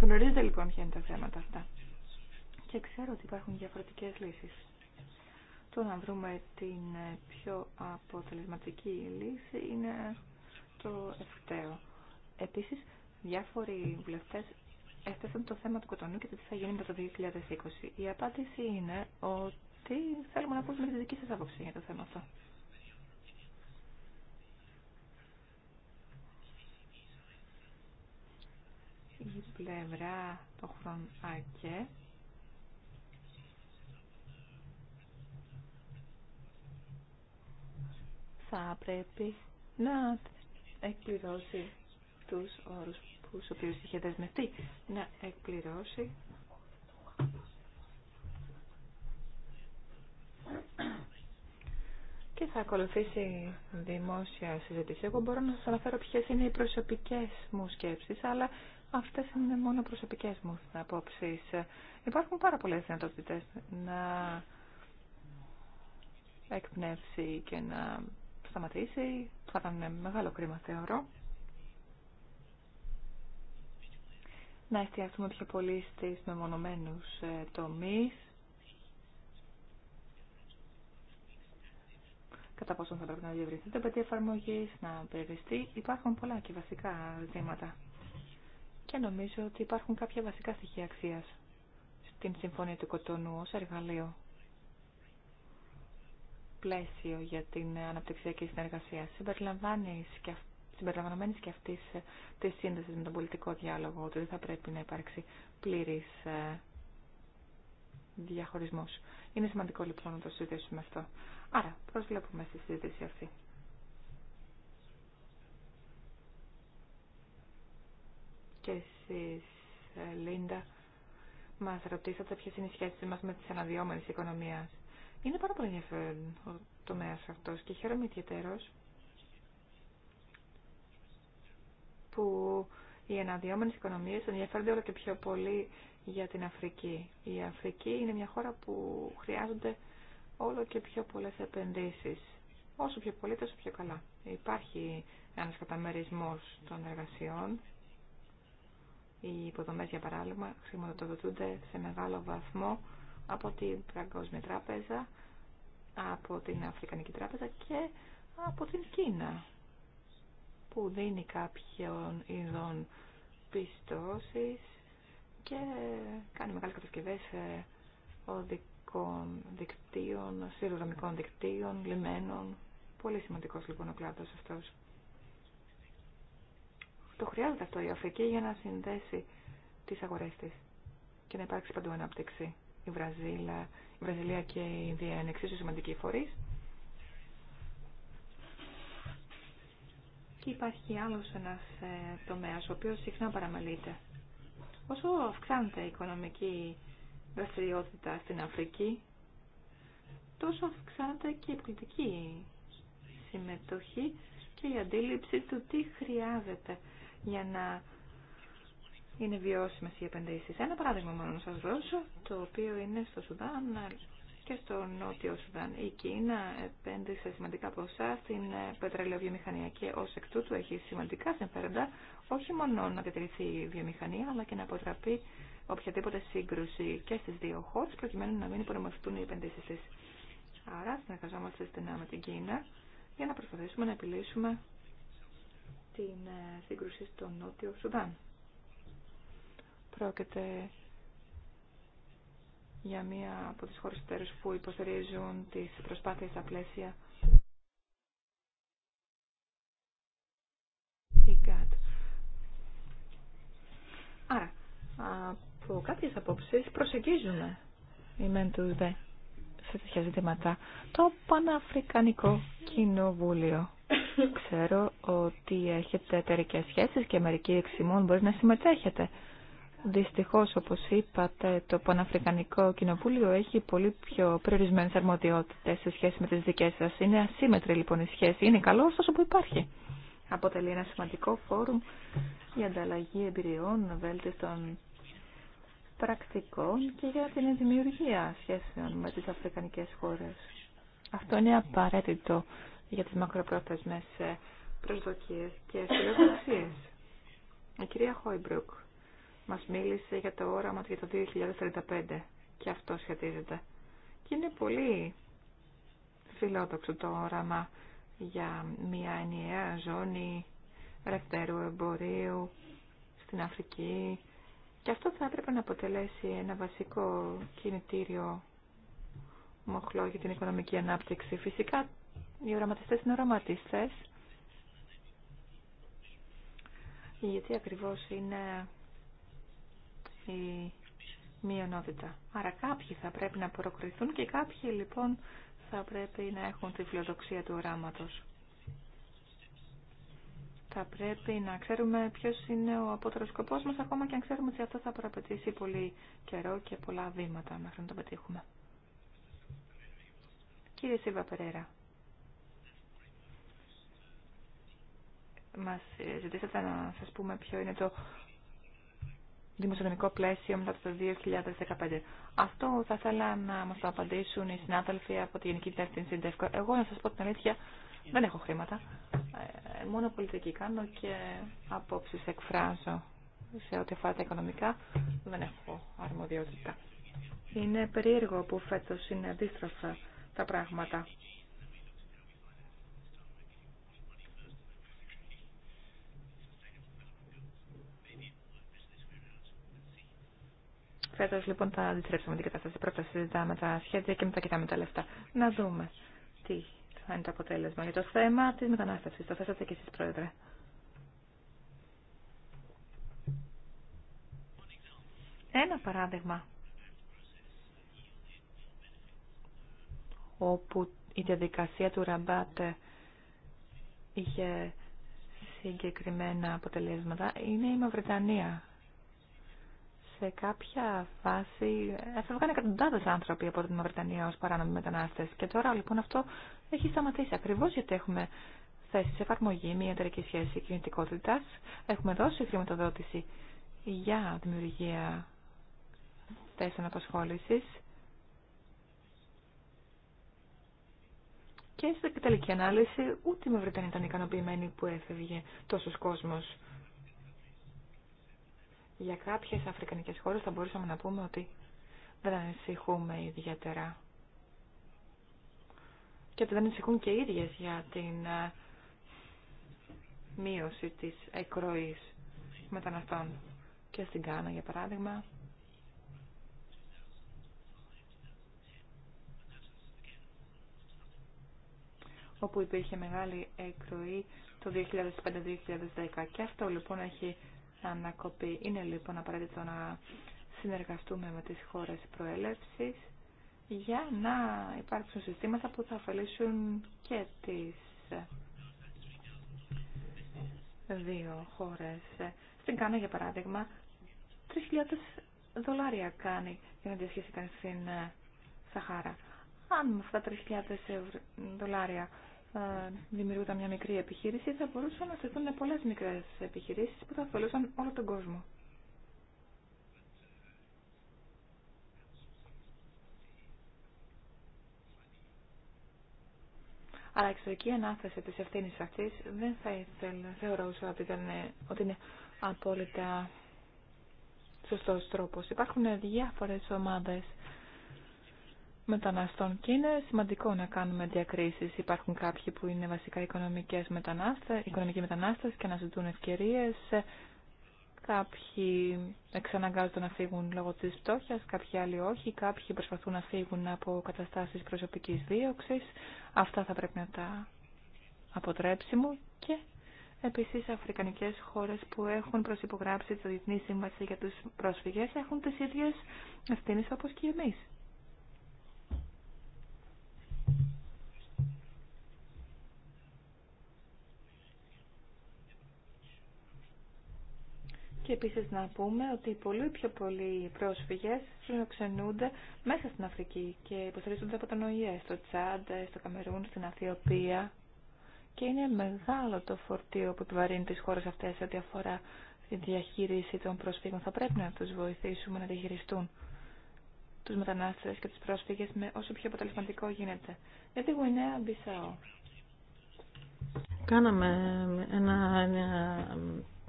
Γνωρίζετε λοιπόν ποια είναι τα θέματα αυτά. Και ξέρω ότι υπάρχουν διαφορετικές λύσεις το να βρούμε την ε, πιο αποτελεσματική λύση είναι το ευκταίο. Επίσης, διάφοροι βουλευτές έθεσαν το θέμα του κοτονού και το τι θα γίνει μετά το 2020. Η απάντηση είναι ότι θέλουμε να πούμε τη δική σας άποψη για το θέμα αυτό. Η πλευρά των χρόνων θα πρέπει να εκπληρώσει τους όρους που στους οποίους είχε δεσμευτεί να εκπληρώσει και θα ακολουθήσει δημόσια συζήτηση. Εγώ μπορώ να σας αναφέρω ποιες είναι οι προσωπικές μου σκέψεις, αλλά αυτές είναι μόνο προσωπικές μου απόψεις. Υπάρχουν πάρα πολλές δυνατότητες να εκπνεύσει και να σταματήσει. Θα ήταν μεγάλο κρίμα, θεωρώ. Να εστιαστούμε πιο πολύ στις μεμονωμένους ε, τομείς. Κατά πόσο θα πρέπει να διευρυνθεί το παιδί εφαρμογή, να περιοριστεί. Υπάρχουν πολλά και βασικά ζήματα. Και νομίζω ότι υπάρχουν κάποια βασικά στοιχεία αξία στην Συμφωνία του Κοτονού ω εργαλείο πλαίσιο για την αναπτυξιακή συνεργασία συμπεριλαμβανομένης και αυτή ε, τη σύνδεση με τον πολιτικό διάλογο, ότι δεν θα πρέπει να υπάρξει πλήρης ε, διαχωρισμός. Είναι σημαντικό λοιπόν να το συζητήσουμε αυτό. Άρα, προσβλέπουμε στη συζήτηση αυτή. Και εσείς, ε, Λίντα, μας ρωτήσατε ποιες είναι οι σχέσεις μας με τις αναδυόμενες οικονομίες είναι πάρα πολύ ενδιαφέρον ο τομέα αυτό και χαίρομαι ιδιαίτερω που οι αναδυόμενε οικονομίε ενδιαφέρονται όλο και πιο πολύ για την Αφρική. Η Αφρική είναι μια χώρα που χρειάζονται όλο και πιο πολλέ επενδύσει. Όσο πιο πολύ, τόσο πιο καλά. Υπάρχει ένα καταμερισμό των εργασιών. Οι υποδομέ, για παράδειγμα, χρηματοδοτούνται σε μεγάλο βαθμό από την Παγκόσμια Τράπεζα, από την Αφρικανική Τράπεζα και από την Κίνα που δίνει κάποιον ειδών πιστώσεις και κάνει μεγάλες κατασκευές ε, οδικών δικτύων, σιδηροδρομικών δικτύων, λιμένων. Πολύ σημαντικός λοιπόν ο κλάδος αυτός. Το χρειάζεται αυτό η Αφρική για να συνδέσει τις αγορές της και να υπάρξει παντού ανάπτυξη η Βραζίλα, η Βραζιλία και η Ινδία είναι εξίσου σημαντικοί φορεί. Και υπάρχει άλλος ένας ε, τομέας, ο οποίος συχνά παραμελείται. Όσο αυξάνεται η οικονομική δραστηριότητα στην Αφρική, τόσο αυξάνεται και η πολιτική συμμετοχή και η αντίληψη του τι χρειάζεται για να είναι βιώσιμε οι επενδύσει. Ένα παράδειγμα μόνο να σα δώσω, το οποίο είναι στο Σουδάν και στο Νότιο Σουδάν. Η Κίνα επένδυσε σημαντικά ποσά στην πετρελαιοβιομηχανία και ω εκ τούτου έχει σημαντικά συμφέροντα όχι μόνο να διατηρηθεί η βιομηχανία αλλά και να αποτραπεί οποιαδήποτε σύγκρουση και στι δύο χώρε προκειμένου να μην υπονομευτούν οι επενδύσει τη. Άρα συνεργαζόμαστε στενά με την Κίνα για να προσπαθήσουμε να επιλύσουμε την ε, σύγκρουση στο Νότιο Σουδάν. Πρόκειται για μία από τις χώρες που υποστηρίζουν τις προσπάθειες στα πλαίσια Άρα, από κάποιες απόψεις προσεγγίζουν οι μεν του δε σε τέτοια ζητήματα το Παναφρικανικό Κοινοβούλιο. Ξέρω ότι έχετε εταιρικέ σχέσεις και μερικοί εξημών μπορεί να συμμετέχετε Δυστυχώς, όπως είπατε, το Παναφρικανικό Κοινοβούλιο έχει πολύ πιο περιορισμένες αρμοδιότητες σε σχέση με τις δικές σας. Είναι ασύμετρη λοιπόν η σχέση. Είναι καλό ωστόσο που υπάρχει. Αποτελεί ένα σημαντικό φόρουμ για ανταλλαγή εμπειριών, βέλτιστων πρακτικών και για την δημιουργία σχέσεων με τις αφρικανικές χώρες. Αυτό είναι απαραίτητο για τις μακροπρόθεσμες ε, προσδοκίες και φιλοδοξίες. Η κυρία Χόιμπρουκ μας μίλησε για το όραμα του για το 2035 και αυτό σχετίζεται. Και είναι πολύ φιλόδοξο το όραμα για μια ενιαία ζώνη ρευτέρου εμπορίου στην Αφρική και αυτό θα έπρεπε να αποτελέσει ένα βασικό κινητήριο μοχλό για την οικονομική ανάπτυξη. Φυσικά οι οραματιστές είναι οραματιστές γιατί ακριβώς είναι η μειονότητα. Άρα κάποιοι θα πρέπει να προκριθούν και κάποιοι λοιπόν θα πρέπει να έχουν τη φιλοδοξία του οράματος. Θα πρέπει να ξέρουμε ποιος είναι ο απότερος σκοπός μας, ακόμα και αν ξέρουμε ότι αυτό θα προαπαιτήσει πολύ καιρό και πολλά βήματα μέχρι να το πετύχουμε. Κύριε Σίβα Περέρα, μας ζητήσατε να σας πούμε ποιο είναι το δημοσιονομικό πλαίσιο μετά το 2015. Αυτό θα ήθελα να μας το απαντήσουν οι συνάδελφοι από τη Γενική Διεύθυνση Εγώ να σα πω την αλήθεια, δεν έχω χρήματα. Ε, μόνο πολιτική κάνω και απόψεις εκφράζω σε ό,τι αφορά τα οικονομικά. Δεν έχω αρμοδιότητα. Είναι περίεργο που φέτο είναι αντίστροφα τα πράγματα. Φέτο λοιπόν θα αντιστρέψουμε την κατάσταση. Πρώτα συζητάμε τα σχέδια και μετά κοιτάμε τα λεφτά. Να δούμε τι θα είναι το αποτέλεσμα για το θέμα τη μετανάστευση. Το θέσατε και εσεί, Πρόεδρε. Ένα παράδειγμα όπου η διαδικασία του Ραμπάτ είχε συγκεκριμένα αποτελέσματα είναι η Μαυρετανία σε κάποια φάση έφευγαν εκατοντάδε άνθρωποι από την Μαυρτανία ω παράνομοι μετανάστε. Και τώρα λοιπόν αυτό έχει σταματήσει ακριβώ γιατί έχουμε θέσει σε εφαρμογή μια εταιρική σχέση κινητικότητα. Έχουμε δώσει χρηματοδότηση για δημιουργία θέσεων απασχόληση. Και στην τελική ανάλυση ούτε η ήταν ικανοποιημένη που έφευγε τόσο κόσμο για κάποιες αφρικανικές χώρες θα μπορούσαμε να πούμε ότι δεν ανησυχούμε ιδιαίτερα. Και ότι δεν ανησυχούν και οι ίδιες για την ε, μείωση της εκροής μεταναστών. Και στην Κάνα, για παράδειγμα, όπου υπήρχε μεγάλη εκροή το 2005-2010. Και αυτό λοιπόν έχει είναι λοιπόν απαραίτητο να συνεργαστούμε με τις χώρες προέλευσης για να υπάρξουν συστήματα που θα ωφελήσουν και τις δύο χώρες. Στην Κάνα, για παράδειγμα, 3.000 δολάρια κάνει για να διασχίσει κανείς στην Σαχάρα. Αν με αυτά τα 3.000 δολάρια δημιουργούνταν μια μικρή επιχείρηση, θα μπορούσαν να στεθούν πολλέ μικρέ επιχειρήσει που θα αφαιρούσαν όλο τον κόσμο. Αλλά εξωτερική ανάθεση τη ευθύνη αυτή δεν θα ήθελα, θεωρούσα ότι, ήταν, ότι είναι απόλυτα σωστό τρόπο. Υπάρχουν διάφορε ομάδε μεταναστών και είναι σημαντικό να κάνουμε διακρίσεις. Υπάρχουν κάποιοι που είναι βασικά οικονομικές μετανάστες, οικονομικοί μετανάστες και να ζητούν ευκαιρίες. Κάποιοι εξαναγκάζονται να φύγουν λόγω της φτώχεια, κάποιοι άλλοι όχι, κάποιοι προσπαθούν να φύγουν από καταστάσεις προσωπικής δίωξης. Αυτά θα πρέπει να τα αποτρέψουμε και Επίσης, αφρικανικές χώρες που έχουν προσυπογράψει τη Διεθνή Σύμβαση για τους πρόσφυγες έχουν τις ίδιες ευθύνες όπως και Και επίσης να πούμε ότι πολύ πιο πολλοί πρόσφυγες φιλοξενούνται μέσα στην Αφρική και υποστηρίζονται από τον ΟΗΕ, στο Τσάντ, στο Καμερούν, στην Αθιοπία. Και είναι μεγάλο το φορτίο που επιβαρύνει τις χώρες αυτές ό,τι αφορά τη διαχείριση των προσφύγων. Θα πρέπει να τους βοηθήσουμε να διαχειριστούν τους μετανάστες και τις πρόσφυγες με όσο πιο αποτελεσματικό γίνεται. Γιατί τη Γουινέα μπισάω. Κάναμε ένα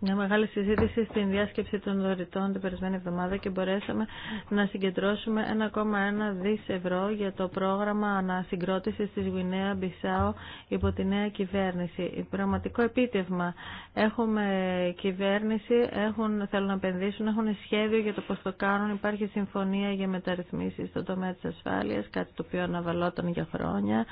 μια μεγάλη συζήτηση στην διάσκεψη των δωρητών την περασμένη εβδομάδα και μπορέσαμε να συγκεντρώσουμε 1,1 δις ευρώ για το πρόγραμμα ανασυγκρότησης της Γουινέα Μπισάο υπό τη νέα κυβέρνηση. Πραγματικό επίτευγμα. Έχουμε κυβέρνηση, έχουν, θέλουν να επενδύσουν, έχουν σχέδιο για το πώς το κάνουν. Υπάρχει συμφωνία για μεταρρυθμίσεις στον τομέα της ασφάλειας, κάτι το οποίο αναβαλόταν για χρόνια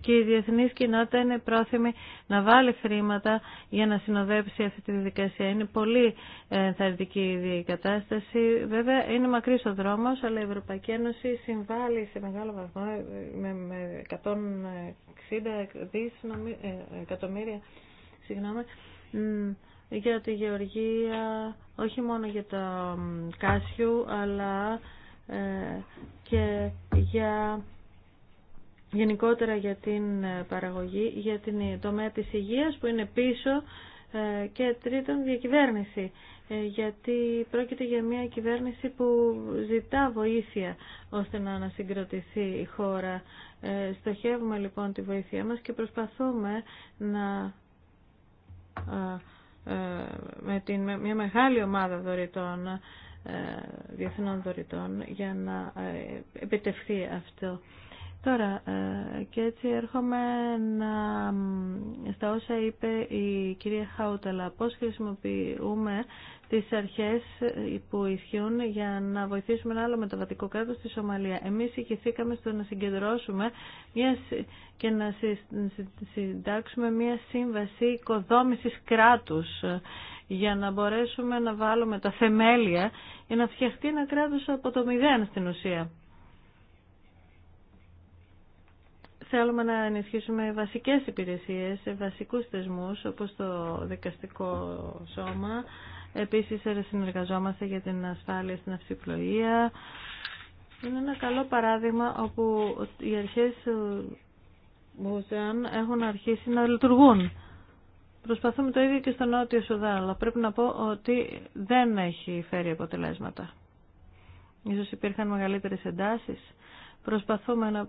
και η διεθνής κοινότητα είναι πρόθυμη να βάλει χρήματα για να συνοδέψει αυτή τη είναι πολύ ενθαρρυντική η κατάσταση. Βέβαια είναι μακρύ ο δρόμο, αλλά η Ευρωπαϊκή Ένωση συμβάλλει σε μεγάλο βαθμό με 160 ε, εκατομμύρια συγγνώμη, για τη γεωργία, όχι μόνο για το Κάσιου, αλλά ε, και για γενικότερα για την παραγωγή, για την τομέα της υγείας που είναι πίσω ε, και τρίτον διακυβέρνηση ε, γιατί πρόκειται για μια κυβέρνηση που ζητά βοήθεια ώστε να ανασυγκροτηθεί η χώρα. Ε, στοχεύουμε λοιπόν τη βοήθειά μας και προσπαθούμε να με την, με μια μεγάλη ομάδα δωρητών, διεθνών δωρητών για να επιτευχθεί αυτό. Τώρα, ε, και έτσι έρχομαι να, στα όσα είπε η κυρία Χάουταλα. Πώς χρησιμοποιούμε τις αρχές ε, που ισχύουν για να βοηθήσουμε ένα άλλο μεταβατικό κράτος στη Σομαλία. Εμείς ηγηθήκαμε στο να συγκεντρώσουμε μια, και να συντάξουμε μια σύμβαση οικοδόμησης κράτους ε, για να μπορέσουμε να βάλουμε τα θεμέλια για να φτιαχτεί ένα κράτος από το μηδέν στην ουσία. θέλουμε να ενισχύσουμε βασικές υπηρεσίες, βασικούς θεσμούς όπως το δικαστικό σώμα. Επίσης συνεργαζόμαστε για την ασφάλεια στην αυσιπλοεία. Είναι ένα καλό παράδειγμα όπου οι αρχές μουσεών έχουν αρχίσει να λειτουργούν. Προσπαθούμε το ίδιο και στο Νότιο Σουδά, αλλά πρέπει να πω ότι δεν έχει φέρει αποτελέσματα. Ίσως υπήρχαν μεγαλύτερες εντάσεις. Προσπαθούμε να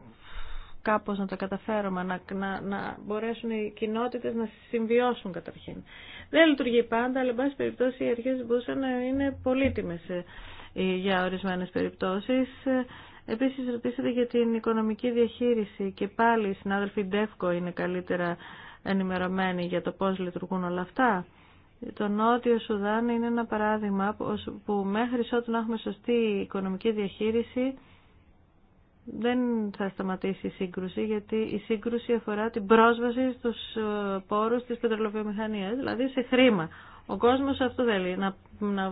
κάπως να τα καταφέρουμε, να, να, να μπορέσουν οι κοινότητες να συμβιώσουν καταρχήν. Δεν λειτουργεί πάντα, αλλά εν πάση περιπτώσει οι αρχές μπορούσαν να είναι πολύτιμες ε, ε, για ορισμένες περιπτώσεις. Επίσης ρωτήσατε για την οικονομική διαχείριση και πάλι οι συνάδελφοι Ντεύκο είναι καλύτερα ενημερωμένοι για το πώς λειτουργούν όλα αυτά. Το Νότιο Σουδάν είναι ένα παράδειγμα που μέχρι ότου να έχουμε σωστή οικονομική διαχείριση δεν θα σταματήσει η σύγκρουση, γιατί η σύγκρουση αφορά την πρόσβαση στους ε, πόρους της πετρελοβιομηχανίας, δηλαδή σε χρήμα. Ο κόσμος αυτό θέλει, να, να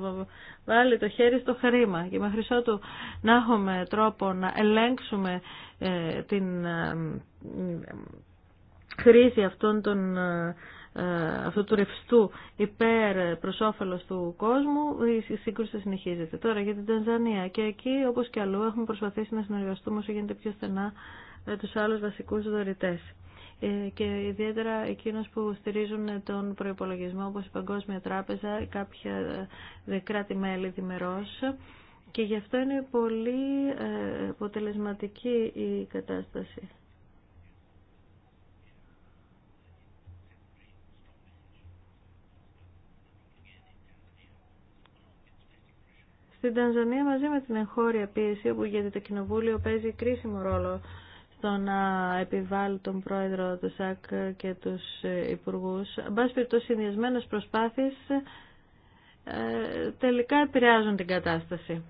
βάλει το χέρι στο χρήμα και μέχρι του να έχουμε τρόπο να ελέγξουμε ε, την ε, χρήση αυτών των ε, αυτού του ρευστού υπέρ προς όφελος του κόσμου η σύγκρουση συνεχίζεται. Τώρα για την Τανζανία και εκεί όπως και αλλού έχουμε προσπαθήσει να συνεργαστούμε όσο γίνεται πιο στενά με τους άλλους βασικούς δωρητές ε, και ιδιαίτερα εκείνους που στηρίζουν τον προϋπολογισμό όπως η Παγκόσμια Τράπεζα, κάποια ε, κράτη-μέλη διμερώς και γι' αυτό είναι πολύ αποτελεσματική η κατάσταση. Στην Τανζανία μαζί με την εγχώρια πίεση, όπου γιατί το Κοινοβούλιο παίζει κρίσιμο ρόλο στο να επιβάλλει τον πρόεδρο του ΣΑΚ και τους ε, υπουργούς, μπας πάση συνδυασμένε προσπάθειε ε, τελικά επηρεάζουν την κατάσταση.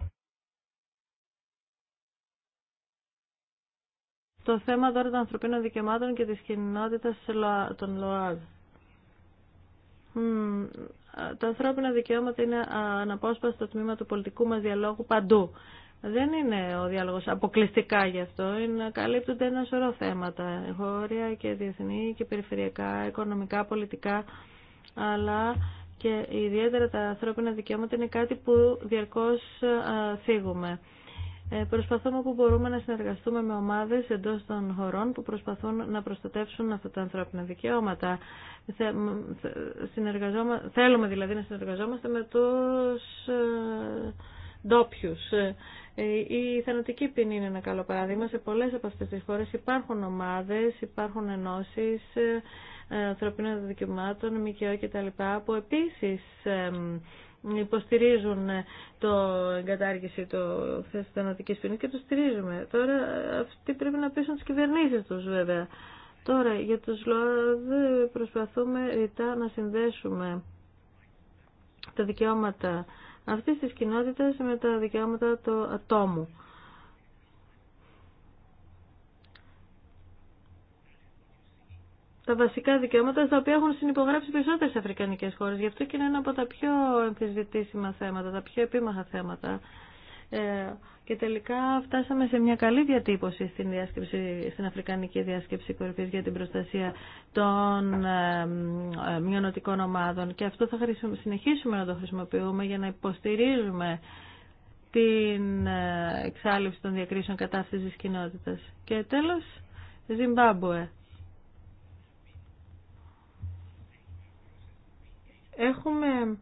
Το θέμα τώρα των ανθρωπίνων δικαιωμάτων και της κοινότητας των ΛΟΑΔ τα ανθρώπινα δικαιώματα είναι αναπόσπαστο τμήμα του πολιτικού μας διαλόγου παντού. Δεν είναι ο διάλογος αποκλειστικά γι' αυτό, είναι, καλύπτονται ένα σωρό θέματα, χώρια και διεθνή και περιφερειακά, οικονομικά, πολιτικά, αλλά και ιδιαίτερα τα ανθρώπινα δικαιώματα είναι κάτι που διαρκώς θίγουμε. Ε, προσπαθούμε που μπορούμε να συνεργαστούμε με ομάδες εντός των χωρών που προσπαθούν να προστατεύσουν αυτά τα ανθρώπινα δικαιώματα. Θέλουμε δηλαδή να συνεργαζόμαστε με τους ε, ντόπιου. Ε, η θανατική ποινή είναι ένα καλό παράδειγμα. Σε πολλές από αυτές τις χώρες υπάρχουν ομάδες, υπάρχουν ενώσεις ανθρωπίνων δικαιωμάτων, ΜΚΟ κτλ. που επίσης υποστηρίζουν ε, το εγκατάργηση του ανατικής ποινής και το στηρίζουμε. Τώρα αυτοί πρέπει να πείσουν τις κυβερνήσεις τους βέβαια. Τώρα για τους ΛΟΑΔ προσπαθούμε ρητά να συνδέσουμε τα δικαιώματα αυτής της κοινότητας με τα δικαιώματα του ατόμου. τα βασικά δικαιώματα στα οποία έχουν συνυπογράψει περισσότερε αφρικανικέ χώρε. Γι' αυτό και είναι ένα από τα πιο εμφισβητήσιμα θέματα, τα πιο επίμαχα θέματα. Ε, και τελικά φτάσαμε σε μια καλή διατύπωση στην, διάσκεψη, στην Αφρικανική Διάσκεψη Κορυφής για την προστασία των ε, μειονοτικών ομάδων και αυτό θα συνεχίσουμε να το χρησιμοποιούμε για να υποστηρίζουμε την ε, εξάλληψη των διακρίσεων κατά αυτής της κοινότητας. Και τέλος, Ζιμπάμπουε. Έχουμε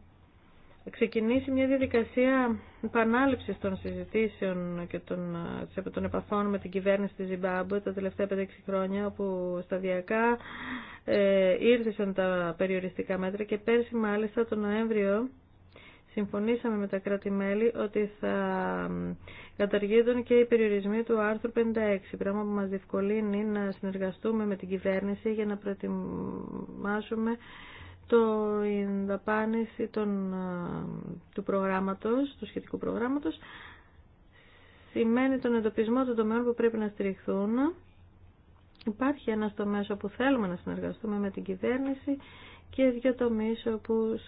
ξεκινήσει μια διαδικασία επανάληψης των συζητήσεων και των, των επαφών με την κυβέρνηση της Ζιμπάμπου τα τελευταία 5-6 χρόνια όπου σταδιακά ε, ήρθαν τα περιοριστικά μέτρα και πέρσι μάλιστα τον Νοέμβριο συμφωνήσαμε με τα κράτη-μέλη ότι θα καταργήσουν και οι περιορισμοί του άρθρου 56, πράγμα που μας διευκολύνει να συνεργαστούμε με την κυβέρνηση για να προετοιμάσουμε το δαπάνηση των, του προγράμματος, του σχετικού προγράμματος, σημαίνει τον εντοπισμό των τομέων που πρέπει να στηριχθούν. Υπάρχει ένα τομέα όπου θέλουμε να συνεργαστούμε με την κυβέρνηση και δύο τομεί όπου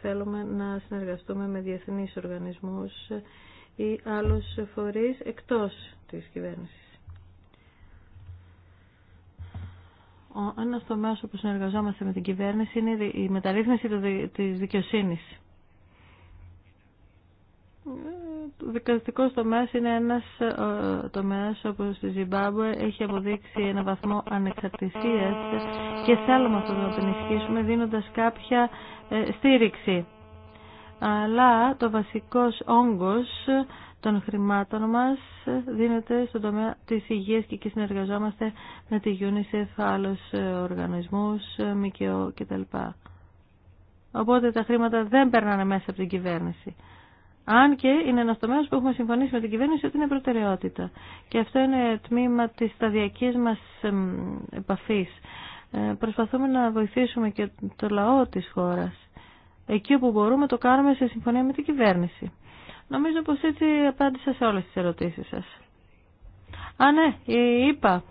θέλουμε να συνεργαστούμε με διεθνείς οργανισμούς ή άλλους φορείς εκτός της κυβέρνησης. ένας τομέας όπου συνεργαζόμαστε με την κυβέρνηση είναι η μεταρρύθμιση της δικαιοσύνης. Ε, ο δικαστικό τομέα είναι ένα ε, τομέα όπου στη Ζιμπάμπουε έχει αποδείξει ένα βαθμό ανεξαρτησία και θέλουμε αυτό να το ενισχύσουμε δίνοντας κάποια ε, στήριξη. Αλλά το βασικός όγκος των χρημάτων μας δίνεται στον τομέα της υγείας και εκεί συνεργαζόμαστε με τη UNICEF, άλλους ε, οργανισμούς, ε, ΜΚΟ κτλ. Οπότε τα χρήματα δεν περνάνε μέσα από την κυβέρνηση. Αν και είναι ένα τομέα που έχουμε συμφωνήσει με την κυβέρνηση ότι είναι προτεραιότητα. Και αυτό είναι τμήμα τη σταδιακή μα επαφή. Ε, προσπαθούμε να βοηθήσουμε και το λαό τη χώρα. Εκεί όπου μπορούμε το κάνουμε σε συμφωνία με την κυβέρνηση. Νομίζω πως έτσι απάντησα σε όλες τις ερωτήσεις σας. Α, ναι, είπα.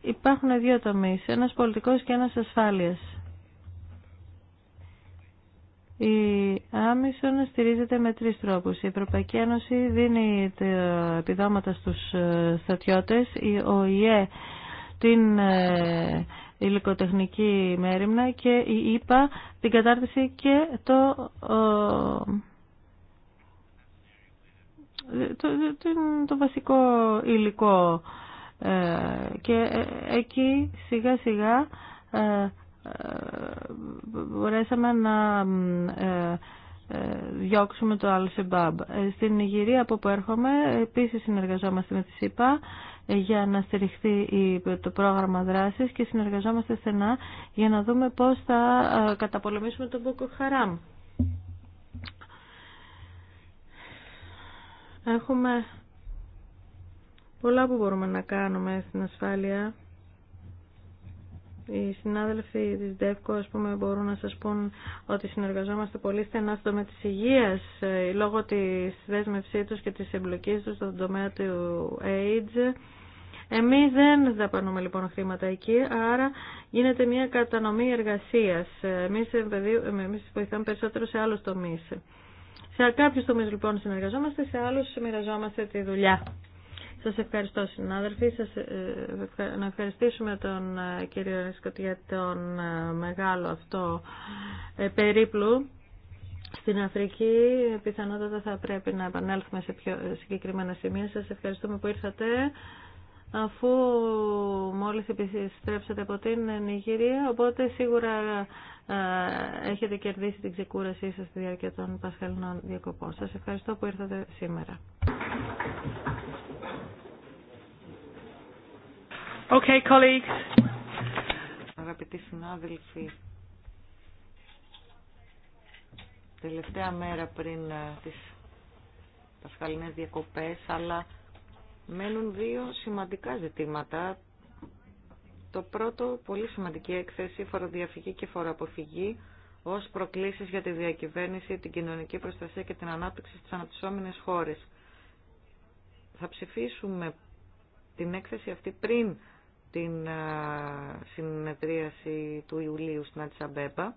Υπάρχουν δύο τομείς, ένας πολιτικός και ένας ασφάλειας. Η Άμισον στηρίζεται με τρεις τρόπους. Η Ευρωπαϊκή Ένωση δίνει τα επιδόματα στους ε, στρατιώτες, Ο ΙΕ την ε, υλικοτεχνική μέρημνα και η ΕΠΑ την κατάρτιση και το, το, βασικό υλικό ε, και ε, εκεί σιγά σιγά ε, μπορέσαμε να διώξουμε το Al-Shabaab. Στην Ιγυρία από που έρχομαι επίσης συνεργαζόμαστε με τη ΣΥΠΑ για να στηριχθεί το πρόγραμμα δράσης και συνεργαζόμαστε στενά για να δούμε πώς θα ε, καταπολεμήσουμε τον πόκο Χαράμ. Έχουμε πολλά που μπορούμε να κάνουμε στην ασφάλεια οι συνάδελφοι τη ΔΕΦΚΟ πούμε, μπορούν να σας πούν ότι συνεργαζόμαστε πολύ στενά στον τομέα τη υγεία ε, λόγω της δέσμευσή του και τη εμπλοκή τους στον τομέα του AIDS. Εμείς δεν δαπανούμε λοιπόν χρήματα εκεί, άρα γίνεται μια κατανομή εργασία. Εμεί ε, ε, εμείς βοηθάμε περισσότερο σε άλλους τομεί. Σε κάποιου τομεί λοιπόν συνεργαζόμαστε, σε άλλου μοιραζόμαστε τη δουλειά. Σας ευχαριστώ συνάδελφοι. Σας, ε, να ευχαριστήσουμε τον ε, κύριο Ρίσκοτ για τον ε, μεγάλο αυτό περίπλου. Στην Αφρική πιθανότατα θα πρέπει να επανέλθουμε σε πιο συγκεκριμένα σημεία. Σας ευχαριστούμε που ήρθατε. Αφού μόλις επιστρέψατε από την Νιγηρία, οπότε σίγουρα έχετε κερδίσει την ξεκούρασή σας στη διάρκεια των Πασχαλινών διακοπών. Σας ευχαριστώ που ήρθατε σήμερα. Okay, colleagues. Αγαπητοί συνάδελφοι, τελευταία μέρα πριν ε, τις πασχαλινές διακοπές, αλλά μένουν δύο σημαντικά ζητήματα. Το πρώτο, πολύ σημαντική έκθεση, φοροδιαφυγή και φοροαποφυγή, ως προκλήσεις για τη διακυβέρνηση, την κοινωνική προστασία και την ανάπτυξη στις αναπτυσσόμενες χώρες. Θα ψηφίσουμε την έκθεση αυτή πριν την συνεδρίαση του Ιουλίου στην Αντισαμπέμπα.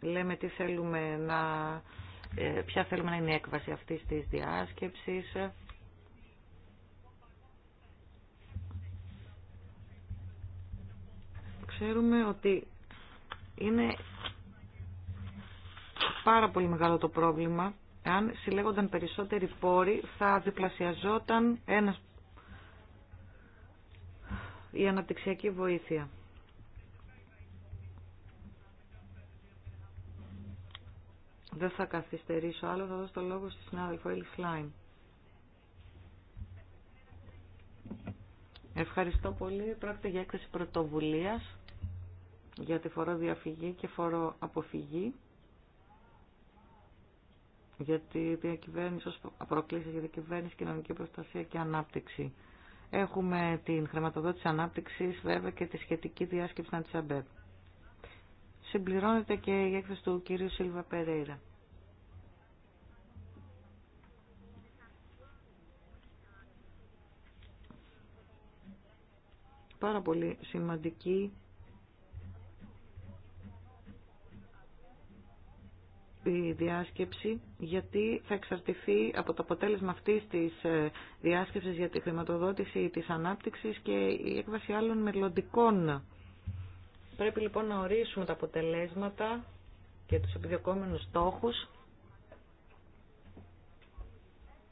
Λέμε τι θέλουμε να, ε, ποια θέλουμε να είναι η έκβαση αυτής της διάσκεψης. Ξέρουμε ότι είναι πάρα πολύ μεγάλο το πρόβλημα. Αν συλλέγονταν περισσότεροι πόροι θα διπλασιαζόταν ένας η αναπτυξιακή βοήθεια. Δεν θα καθυστερήσω άλλο, θα δώσω το λόγο στη συνάδελφο Έλλη Σλάιν. Ευχαριστώ πολύ. Πρόκειται για έκθεση πρωτοβουλίας για τη φοροδιαφυγή και φορο για γιατί διακυβέρνηση ως προκλήσεις για διακυβέρνηση, κοινωνική προστασία και ανάπτυξη. Έχουμε την χρηματοδότηση ανάπτυξης βέβαια και τη σχετική διάσκεψη να τη ΑΜΠΕΠ. Συμπληρώνεται και η έκθεση του κυρίου Σίλβα Περέιρα. Πάρα πολύ σημαντική η διάσκεψη γιατί θα εξαρτηθεί από το αποτέλεσμα αυτής της ε, διάσκεψης για τη χρηματοδότηση της ανάπτυξης και η έκβαση άλλων μελλοντικών. Πρέπει λοιπόν να ορίσουμε τα αποτελέσματα και τους επιδιωκόμενους στόχους.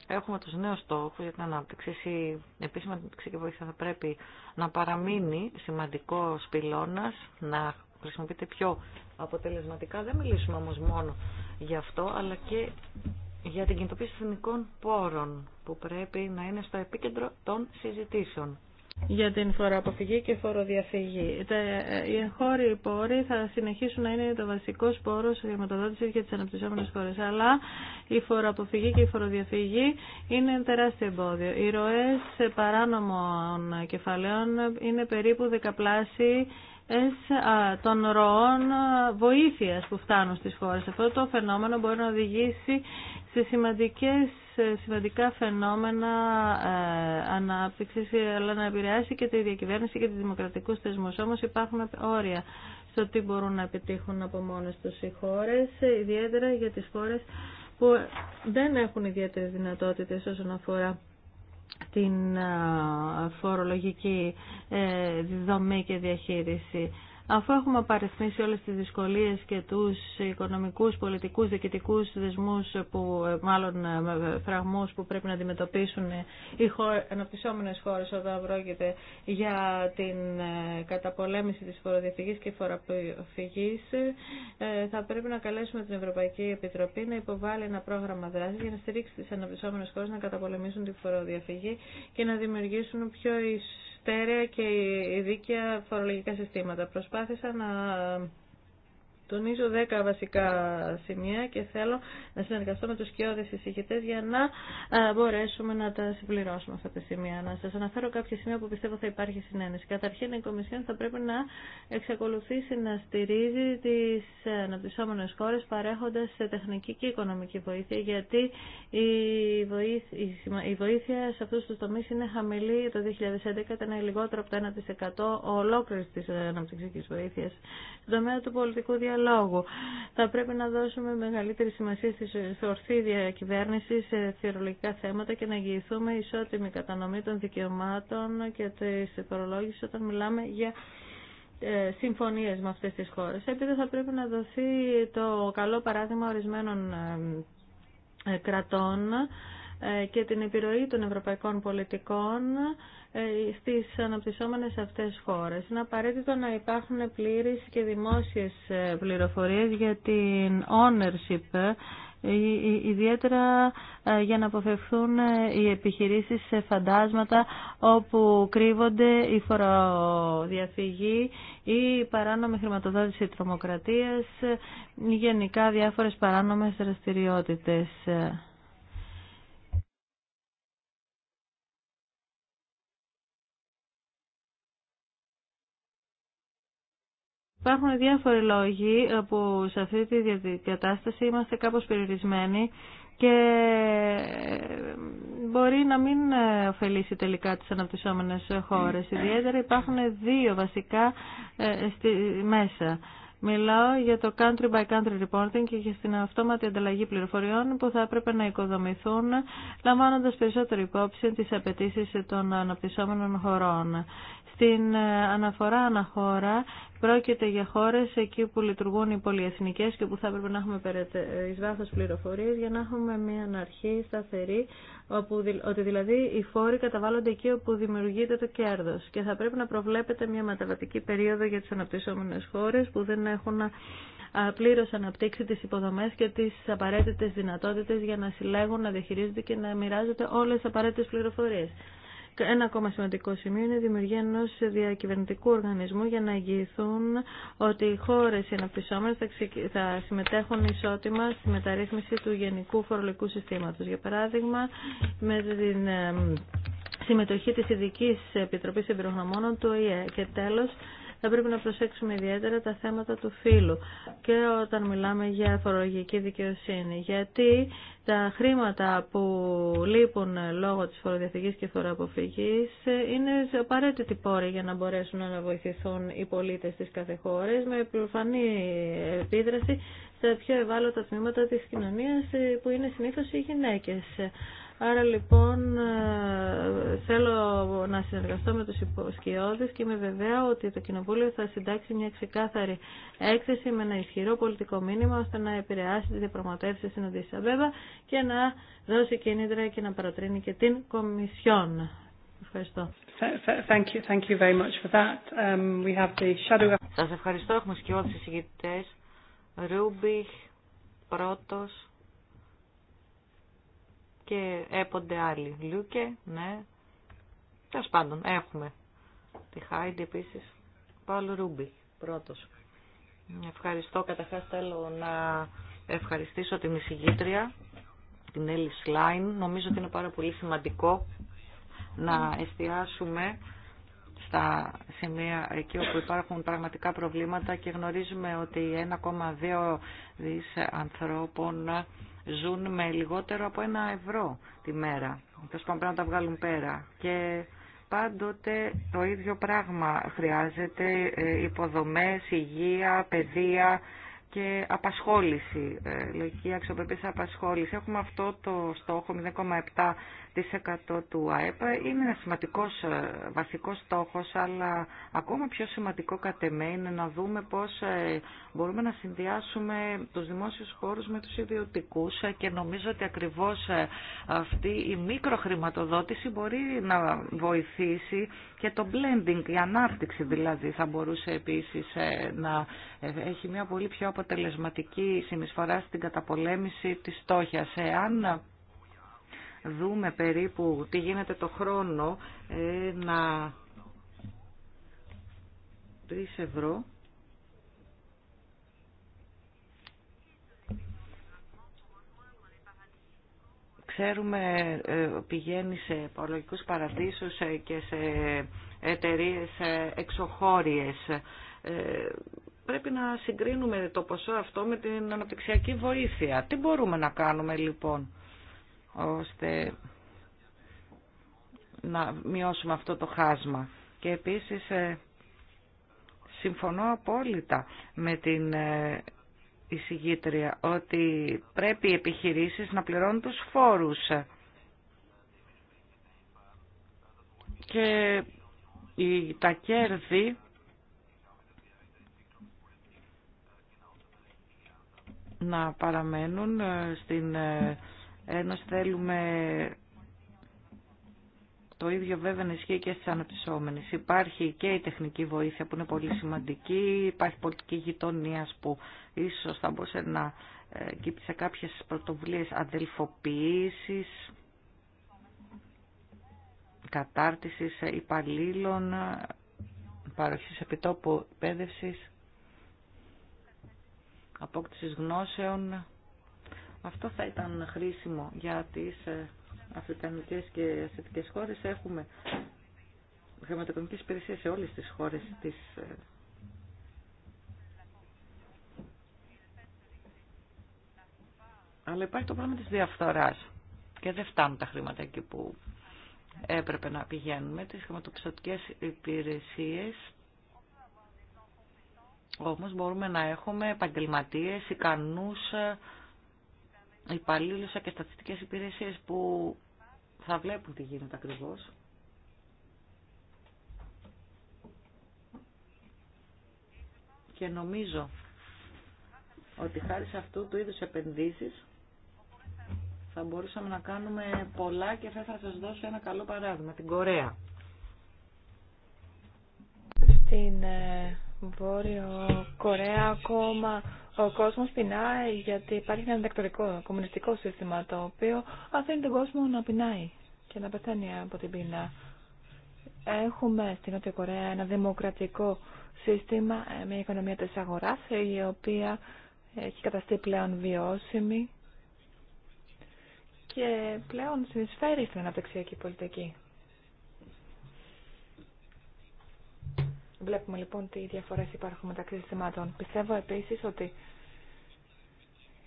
Έχουμε τους νέους στόχους για την ανάπτυξη. Η επίσημα ανάπτυξη και βοήθεια θα πρέπει να παραμείνει σημαντικό πυλώνας, να χρησιμοποιείται πιο αποτελεσματικά. Δεν μιλήσουμε όμως μόνο για αυτό, αλλά και για την κινητοποίηση εθνικών πόρων που πρέπει να είναι στο επίκεντρο των συζητήσεων για την φοροαποφυγή και φοροδιαφυγή. Τα, ε, οι εγχώριοι πόροι θα συνεχίσουν να είναι το βασικό πόρο χρηματοδότηση για τι αναπτυσσόμενε χώρε. Αλλά η φοροαποφυγή και η φοροδιαφυγή είναι τεράστιο εμπόδιο. Οι ροέ παράνομων κεφαλαίων είναι περίπου δεκαπλάσιοι των ροών βοήθειας που φτάνουν στις χώρες. Αυτό το φαινόμενο μπορεί να οδηγήσει σε σημαντικές, ε, σημαντικά φαινόμενα ε, ανάπτυξης, αλλά να επηρεάσει και τη διακυβέρνηση και τη δημοκρατικούς θεσμούς. Όμως υπάρχουν όρια στο τι μπορούν να επιτύχουν από μόνες τους οι χώρες, ιδιαίτερα για τις χώρες που δεν έχουν ιδιαίτερες δυνατότητες όσον αφορά την ε, φορολογική ε, δομή και διαχείριση. Αφού έχουμε απαριθμίσει όλες τις δυσκολίες και τους οικονομικούς, πολιτικούς, διοικητικούς δεσμούς, που, ε, μάλλον ε, ε, φραγμούς που πρέπει να αντιμετωπίσουν οι αναπτυσσόμενες χώρες όταν πρόκειται για την καταπολέμηση της φοροδιαφυγής και φοροφυγής, θα πρέπει να καλέσουμε την Ευρωπαϊκή Επιτροπή να υποβάλει ένα πρόγραμμα δράσης για να στηρίξει τις αναπτυσσόμενες χώρες να καταπολεμήσουν τη φοροδιαφυγή και να δημιουργήσουν πιο στέρεα και δίκαια φορολογικά συστήματα. Προσπάθησα να Τονίζω 10 βασικά σημεία και θέλω να συνεργαστώ με τους κοιόδες εισηγητές για να ε, μπορέσουμε να τα συμπληρώσουμε αυτά τα σημεία. Να σας αναφέρω κάποια σημεία που πιστεύω θα υπάρχει συνένεση. Καταρχήν η Κομισιόν θα πρέπει να εξακολουθήσει να στηρίζει τις αναπτυσσόμενες χώρες παρέχοντας τεχνική και οικονομική βοήθεια γιατί η βοήθεια, σε αυτούς τους τομείς είναι χαμηλή. Το 2011 ήταν λιγότερο από το 1% ολόκληρης της αναπτυξικής βοήθειας. Στον τομέα του πολιτικού διαλόγου θα πρέπει να δώσουμε μεγαλύτερη σημασία στη ορθή διακυβέρνηση σε θεωρολογικά θέματα και να εγγυηθούμε ισότιμη κατανομή των δικαιωμάτων και τη φορολόγηση όταν μιλάμε για ε, συμφωνίες με αυτές τις χώρες. Επειδή θα πρέπει να δοθεί το καλό παράδειγμα ορισμένων ε, ε, κρατών ε, και την επιρροή των ευρωπαϊκών πολιτικών ε, στις αναπτυσσόμενες αυτές χώρες. Είναι απαραίτητο να υπάρχουν πλήρεις και δημόσιες ε, πληροφορίες για την ownership ιδιαίτερα για να αποφευθούν οι επιχειρήσεις σε φαντάσματα όπου κρύβονται η φοροδιαφυγή ή η παράνομη χρηματοδότηση τρομοκρατίας, γενικά διάφορες παράνομες δραστηριότητες. Υπάρχουν διάφοροι λόγοι ε, που σε αυτή τη κατάσταση είμαστε κάπως περιορισμένοι και ε, μπορεί να μην ε, ωφελήσει τελικά τις αναπτυσσόμενες χώρες. Ιδιαίτερα υπάρχουν δύο βασικά στη μέσα. Μιλάω για το country by country reporting και για την αυτόματη ανταλλαγή πληροφοριών που θα έπρεπε να οικοδομηθούν λαμβάνοντας περισσότερο υπόψη τις απαιτήσει των αναπτυσσόμενων χωρών. Στην ε, αναφορά αναχώρα πρόκειται για χώρες εκεί που λειτουργούν οι πολυεθνικές και που θα έπρεπε να έχουμε ε, εις βάθος πληροφορίες για να έχουμε μια αρχή σταθερή ότι δηλαδή οι φόροι καταβάλλονται εκεί όπου δημιουργείται το κέρδος και θα πρέπει να προβλέπεται μια μεταβατική περίοδο για τις αναπτυσσόμενες χώρες που δεν έχουν ε, πλήρως αναπτύξει τις υποδομές και τις απαραίτητες δυνατότητες για να συλλέγουν, να διαχειρίζονται και να μοιράζονται όλες τις απαραίτητες πληροφορίες. Ένα ακόμα σημαντικό σημείο είναι η δημιουργία ενό διακυβερνητικού οργανισμού για να εγγυηθούν ότι οι χώρε οι αναπτυσσόμενε θα συμμετέχουν ισότιμα στη μεταρρύθμιση του γενικού φορολογικού συστήματο. Για παράδειγμα, με την συμμετοχή της ειδική Επιτροπής Εμπειρογνωμόνων του ΟΗΕ. Και τέλος, θα πρέπει να προσέξουμε ιδιαίτερα τα θέματα του φύλου και όταν μιλάμε για φορολογική δικαιοσύνη. Γιατί τα χρήματα που λείπουν λόγω της φοροδιαφυγής και φοροαποφυγής είναι απαραίτητη πόρη για να μπορέσουν να βοηθηθούν οι πολίτες της κάθε χώρας με προφανή επίδραση στα πιο ευάλωτα τμήματα της κοινωνίας που είναι συνήθως οι γυναίκες. Άρα λοιπόν ε, θέλω να συνεργαστώ με τους σκιώδεις και είμαι βεβαία ότι το Κοινοβούλιο θα συντάξει μια ξεκάθαρη έκθεση με ένα ισχυρό πολιτικό μήνυμα ώστε να επηρεάσει τη διαπραγματεύσεις στην Βέβαια και να δώσει κίνητρα και να παρατρύνει και την Κομισιόν. Ευχαριστώ. Thank you, thank you very much for that. Um, we have the shadow... Σας ευχαριστώ. Έχουμε σκιώδεις εισηγητές. Ρούμπιχ, πρώτος και έπονται άλλοι. Λιούκε, ναι. Τέλο πάντων, έχουμε. Τη Χάιντ επίση. Παύλο Ρούμπι, πρώτο. Ευχαριστώ. Καταρχά θέλω να ευχαριστήσω την εισηγήτρια, την Έλλη Σλάιν. Νομίζω ότι είναι πάρα πολύ σημαντικό να εστιάσουμε στα σημεία εκεί όπου υπάρχουν πραγματικά προβλήματα και γνωρίζουμε ότι 1,2 δις ανθρώπων ζουν με λιγότερο από ένα ευρώ τη μέρα. Θα σου πρέπει να τα βγάλουν πέρα. Και πάντοτε το ίδιο πράγμα χρειάζεται, ε, υποδομές, υγεία, παιδεία, και απασχόληση, ε, λογική αξιοπρεπής απασχόληση. Έχουμε αυτό το στόχο 0,7% του ΑΕΠ. Είναι ένα σημαντικός ε, βασικός στόχος, αλλά ακόμα πιο σημαντικό κατ' είναι να δούμε πώς ε, μπορούμε να συνδυάσουμε τους δημόσιους χώρους με τους ιδιωτικούς και νομίζω ότι ακριβώς αυτή η μικροχρηματοδότηση μπορεί να βοηθήσει και το blending, η ανάπτυξη δηλαδή θα μπορούσε επίσης να έχει μια πολύ πιο αποτελεσματική συνεισφορά στην καταπολέμηση της στόχιας. Εάν δούμε περίπου τι γίνεται το χρόνο, να 3 ευρώ ξέρουμε ε, πηγαίνει σε παρολογικούς παραδείσους ε, και σε εταιρείες ε, εξωχώριες πρέπει να συγκρίνουμε το ποσό αυτό με την αναπτυξιακή βοήθεια. Τι μπορούμε να κάνουμε λοιπόν ώστε να μειώσουμε αυτό το χάσμα. Και επίσης ε, συμφωνώ απόλυτα με την ε, εισηγήτρια ότι πρέπει οι επιχειρήσεις να πληρώνουν τους φόρους. Και τα κέρδη να παραμένουν ε, στην ε, Ένωση. Θέλουμε το ίδιο βέβαια να ισχύει και στις αναπτυσσόμενες. Υπάρχει και η τεχνική βοήθεια που είναι πολύ σημαντική, υπάρχει πολιτική γειτονία που ίσως θα μπορούσε να ε, κύπτει σε κάποιες πρωτοβουλίες αδελφοποίησης, κατάρτισης υπαλλήλων, παροχής επιτόπου εκπαίδευσης. Απόκτηση γνώσεων. Αυτό θα ήταν χρήσιμο για τις ε, αφρικανικές και ασιατικές χώρες. Έχουμε χρηματοοικονομικές υπηρεσίες σε όλες τις χώρες της ε, Αλλά υπάρχει το πρόβλημα της διαφθοράς και δεν φτάνουν τα χρήματα εκεί που έπρεπε να πηγαίνουμε Τι τις υπηρεσίε. υπηρεσίες όμως μπορούμε να έχουμε επαγγελματίες, ικανούς, ε, υπαλλήλου και στατιστικές υπηρεσίες που θα βλέπουν τι γίνεται ακριβώς. Και νομίζω ότι χάρη σε αυτού του είδους επενδύσεις θα μπορούσαμε να κάνουμε πολλά και θα, να σας δώσω ένα καλό παράδειγμα, την Κορέα. Στην ε, Βόρειο Κορέα ακόμα ο κόσμος πεινάει γιατί υπάρχει ένα δεκτορικό κομμουνιστικό σύστημα το οποίο αφήνει τον κόσμο να πεινάει και να πεθαίνει από την πείνα. Έχουμε στην Νότια Κορέα ένα δημοκρατικό σύστημα, ε, μια οικονομία της αγοράς ε, η οποία έχει καταστεί πλέον βιώσιμη και πλέον συνεισφέρει στην αναπτυξιακή πολιτική. Βλέπουμε λοιπόν τι διαφορές υπάρχουν μεταξύ συστημάτων. Πιστεύω επίσης ότι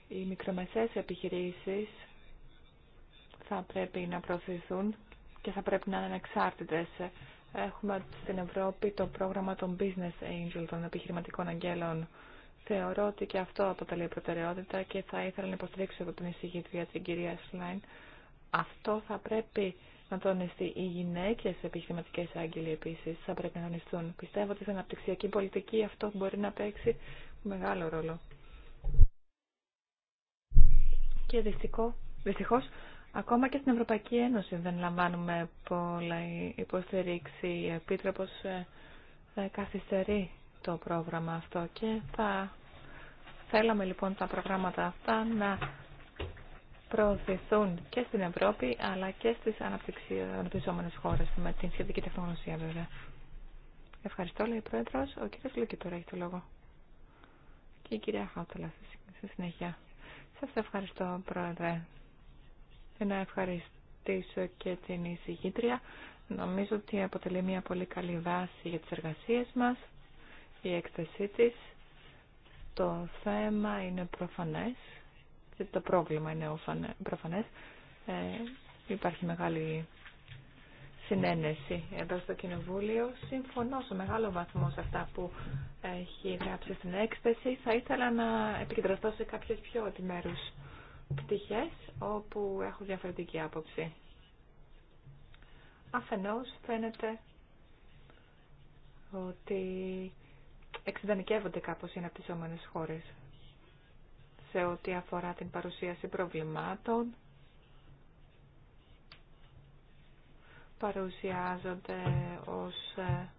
οι μικρομεσαίες επιχειρήσεις θα πρέπει να προωθηθούν και θα πρέπει να είναι εξάρτητες. Έχουμε στην Ευρώπη το πρόγραμμα των Business Angel, των επιχειρηματικών αγγέλων. Θεωρώ ότι και αυτό αποτελεί προτεραιότητα και θα ήθελα να υποστηρίξω από την εισηγήτρια την κυρία Σλάιν. Αυτό θα πρέπει να τονιστεί οι γυναίκε επιχειρηματικέ άγγελοι επίση θα πρέπει να τονιστούν. Πιστεύω ότι στην αναπτυξιακή πολιτική αυτό μπορεί να παίξει μεγάλο ρόλο. Και δυστυχώ ακόμα και στην Ευρωπαϊκή Ένωση δεν λαμβάνουμε πολλά υποστηρίξη. Η Επίτροπο ε, ε, καθυστερεί το πρόγραμμα αυτό και θα θέλαμε λοιπόν τα προγράμματα αυτά να προωθηθούν και στην Ευρώπη αλλά και στις αναπτυσσόμενε χώρε με την σχετική τεχνογνωσία βέβαια. Ευχαριστώ, λέει η πρόεδρο. Ο κύριος Λούκη τώρα έχει το λόγο. Και η κυρία Χάουτολα στη συνέχεια. Σα ευχαριστώ, Πρόεδρε. Και να ευχαριστήσω και την εισηγήτρια. Νομίζω ότι αποτελεί μια πολύ καλή βάση για τι εργασίε μα, η έκθεσή τη. Το θέμα είναι προφανές το πρόβλημα είναι προφανέ, Ε, υπάρχει μεγάλη συνένεση εδώ στο Κοινοβούλιο. Συμφωνώ σε μεγάλο βαθμό σε αυτά που έχει γράψει στην έκθεση. Θα ήθελα να επικεντρωθώ σε κάποιες πιο επιμέρους πτυχές όπου έχω διαφορετική άποψη. Αφενός φαίνεται ότι εξειδανικεύονται κάπως οι αναπτυσσόμενες χώρες σε ό,τι αφορά την παρουσίαση προβλημάτων. Παρουσιάζονται ως ε,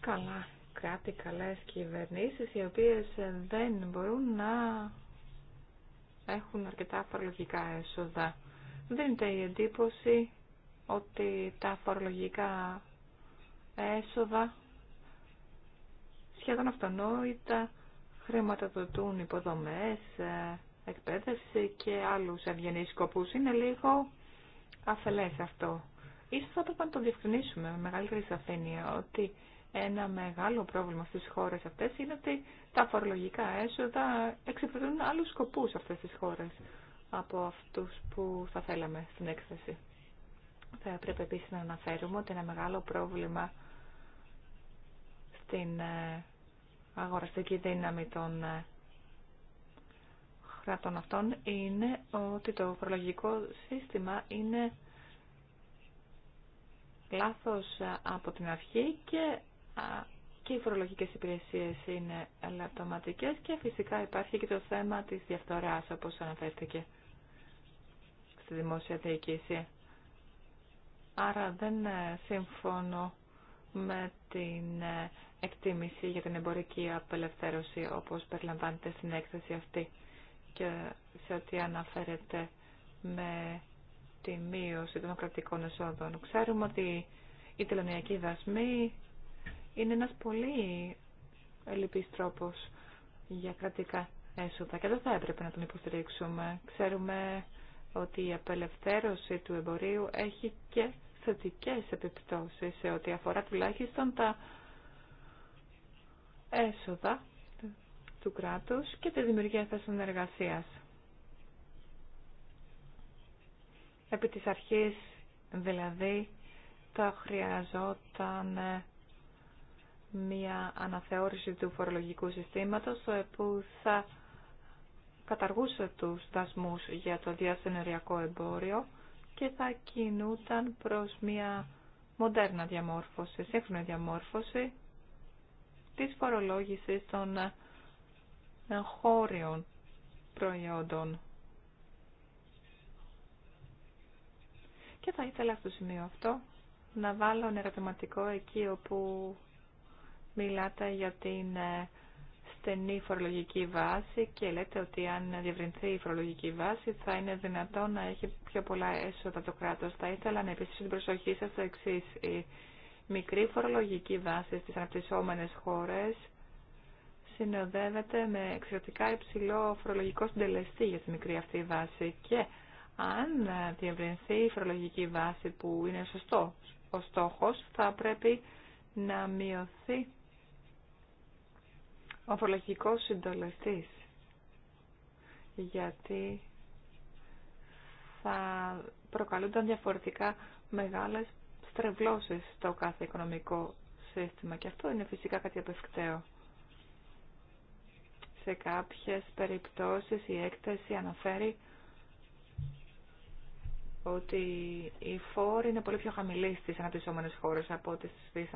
καλά κράτη, καλές κυβερνήσεις, οι οποίες ε, δεν μπορούν να έχουν αρκετά φορολογικά έσοδα. Δίνεται η εντύπωση ότι τα φορολογικά έσοδα σχεδόν αυτονόητα χρηματοδοτούν υποδομές, ε, εκπαίδευση και άλλους ευγενείς σκοπούς. Είναι λίγο αφελές αυτό. Ίσως θα πρέπει να το διευκρινίσουμε με μεγαλύτερη σαφήνεια ότι ένα μεγάλο πρόβλημα στις χώρες αυτές είναι ότι τα φορολογικά έσοδα εξυπηρετούν άλλους σκοπούς αυτές τις χώρες από αυτούς που θα θέλαμε στην έκθεση. Θα πρέπει επίσης να αναφέρουμε ότι ένα μεγάλο πρόβλημα στην ε, αγοραστική δύναμη των ε, κρατών αυτών είναι ότι το προλογικό σύστημα είναι λάθος ε, από την αρχή και, και οι φορολογικές υπηρεσίες είναι λαπτωματικές και φυσικά υπάρχει και το θέμα της διαφθοράς όπως αναφέρθηκε στη δημόσια διοίκηση. Άρα δεν ε, συμφωνώ με την ε, εκτίμηση για την εμπορική απελευθέρωση όπως περιλαμβάνεται στην έκθεση αυτή και σε ό,τι αναφέρεται με τη μείωση των κρατικών εσόδων. Ξέρουμε ότι η τελωνιακή δασμή είναι ένας πολύ ελλειπής τρόπος για κρατικά έσοδα και δεν θα έπρεπε να τον υποστηρίξουμε. Ξέρουμε ότι η απελευθέρωση του εμπορίου έχει και θετικές επιπτώσεις σε ό,τι αφορά τουλάχιστον τα έσοδα του κράτους και τη δημιουργία θέσεων εργασίας. Επί της αρχής, δηλαδή, θα χρειαζόταν ε, μια αναθεώρηση του φορολογικού συστήματος που θα καταργούσε τους δασμούς για το διασυνοριακό εμπόριο και θα κινούταν προς μια μοντέρνα διαμόρφωση, σύγχρονη διαμόρφωση της φορολόγησης των ε, χώριων προϊόντων. Και θα ήθελα στο σημείο αυτό να βάλω ένα ερωτηματικό εκεί όπου μιλάτε για την ε, στενή φορολογική βάση και λέτε ότι αν διευρυνθεί η φορολογική βάση θα είναι δυνατόν να έχει πιο πολλά έσοδα το κράτος. Θα ήθελα να επίσης την προσοχή σας στο εξή. Η μικρή φορολογική βάση στις αναπτυσσόμενες χώρες συνοδεύεται με εξαιρετικά υψηλό φορολογικό συντελεστή για τη μικρή αυτή βάση και αν διευρυνθεί η φορολογική βάση που είναι σωστό ο στόχος θα πρέπει να μειωθεί ο φορολογικός συντολευτής γιατί θα προκαλούνταν διαφορετικά μεγάλες στρεβλώσεις στο κάθε οικονομικό σύστημα και αυτό είναι φυσικά κάτι απευκταίο. Σε κάποιες περιπτώσεις η έκθεση αναφέρει ότι οι φόροι είναι πολύ πιο χαμηλοί στις αναπτυσσόμενες χώρες από τις και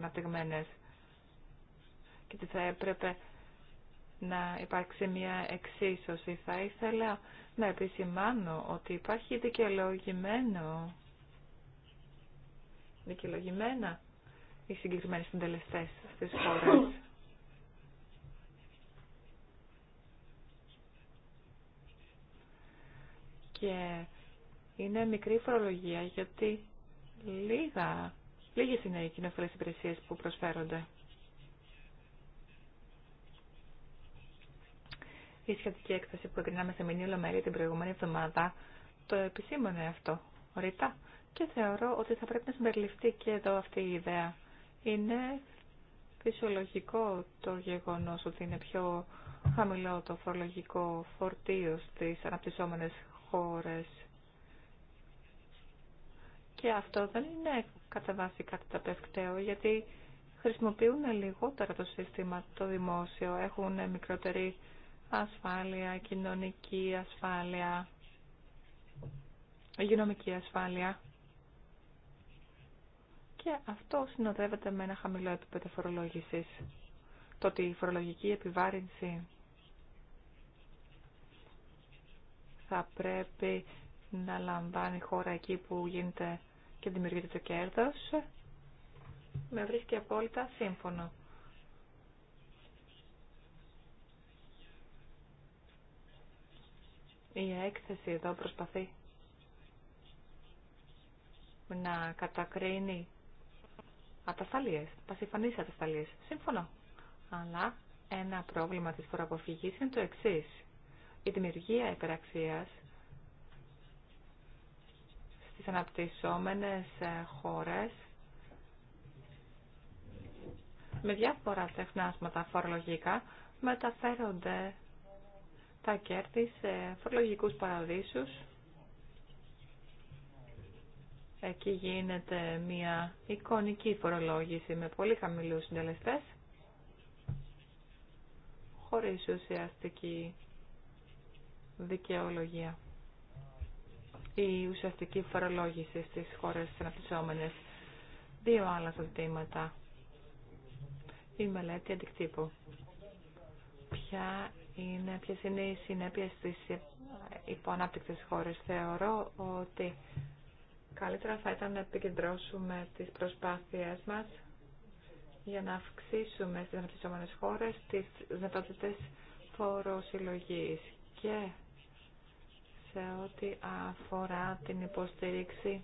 ότι θα έπρεπε να υπάρξει μια εξίσωση. Θα ήθελα να επισημάνω ότι υπάρχει δικαιολογημένο, δικαιολογημένα οι συγκεκριμένοι συντελεστές στις φορές. Και είναι μικρή φορολογία γιατί λίγα, λίγες είναι οι κοινόφελες υπηρεσίες που προσφέρονται. Η σχετική έκθεση που εγκρινάμε σε μηνύο μέλη την προηγούμενη εβδομάδα το επισήμωνε αυτό ρητά και θεωρώ ότι θα πρέπει να συμπεριληφθεί και εδώ αυτή η ιδέα. Είναι φυσιολογικό το γεγονός ότι είναι πιο χαμηλό το φορολογικό φορτίο στις αναπτυσσόμενες χώρες και αυτό δεν είναι κατά βάση κάτι ταπευκταίο γιατί χρησιμοποιούν λιγότερα το σύστημα το δημόσιο, έχουν μικρότερη ασφάλεια, κοινωνική ασφάλεια, υγειονομική ασφάλεια. Και αυτό συνοδεύεται με ένα χαμηλό επίπεδο φορολόγησης. Το ότι η φορολογική επιβάρυνση θα πρέπει να λαμβάνει χώρα εκεί που γίνεται και δημιουργείται το κέρδος, με βρίσκει απόλυτα σύμφωνο. Η έκθεση εδώ προσπαθεί να κατακρίνει ατασταλίες, πασιφανείς ατασταλίες. Σύμφωνο. Αλλά ένα πρόβλημα της φοραποφυγής είναι το εξής. Η δημιουργία υπεραξίας στις αναπτυσσόμενες ε, χώρες με διάφορα τεχνάσματα φορολογικά μεταφέρονται τα κέρδη σε φορολογικούς παραδείσους. Εκεί γίνεται μια εικονική φορολόγηση με πολύ χαμηλούς συντελεστές, χωρίς ουσιαστική δικαιολογία η ουσιαστική φορολόγηση στις χώρες αναπτυσσόμενες. Δύο άλλα ζητήματα. Η μελέτη αντικτύπου. Ποια είναι ποιες είναι οι συνέπειες στις υποανάπτυκτες χώρες. Θεωρώ ότι καλύτερα θα ήταν να επικεντρώσουμε τις προσπάθειές μας για να αυξήσουμε στις αναπτυσσόμενες χώρες τις δυνατότητες φοροσυλλογής και σε ό,τι αφορά την υποστήριξη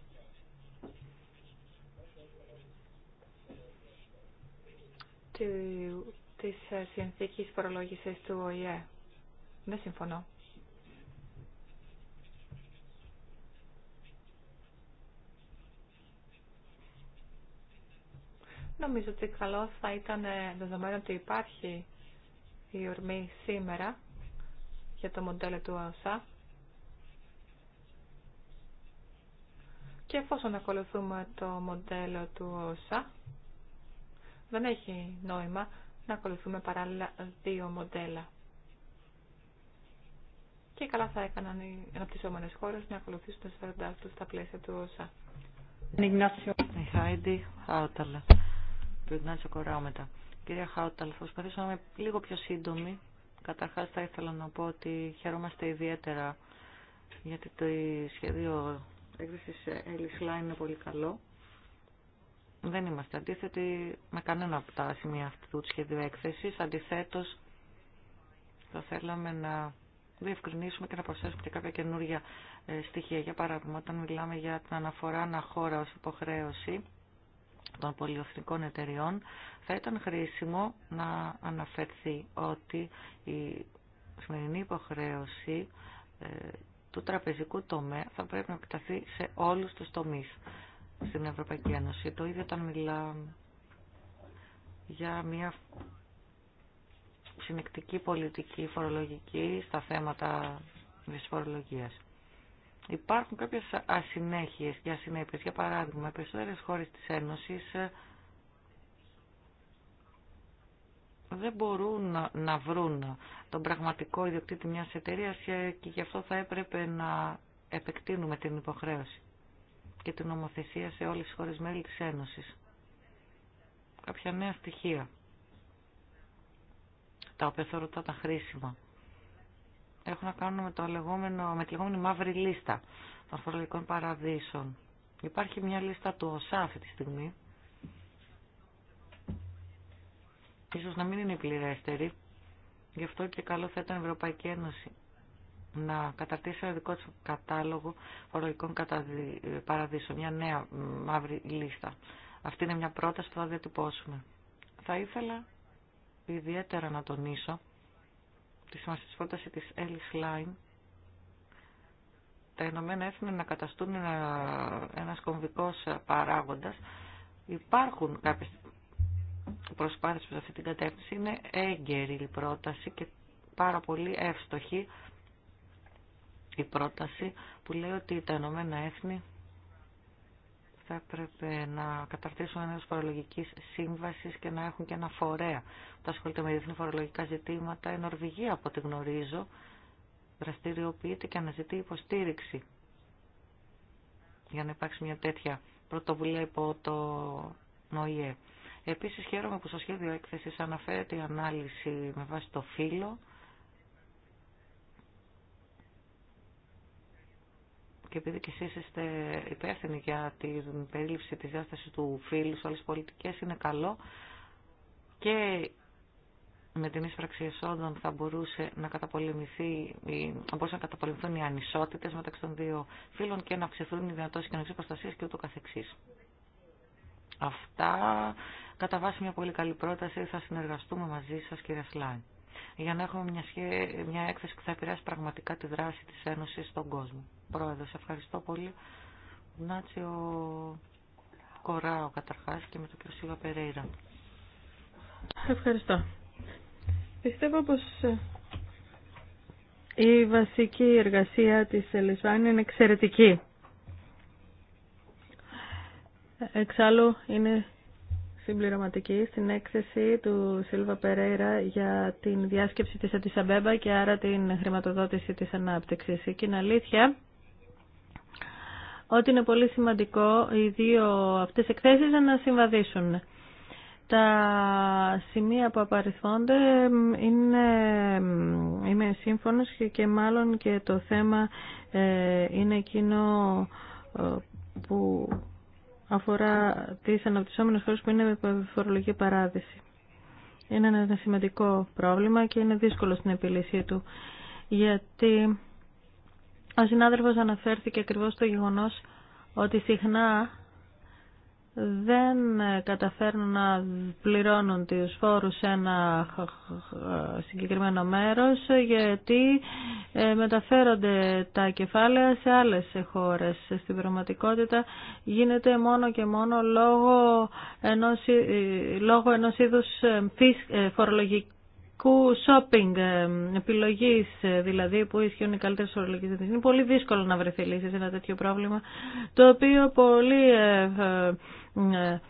του της ε, συνθήκης προλόγησης του ΟΗΕ. Δεν συμφωνώ. Νομίζω ότι καλό θα ήταν ε, δεδομένο ότι υπάρχει η ορμή σήμερα για το μοντέλο του ΑΟΣΑ. Και εφόσον ακολουθούμε το μοντέλο του ΟΣΑ, δεν έχει νόημα να ακολουθούμε παράλληλα δύο μοντέλα. Και καλά θα έκαναν οι αναπτυσσόμενε χώρε να ακολουθήσουν τα σφαίροντά του στα πλαίσια του ΩΣΑ. Ε, Κυρία Χάουταλ, θα προσπαθήσω να είμαι λίγο πιο σύντομη. Καταρχά, θα ήθελα να πω ότι χαιρόμαστε ιδιαίτερα γιατί το σχέδιο έκδοση Έλλη είναι πολύ καλό δεν είμαστε αντίθετοι με κανένα από τα σημεία αυτού του σχεδίου έκθεση. Αντιθέτω θα θέλαμε να διευκρινίσουμε και να προσθέσουμε και κάποια καινούργια ε, στοιχεία. Για παράδειγμα, όταν μιλάμε για την αναφορά αναχώρα ω υποχρέωση των πολιοθνικών εταιριών, θα ήταν χρήσιμο να αναφερθεί ότι η σημερινή υποχρέωση ε, του τραπεζικού τομέα θα πρέπει να επιταθεί σε όλους τους τομείς στην Ευρωπαϊκή Ένωση. Το ίδιο όταν μιλάμε για μια συνεκτική πολιτική φορολογική στα θέματα της φορολογίας. Υπάρχουν κάποιες ασυνέχειες και ασυνέπειες. Για παράδειγμα, οι περισσότερες χώρες της Ένωσης ε, δεν μπορούν να βρουν τον πραγματικό ιδιοκτήτη μιας εταιρείας και γι' αυτό θα έπρεπε να επεκτείνουμε την υποχρέωση και την νομοθεσία σε όλες τις χώρες μέλη της Ένωσης. Κάποια νέα στοιχεία, τα οποία θεωρώ τα χρήσιμα, έχουν να κάνουν με, το λεγόμενο, με τη λεγόμενη μαύρη λίστα των φορολογικών παραδείσων. Υπάρχει μια λίστα του ΟΣΑ αυτή τη στιγμή, ίσως να μην είναι η πληρέστερη, γι' αυτό και καλό θα ήταν η Ευρωπαϊκή Ένωση να καταρτήσει ένα δικό του κατάλογο φορολογικών παραδείσων, μια νέα μαύρη λίστα. Αυτή είναι μια πρόταση που θα διατυπώσουμε. Θα ήθελα ιδιαίτερα να τονίσω τη σημασία της πρόταση της Ellis Line τα Ηνωμένα Έθνη να καταστούν ένας κομβικός παράγοντας. Υπάρχουν κάποιες προσπάθειες προς αυτή την κατεύθυνση. Είναι έγκαιρη η πρόταση και πάρα πολύ εύστοχη η πρόταση που λέει ότι τα Ηνωμένα Έθνη θα έπρεπε να καταρτήσουν ένα φορολογική σύμβαση και να έχουν και ένα φορέα που ασχολείται με διεθνή φορολογικά ζητήματα. Η Νορβηγία, από ό,τι γνωρίζω, δραστηριοποιείται και αναζητεί υποστήριξη για να υπάρξει μια τέτοια πρωτοβουλία υπό το ΝΟΙΕ. Επίσης χαίρομαι που στο σχέδιο έκθεσης αναφέρεται η ανάλυση με βάση το φύλλο και επειδή και εσείς είστε υπεύθυνοι για την περίληψη της διάστασης του φίλου σε όλες πολιτικές, είναι καλό και με την ίσπραξη εσόδων θα μπορούσε να, καταπολεμηθεί, να μπορούσαν να καταπολεμηθούν οι ανισότητες μεταξύ των δύο φίλων και να αυξηθούν οι δυνατότητες κοινωνικής προστασίας και ούτω καθεξής. Αυτά, κατά βάση μια πολύ καλή πρόταση, θα συνεργαστούμε μαζί σας κύριε Σλάιν για να έχουμε μια, μια έκθεση που θα επηρεάσει πραγματικά τη δράση της Ένωσης στον κόσμο. Πρόεδρος, ευχαριστώ πολύ. Νάτσιο Κοράο καταρχάς και με τον κ. Σίλα Περέιρα. Ευχαριστώ. Πιστεύω πως ε, η βασική εργασία της Ελισβάνη είναι εξαιρετική. Εξάλλου είναι συμπληρωματική στην έκθεση του Σίλβα Περέιρα για την διάσκεψη της Αντισαμπέμπα και άρα την χρηματοδότηση της ανάπτυξης. Και είναι αλήθεια ότι είναι πολύ σημαντικό οι δύο αυτές εκθέσεις να συμβαδίσουν. Τα σημεία που απαριθμόνται είναι, είμαι σύμφωνος και, μάλλον και το θέμα ε, είναι εκείνο ε, που αφορά τι αναπτυσσόμενε χώρε που είναι με φορολογική παράδειση. Είναι ένα σημαντικό πρόβλημα και είναι δύσκολο στην επίλυσή του, γιατί ο συνάδελφο αναφέρθηκε ακριβώ στο γεγονό ότι συχνά δεν καταφέρνουν να πληρώνουν τους φόρους σε ένα συγκεκριμένο μέρος γιατί ε, μεταφέρονται τα κεφάλαια σε άλλες χώρες. Στην πραγματικότητα γίνεται μόνο και μόνο λόγω ενός, ε, λόγω ε, φορολογικού shopping επιλογής, ε, δηλαδή που ισχύουν οι καλύτερε Είναι πολύ δύσκολο να βρεθεί λύση σε ένα τέτοιο πρόβλημα, το οποίο πολύ ε, ε,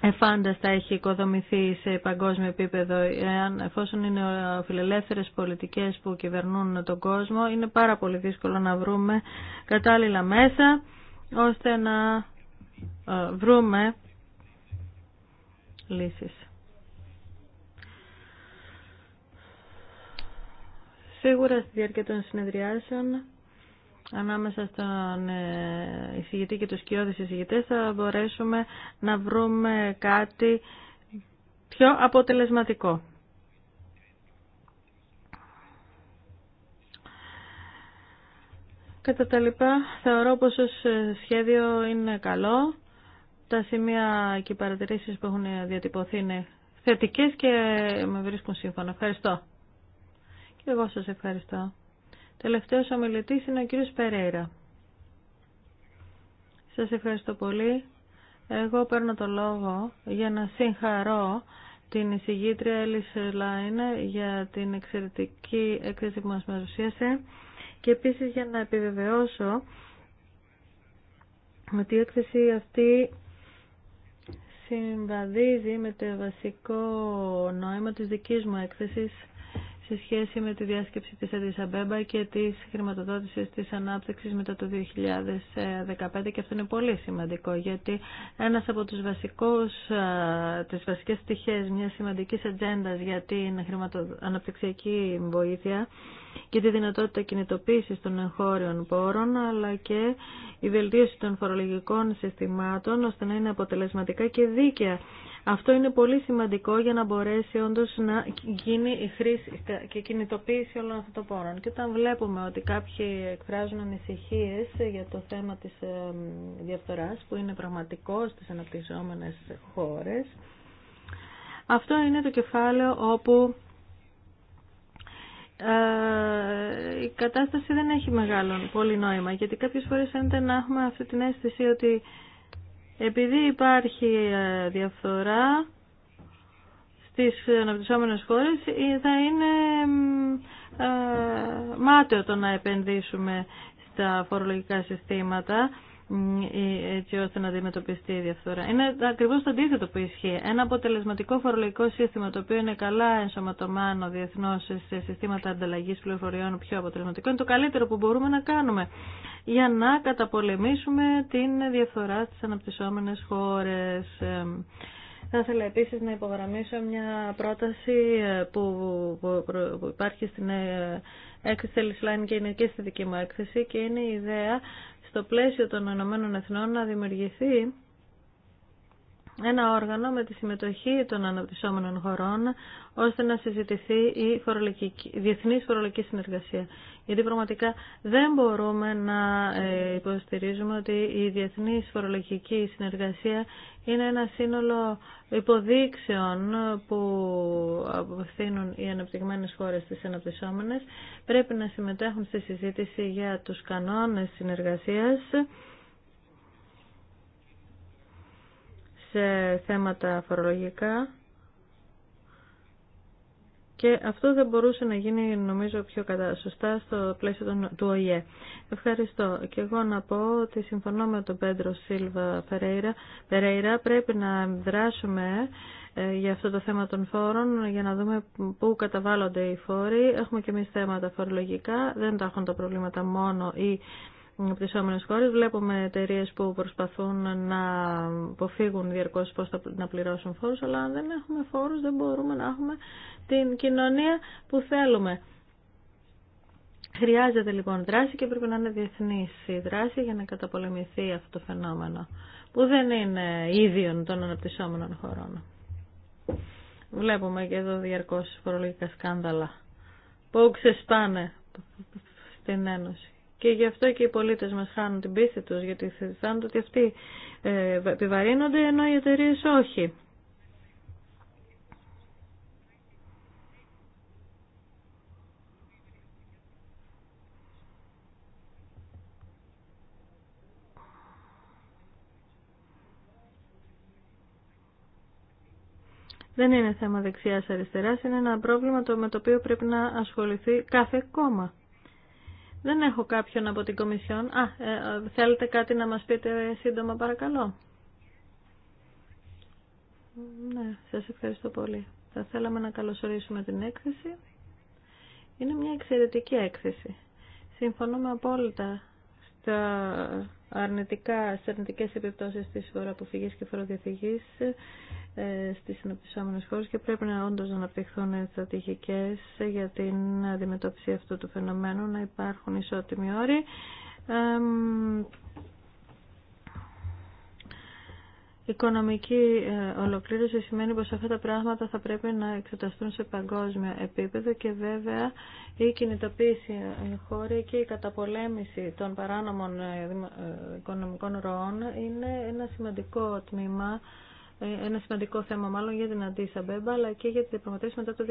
εφάνταστα έχει οικοδομηθεί σε παγκόσμιο επίπεδο εάν, εφόσον είναι φιλελεύθερες πολιτικές που κυβερνούν τον κόσμο είναι πάρα πολύ δύσκολο να βρούμε κατάλληλα μέσα ώστε να βρούμε λύσεις. Σίγουρα στη διάρκεια των συνεδριάσεων ανάμεσα στον ε, εισηγητή και τους κοιόδης εισηγητές θα μπορέσουμε να βρούμε κάτι πιο αποτελεσματικό. Κατά τα λοιπά, θεωρώ πως το ε, σχέδιο είναι καλό. Τα σημεία και οι παρατηρήσεις που έχουν διατυπωθεί είναι θετικές και με βρίσκουν σύμφωνα. Ευχαριστώ. Εγώ σας ευχαριστώ. Τελευταίος ομιλητής είναι ο κύριος Περέιρα. Σας ευχαριστώ πολύ. Εγώ παίρνω το λόγο για να συγχαρώ την εισηγήτρια Έλλης Λάινε για την εξαιρετική έκθεση που μας παρουσίασε και επίσης για να επιβεβαιώσω ότι η έκθεση αυτή συμβαδίζει με το βασικό νόημα της δικής μου έκθεσης σε σχέση με τη διάσκεψη της Αντισαμπέμπα και της χρηματοδότησης της ανάπτυξης μετά το 2015 και αυτό είναι πολύ σημαντικό γιατί ένας από τους βασικούς, τις βασικές στοιχές μιας σημαντικής ατζέντα για την αναπτυξιακή βοήθεια και τη δυνατότητα κινητοποίησης των εγχώριων πόρων αλλά και η βελτίωση των φορολογικών συστημάτων ώστε να είναι αποτελεσματικά και δίκαια αυτό είναι πολύ σημαντικό για να μπορέσει όντω να γίνει η χρήση και κινητοποίηση όλων αυτών των πόρων. Και όταν βλέπουμε ότι κάποιοι εκφράζουν ανησυχίε για το θέμα της ε, διαφθορά, που είναι πραγματικό στις αναπτυσσόμενε χώρες, αυτό είναι το κεφάλαιο όπου ε, η κατάσταση δεν έχει μεγάλο πολύ νόημα γιατί κάποιες φορέ φαίνεται να έχουμε αυτή την αίσθηση ότι επειδή υπάρχει ε, διαφθορά στις αναπτυσσόμενες χώρες ε, θα είναι ε, μάταιο το να επενδύσουμε στα φορολογικά συστήματα ε, έτσι ώστε να αντιμετωπιστεί η διαφθορά. Είναι ακριβώ το αντίθετο που ισχύει. Ένα αποτελεσματικό φορολογικό σύστημα το οποίο είναι καλά ενσωματωμένο διεθνώ σε συστήματα ανταλλαγή πληροφοριών πιο αποτελεσματικό είναι το καλύτερο που μπορούμε να κάνουμε για να καταπολεμήσουμε την διαφθορά στι αναπτυσσόμενε χώρε. Θα ήθελα επίση να υπογραμμίσω μια πρόταση ε, που υπάρχει στην ε, έκθεση Line και είναι και στη δική μου έκθεση και είναι η ιδέα στο πλαίσιο των Ηνωμένων Εθνών να δημιουργηθεί ένα όργανο με τη συμμετοχή των αναπτυσσόμενων χωρών ώστε να συζητηθεί η, διεθνή διεθνής φορολογική συνεργασία. Γιατί πραγματικά δεν μπορούμε να ε, υποστηρίζουμε ότι η διεθνής φορολογική συνεργασία είναι ένα σύνολο υποδείξεων που απευθύνουν οι αναπτυγμένες χώρες στις αναπτυσσόμενες. Πρέπει να συμμετέχουν στη συζήτηση για τους κανόνες συνεργασίας σε θέματα φορολογικά και αυτό δεν μπορούσε να γίνει νομίζω πιο κατά, σωστά στο πλαίσιο του ΟΗΕ. Ευχαριστώ. Και εγώ να πω ότι συμφωνώ με τον Πέντρο Σίλβα Περέιρα. πρέπει να δράσουμε ε, για αυτό το θέμα των φόρων για να δούμε πού καταβάλλονται οι φόροι. Έχουμε και εμείς θέματα φορολογικά. Δεν τα έχουν τα προβλήματα μόνο οι αναπτυσσόμενες χώρες. Βλέπουμε εταιρείε που προσπαθούν να αποφύγουν διαρκώς πώς να πληρώσουν φόρους, αλλά αν δεν έχουμε φόρους δεν μπορούμε να έχουμε την κοινωνία που θέλουμε. Χρειάζεται λοιπόν δράση και πρέπει να είναι διεθνή η δράση για να καταπολεμηθεί αυτό το φαινόμενο που δεν είναι ίδιον των αναπτυσσόμενων χωρών. Βλέπουμε και εδώ διαρκώς φορολογικά σκάνδαλα που ξεσπάνε στην Ένωση. Και γι' αυτό και οι πολίτες μας χάνουν την πίστη του, γιατί αισθάνονται ότι αυτοί ε, επιβαρύνονται, ενώ οι εταιρείε όχι. Δεν είναι θέμα δεξιάς-αριστεράς, είναι ένα πρόβλημα το με το οποίο πρέπει να ασχοληθεί κάθε κόμμα. Δεν έχω κάποιον από την Κομισιόν. Α, ε, ε, θέλετε κάτι να μας πείτε σύντομα παρακαλώ. Ναι, σας ευχαριστώ πολύ. Θα θέλαμε να καλωσορίσουμε την έκθεση. Είναι μια εξαιρετική έκθεση. Συμφωνούμε απόλυτα τα αρνητικά, στις αρνητικές επιπτώσεις της φοροαποφυγής και φοροδιαφυγής στι ε, στις χώρε και πρέπει να όντως να αναπτυχθούν στρατηγικές για την αντιμετώπιση αυτού του φαινομένου, να υπάρχουν ισότιμοι όροι οικονομική ε, ολοκλήρωση σημαίνει πως αυτά τα πράγματα θα πρέπει να εξεταστούν σε παγκόσμιο επίπεδο και βέβαια η κινητοποίηση χώρη και η καταπολέμηση των παράνομων ε, ε, οικονομικών ροών είναι ένα σημαντικό τμήμα ένα σημαντικό θέμα μάλλον για την Αντίσα αλλά και για την διαπραγματεύση μετά το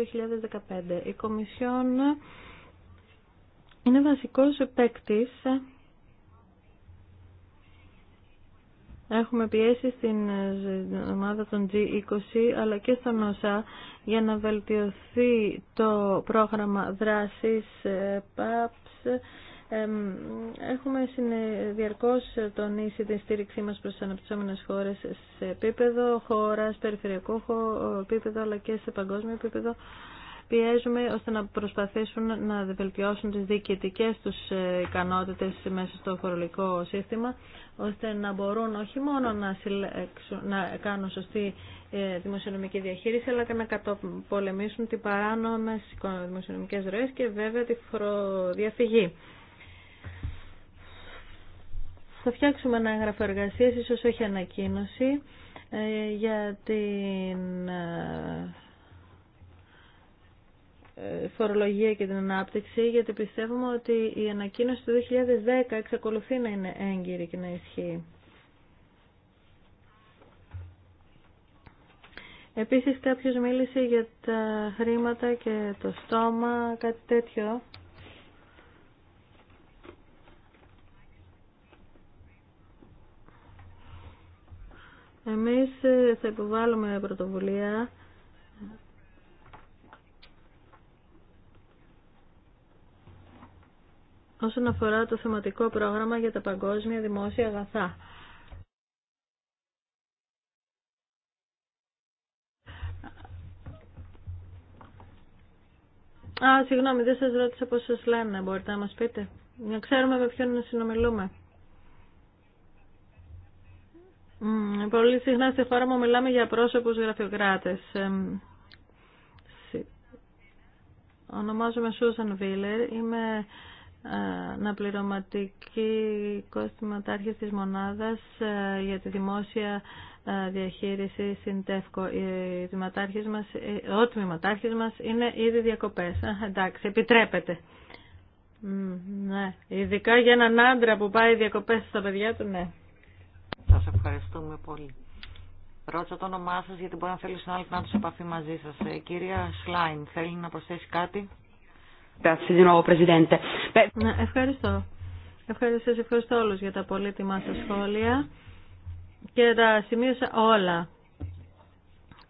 2015. Η Κομισιόν είναι βασικός παίκτη Έχουμε πιέσει στην ε, ομάδα των G20 αλλά και στον ΩΣΑ για να βελτιωθεί το πρόγραμμα δράσης PAPS. Ε, έχουμε διαρκώς τονίσει την στήριξή μας προς τις αναπτυσσόμενες χώρες σε επίπεδο χώρας, περιφερειακό επίπεδο αλλά και σε παγκόσμιο επίπεδο πιέζουμε ώστε να προσπαθήσουν να βελτιώσουν τις διοικητικές τους ε, ικανότητες μέσα στο φορολογικό σύστημα, ώστε να μπορούν όχι μόνο να, να κάνουν σωστή ε, δημοσιονομική διαχείριση, αλλά και να κατοπολεμήσουν τις παράνομες δημοσιονομικές ροές και βέβαια τη φοροδιαφυγή. Θα φτιάξουμε ένα έγγραφο εργασίας, ίσως όχι ανακοίνωση, ε, για την φορολογία και την ανάπτυξη, γιατί πιστεύουμε ότι η ανακοίνωση του 2010 εξακολουθεί να είναι έγκυρη και να ισχύει. Επίσης κάποιος μίλησε για τα χρήματα και το στόμα, κάτι τέτοιο. Εμείς ε, θα υποβάλουμε πρωτοβουλία όσον αφορά το θεματικό πρόγραμμα για τα παγκόσμια δημόσια αγαθά. Α, συγγνώμη, δεν σας ρώτησα πώς σας λένε, μπορείτε να μας πείτε. Να ξέρουμε με ποιον συνομιλούμε. πολύ συχνά στη χώρα μου μιλάμε για πρόσωπους γραφειοκράτες. Ονομάζομαι Σούσαν Βίλερ, είμαι να αναπληρωματική κόστιματάρχη της μονάδας ε, για τη δημόσια ε, διαχείριση στην ΤΕΦΚΟ. Ε, ο τμηματάρχης μας είναι ήδη διακοπές. εντάξει, επιτρέπεται. ναι, ειδικά για έναν άντρα που πάει διακοπές στα παιδιά του, ναι. Σας ευχαριστούμε πολύ. Ρώτησα το όνομά σας γιατί μπορεί να θέλει να τους επαφή μαζί σας. κυρία Σλάιν, θέλει να προσθέσει κάτι. Ναι, ευχαριστώ. Ευχαριστώ, ευχαριστώ όλους για τα πολύτιμά σας σχόλια και τα σημείωσα όλα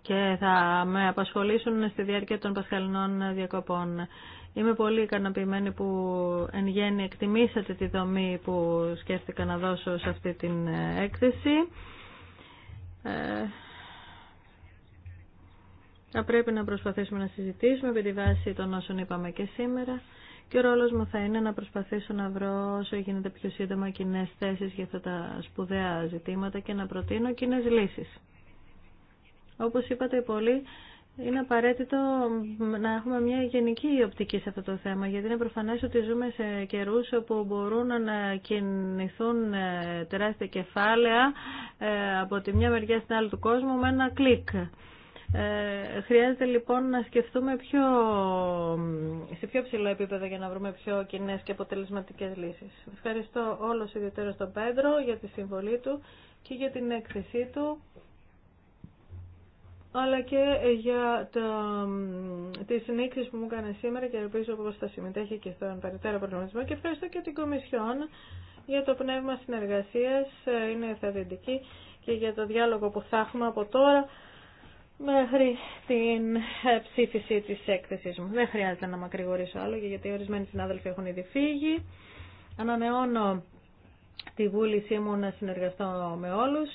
και θα με απασχολήσουν στη διάρκεια των πασχαλινών διακοπών. Είμαι πολύ ικανοποιημένη που εν γέννη εκτιμήσατε τη δομή που σκέφτηκα να δώσω σε αυτή την ε, έκθεση. Ε, θα πρέπει να προσπαθήσουμε να συζητήσουμε επί τη βάση των όσων είπαμε και σήμερα και ο ρόλος μου θα είναι να προσπαθήσω να βρω όσο γίνεται πιο σύντομα κοινέ θέσεις για αυτά τα σπουδαία ζητήματα και να προτείνω κοινέ λύσεις. Όπως είπατε πολύ, είναι απαραίτητο να έχουμε μια γενική οπτική σε αυτό το θέμα, γιατί είναι προφανές ότι ζούμε σε καιρούς όπου μπορούν να κινηθούν ε, τεράστια κεφάλαια ε, από τη μια μεριά στην άλλη του κόσμου με ένα κλικ. Ε, χρειάζεται λοιπόν να σκεφτούμε πιο, σε πιο ψηλό επίπεδο για να βρούμε πιο κοινέ και αποτελεσματικές λύσεις. Ευχαριστώ όλος ιδιαίτερα τον Πέντρο για τη συμβολή του και για την έκθεσή του αλλά και για το, τις συνήξεις που μου έκανε σήμερα και ελπίζω πως θα συμμετέχει και στον περιττέρω προγραμματισμό και ευχαριστώ και την Κομισιόν για το πνεύμα συνεργασίας, ε, είναι θετική και για το διάλογο που θα έχουμε από τώρα μέχρι την ε, ψήφιση της έκθεσης μου. Δεν χρειάζεται να μακρηγορήσω άλλο, γιατί ορισμένοι συνάδελφοι έχουν ήδη φύγει. Ανανεώνω τη βούλησή μου να συνεργαστώ με όλους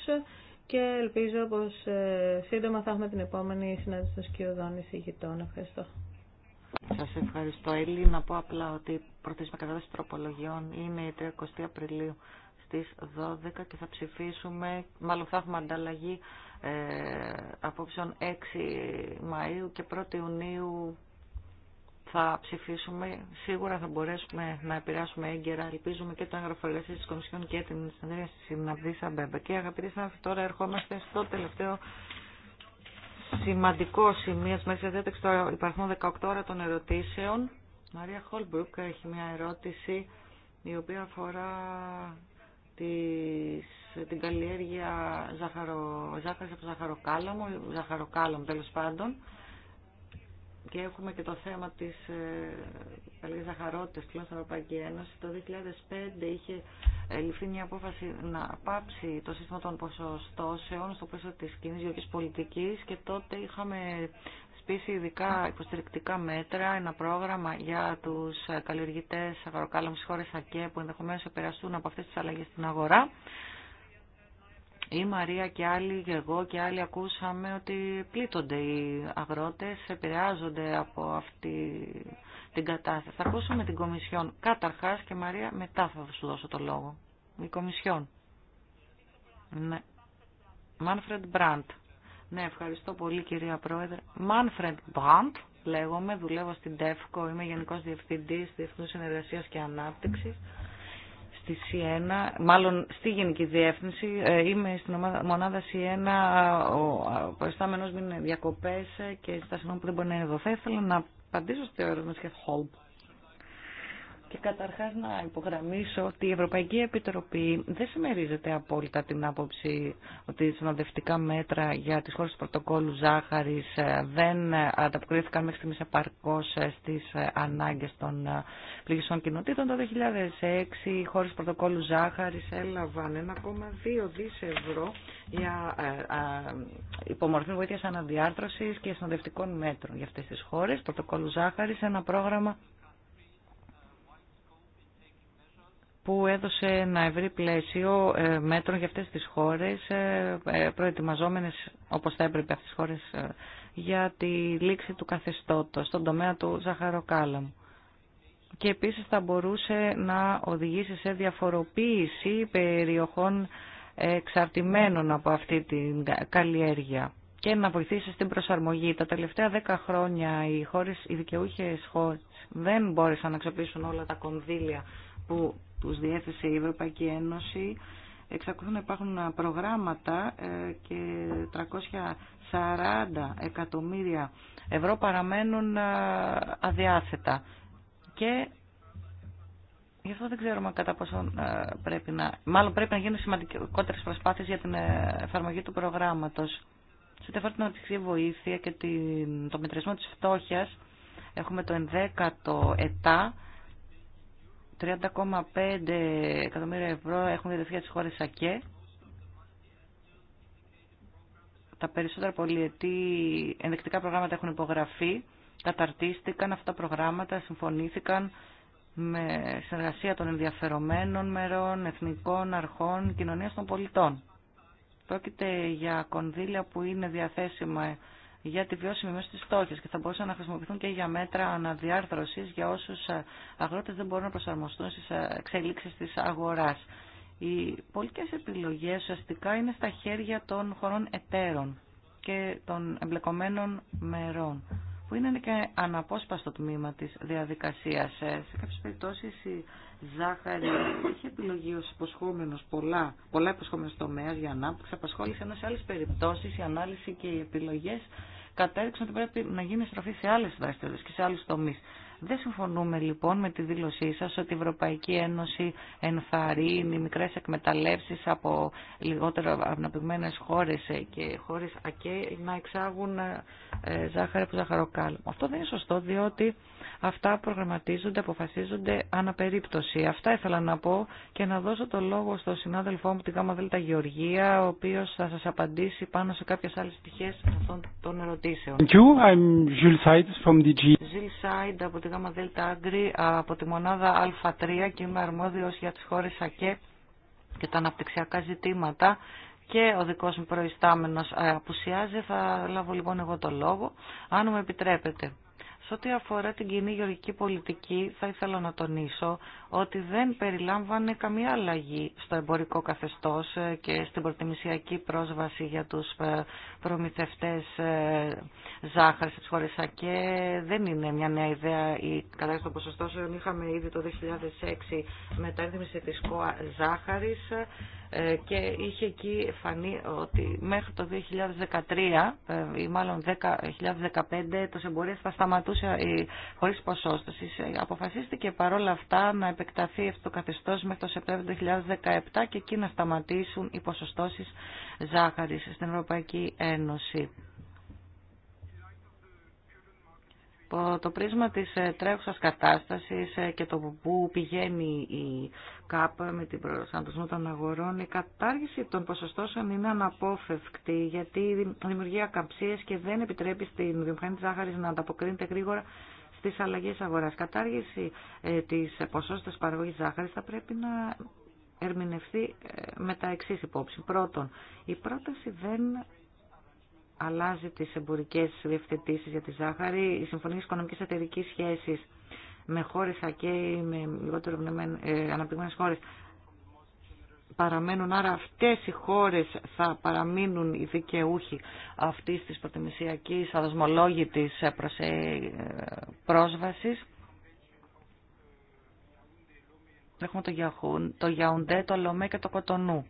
και ελπίζω πως ε, σύντομα θα έχουμε την επόμενη συνάντηση των σκιωδών εισηγητών. Ευχαριστώ. Σα ευχαριστώ, Έλλη. Να πω απλά ότι η προθέσμα κατάσταση τροπολογιών είναι η 30 Απριλίου στι 12 και θα ψηφίσουμε, μάλλον θα έχουμε ανταλλαγή ε, απόψεων 6 Μαΐου και 1 Ιουνίου θα ψηφίσουμε. Σίγουρα θα μπορέσουμε να επηρεάσουμε έγκαιρα. Ελπίζουμε και το έγγραφο εργασία τη Κομισιόν και την συνεδρία τη Συναντήσα Μπέμπα. Και αγαπητοί συνάδελφοι, τώρα ερχόμαστε στο τελευταίο σημαντικό σημείο τη μέσα διάταξη. υπάρχουν 18 ώρα των ερωτήσεων. Μαρία Χόλμπρουκ έχει μια ερώτηση η οποία αφορά την καλλιέργεια ζάχαρο, ζάχαρης από ζαχαροκάλαμο, ζαχαροκάλαμο τέλος πάντων. Και έχουμε και το θέμα της ε, ζαχαρότητας πλέον στην Ευρωπαϊκή Ένωση. Το 2005 είχε ε, ληφθεί μια απόφαση να πάψει το σύστημα των ποσοστώσεων στο πλαίσιο της κοινής γεωργικής πολιτικής και τότε είχαμε θεσπίσει ειδικά υποστηρικτικά μέτρα, ένα πρόγραμμα για τους καλλιεργητές αγροκάλαμου χώρες ΑΚΕ που ενδεχομένως επηρεαστούν από αυτές τις αλλαγές στην αγορά. Η Μαρία και άλλοι, και εγώ και άλλοι ακούσαμε ότι πλήττονται οι αγρότες, επηρεάζονται από αυτή την κατάσταση. Θα ακούσουμε την Κομισιόν καταρχάς και Μαρία μετά θα σου δώσω το λόγο. Η Κομισιόν. Ναι. Μάνφρεντ Μπραντ. Ναι, ευχαριστώ πολύ κυρία Πρόεδρε. Manfred Μπάντ λέγομαι, δουλεύω στην ΤΕΦΚΟ, είμαι Γενικός Διευθυντής Διεθνούς Συνεργασίας και Ανάπτυξης στη ΣΥΕΝΑ, μάλλον στη Γενική Διεύθυνση, ε, είμαι στην ομάδα, μονάδα ΣΥΕΝΑ, ο προϊστάμενος μου είναι διακοπές και στα συγγνώμη που δεν μπορεί να είναι εδώ. Θα ήθελα να απαντήσω στο ερώτημα και και καταρχάς να υπογραμμίσω ότι η Ευρωπαϊκή Επιτροπή δεν συμμερίζεται απόλυτα την άποψη ότι οι συνοδευτικά μέτρα για τις χώρες του πρωτοκόλλου ζάχαρης ε, δεν ανταποκρίθηκαν μέχρι στιγμής επαρκώς ε, στις ε, ανάγκες των πληγισών κοινοτήτων. Το 2006 οι χώρες του πρωτοκόλλου ζάχαρης έλαβαν 1,2 δις ευρώ για υπομορφή βοήθειας αναδιάρθρωσης και συνοδευτικών μέτρων για αυτές τις χώρες πρωτοκόλλου ζάχαρης, ένα πρόγραμμα που έδωσε ένα ευρύ πλαίσιο ε, μέτρων για αυτές τις χώρες, ε, ε, προετοιμαζόμενες όπως θα έπρεπε αυτές τις χώρες για τη λήξη του καθεστώτος στον τομέα του ζαχαροκάλαμου. Και επίσης θα μπορούσε να οδηγήσει σε διαφοροποίηση περιοχών εξαρτημένων από αυτή την καλλιέργεια και να βοηθήσει στην προσαρμογή. Τα τελευταία δέκα χρόνια οι, χώρες, οι δικαιούχες χώρες δεν μπόρεσαν να αξιοποιήσουν όλα τα κονδύλια τους διέθεσε η Ευρωπαϊκή Ένωση. Εξακολουθούν να υπάρχουν προγράμματα ε, και 340 εκατομμύρια ευρώ παραμένουν ε, αδιάθετα. Και Γι' αυτό δεν ξέρουμε κατά πόσο ε, πρέπει να. Μάλλον πρέπει να γίνουν σημαντικότερες προσπάθειες για την εφαρμογή του προγράμματος. Σε ό,τι αφορά την βοήθεια και την, το μετρησμό της φτώχεια, έχουμε το 11ο ΕΤΑ 30,5 εκατομμύρια ευρώ έχουν για τις χώρες ΑΚΕ. Τα περισσότερα πολιετή ενδεικτικά προγράμματα έχουν υπογραφεί, καταρτίστηκαν αυτά τα προγράμματα, συμφωνήθηκαν με συνεργασία των ενδιαφερομένων μερών, εθνικών αρχών, κοινωνίας των πολιτών. Πρόκειται για κονδύλια που είναι διαθέσιμα για τη βιώσιμη μείωση τη στόχη και θα μπορούσαν να χρησιμοποιηθούν και για μέτρα αναδιάρθρωση για όσου ε, αγρότε δεν μπορούν να προσαρμοστούν στι ε, εξελίξει τη αγορά. Οι πολιτικέ επιλογέ ουσιαστικά είναι στα χέρια των χωρών εταίρων και των εμπλεκομένων μερών που είναι και αναπόσπαστο τμήμα της διαδικασίας. Ε, σε κάποιες περιπτώσεις η ζάχαρη είχε επιλογή ως υποσχόμενος πολλά, πολλά υποσχόμενος για ανάπτυξη απασχόληση, ενώ σε άλλες περιπτώσεις η ανάλυση και οι επιλογές κατέληξαν ότι πρέπει να γίνει στροφή σε άλλες δραστηριότητες και σε άλλους τομείς. Δεν συμφωνούμε λοιπόν με τη δήλωσή σας ότι η Ευρωπαϊκή Ένωση ενθαρρύνει μικρές εκμεταλλεύσεις από λιγότερο αναπτυγμένες χώρες και χώρες ΑΚΕ να εξάγουν ε, ε, ζάχαρη από ζαχαροκάλυμο. Αυτό δεν είναι σωστό διότι αυτά προγραμματίζονται, αποφασίζονται αναπερίπτωση. Αυτά ήθελα να πω και να δώσω το λόγο στον συνάδελφό μου την Γάμα Δέλτα Γεωργία ο οποίος θα σας απαντήσει πάνω σε κάποιες άλλες πτυχές αυτών των ερωτήσεων. Thank I'm Jules from Jules Δέλτα Άγκρι από τη μονάδα Α3 και είμαι αρμόδιος για τις χώρες ΑΚΕ και τα αναπτυξιακά ζητήματα και ο δικός μου προϊστάμενος ε, απουσιάζει, θα λάβω λοιπόν εγώ το λόγο, αν μου επιτρέπετε. Σε ό,τι αφορά την κοινή γεωργική πολιτική, θα ήθελα να τονίσω ότι δεν περιλάμβανε καμία αλλαγή στο εμπορικό καθεστώς ε, και στην προτιμησιακή πρόσβαση για τους ε, προμηθευτές ε, ζάχαρης της χώρας και δεν είναι μια νέα ιδέα η κατάσταση των ποσοστώσεων. Είχαμε ήδη το 2006 μετάρρυθμιση της ΚΟΑ ζάχαρης και είχε εκεί φανεί ότι μέχρι το 2013 ή μάλλον 2015 το εμπορία θα σταματούσε χωρίς ποσόστοση. Αποφασίστηκε παρόλα αυτά να επεκταθεί αυτό το καθεστώ μέχρι το Σεπτέμβριο του 2017 και εκεί να σταματήσουν οι ποσοστώσει ζάχαρη στην Ευρωπαϊκή Ένωση. Το πρίσμα της ε, τρέχουσας κατάστασης ε, και το που πηγαίνει η ΚΑΠ με την προσανατοσμό των αγορών, η κατάργηση των ποσοστώσεων είναι αναπόφευκτη γιατί δημιουργεί ακαμψίες και δεν επιτρέπει στην βιομηχανία της ζάχαρης να ανταποκρίνεται γρήγορα στις αλλαγές αγοράς. Κατάργηση ε, της ποσότητας παραγωγής ζάχαρης θα πρέπει να ερμηνευθεί ε, με τα εξή υπόψη. Πρώτον, η πρόταση δεν αλλάζει τις εμπορικές διευθετήσεις για τη ζάχαρη. Οι συμφωνίες οικονομικής εταιρικής σχέσης με χώρες ΑΚΕ με λιγότερο ε, αναπτυγμένες χώρες παραμένουν, άρα αυτές οι χώρες θα παραμείνουν οι δικαιούχοι αυτής της προτιμησιακής αδοσμολόγητης ε, πρόσβασης. Έχουμε το, Γιαουντέ, το Λομέ και το Κοτονού.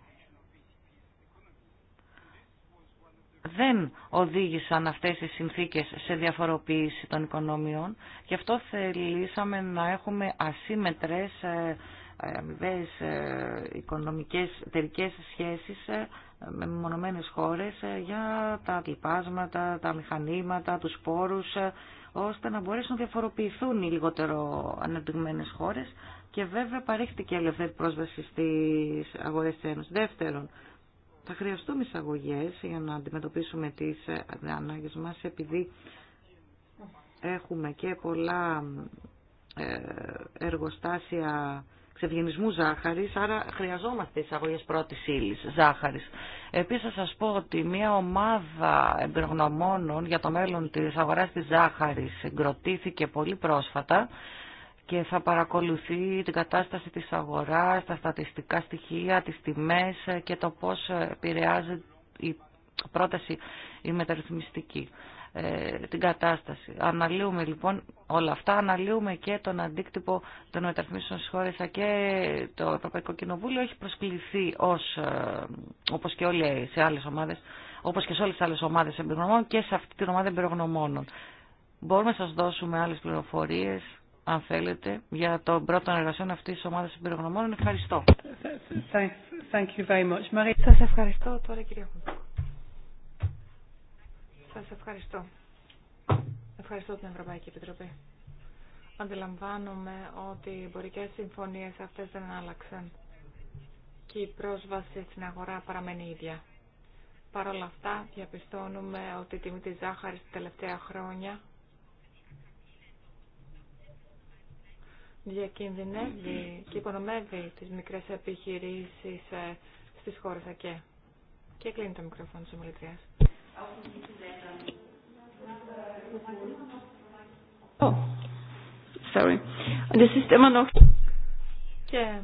δεν οδήγησαν αυτές οι συνθήκες σε διαφοροποίηση των οικονομιών. Γι' αυτό θελήσαμε να έχουμε ασύμετρες ε, οικονομικέ ε, οικονομικές εταιρικές σχέσεις ε, με μονομένες χώρες ε, για τα τυπάσματα, τα μηχανήματα, τους πόρους, ώστε να μπορέσουν να διαφοροποιηθούν οι λιγότερο αναπτυγμένες χώρες και βέβαια παρέχεται και ελεύθερη πρόσβαση στις αγορές της Ένωσης. Δεύτερον, θα χρειαστούν εισαγωγέ για να αντιμετωπίσουμε τις ανάγκες μας επειδή έχουμε και πολλά εργοστάσια ευγενισμού ζάχαρης, άρα χρειαζόμαστε εισαγωγέ πρώτης ύλη ζάχαρης. Επίσης θα σας πω ότι μια ομάδα εμπειρογνωμόνων για το μέλλον της αγοράς της ζάχαρης εγκροτήθηκε πολύ πρόσφατα και θα παρακολουθεί την κατάσταση της αγοράς, τα στατιστικά στοιχεία, τις τιμές και το πώς επηρεάζει η πρόταση η μεταρρυθμιστική. Ε, την κατάσταση. Αναλύουμε λοιπόν όλα αυτά, αναλύουμε και τον αντίκτυπο των μεταρρυθμίσεων στις χώρες και το Ευρωπαϊκό Κοινοβούλιο έχει προσκληθεί ως, ε, όπως και όλοι σε άλλες ομάδες, όπως και σε όλες τις άλλες ομάδες εμπειρογνωμών και σε αυτή την ομάδα εμπειρογνωμόνων. Μπορούμε να σας δώσουμε άλλες πληροφορίες, αν θέλετε, για τον πρώτο εργασιών αυτής της ομάδας εμπειρογνωμόνων. Ευχαριστώ. Thank Σας ευχαριστώ τώρα, κυρία Χούντα. Σας ευχαριστώ. Ευχαριστώ την Ευρωπαϊκή Επιτροπή. Αντιλαμβάνομαι ότι οι εμπορικές συμφωνίες αυτές δεν άλλαξαν και η πρόσβαση στην αγορά παραμένει ίδια. Παρ' όλα αυτά διαπιστώνουμε ότι η τιμή της ζάχαρης τα τελευταία χρόνια διακινδυνεύει και υπονομεύει τις μικρές επιχειρήσεις ε, στις χώρες ΑΚΕ. Και κλείνει το μικρόφωνο της ομιλητρίας. Oh, sorry. Und es ist immer noch. Και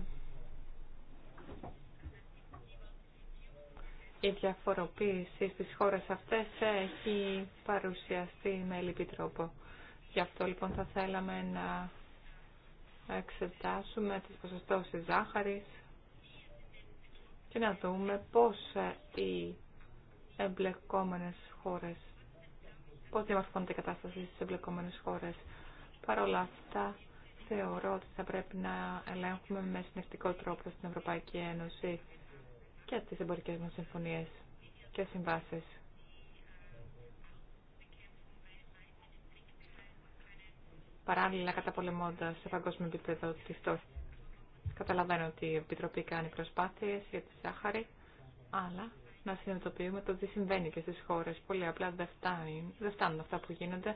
η διαφοροποίηση στις χώρες αυτές έχει παρουσιαστεί με λυπή τρόπο. Γι' αυτό λοιπόν θα θέλαμε να εξετάσουμε τις ποσοστώσεις ζάχαρης και να δούμε πώς η εμπλεκόμενες χώρες. Πώς διαμορφώνεται η κατάσταση στις εμπλεκόμενες χώρες. Παρ' όλα αυτά, θεωρώ ότι θα πρέπει να ελέγχουμε με συνεχτικό τρόπο στην Ευρωπαϊκή Ένωση και τις εμπορικές μας συμφωνίες και συμβάσεις. Παράλληλα καταπολεμώντας σε παγκόσμιο επίπεδο τη φτώχεια. Καταλαβαίνω ότι η Επιτροπή κάνει προσπάθειες για τη σάχαρη, αλλά να συνειδητοποιούμε το τι συμβαίνει και στις χώρες. Πολύ απλά δεν, φτάνει, δεν φτάνουν αυτά που γίνονται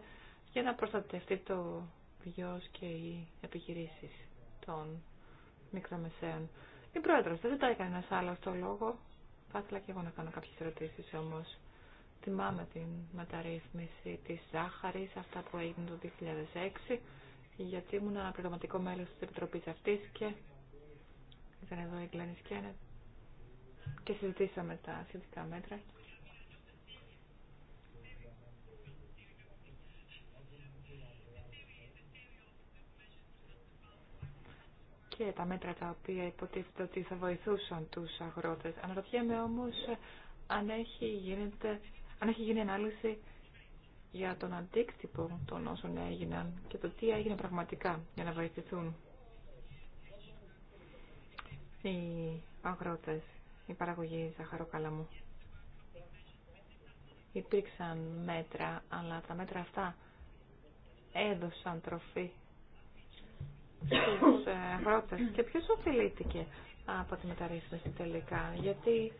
για να προστατευτεί το βιός και οι επιχειρήσει των μικρομεσαίων. Η πρόεδρος δεν ζητάει κανένα άλλο το λόγο. Θα ήθελα και εγώ να κάνω κάποιες ερωτήσεις όμως. Θυμάμαι την μεταρρύθμιση της ζάχαρης, αυτά που έγινε το 2006, γιατί ήμουν ένα αναπληρωματικό μέλος της Επιτροπής αυτής και ήταν εδώ η Γκλένης Κένετ και συζητήσαμε τα σχετικά μέτρα. και τα μέτρα τα οποία υποτίθεται ότι θα βοηθούσαν τους αγρότες. Αναρωτιέμαι όμως αν έχει, γίνεται, αν έχει γίνει ανάλυση για τον αντίκτυπο των όσων έγιναν και το τι έγινε πραγματικά για να βοηθηθούν οι αγρότες η παραγωγή ζαχαροκαλαμού. Υπήρξαν μέτρα, αλλά τα μέτρα αυτά έδωσαν τροφή στους ε, αγρότες. Και ποιος ωφελήθηκε από τη μεταρρύθμιση τελικά, γιατί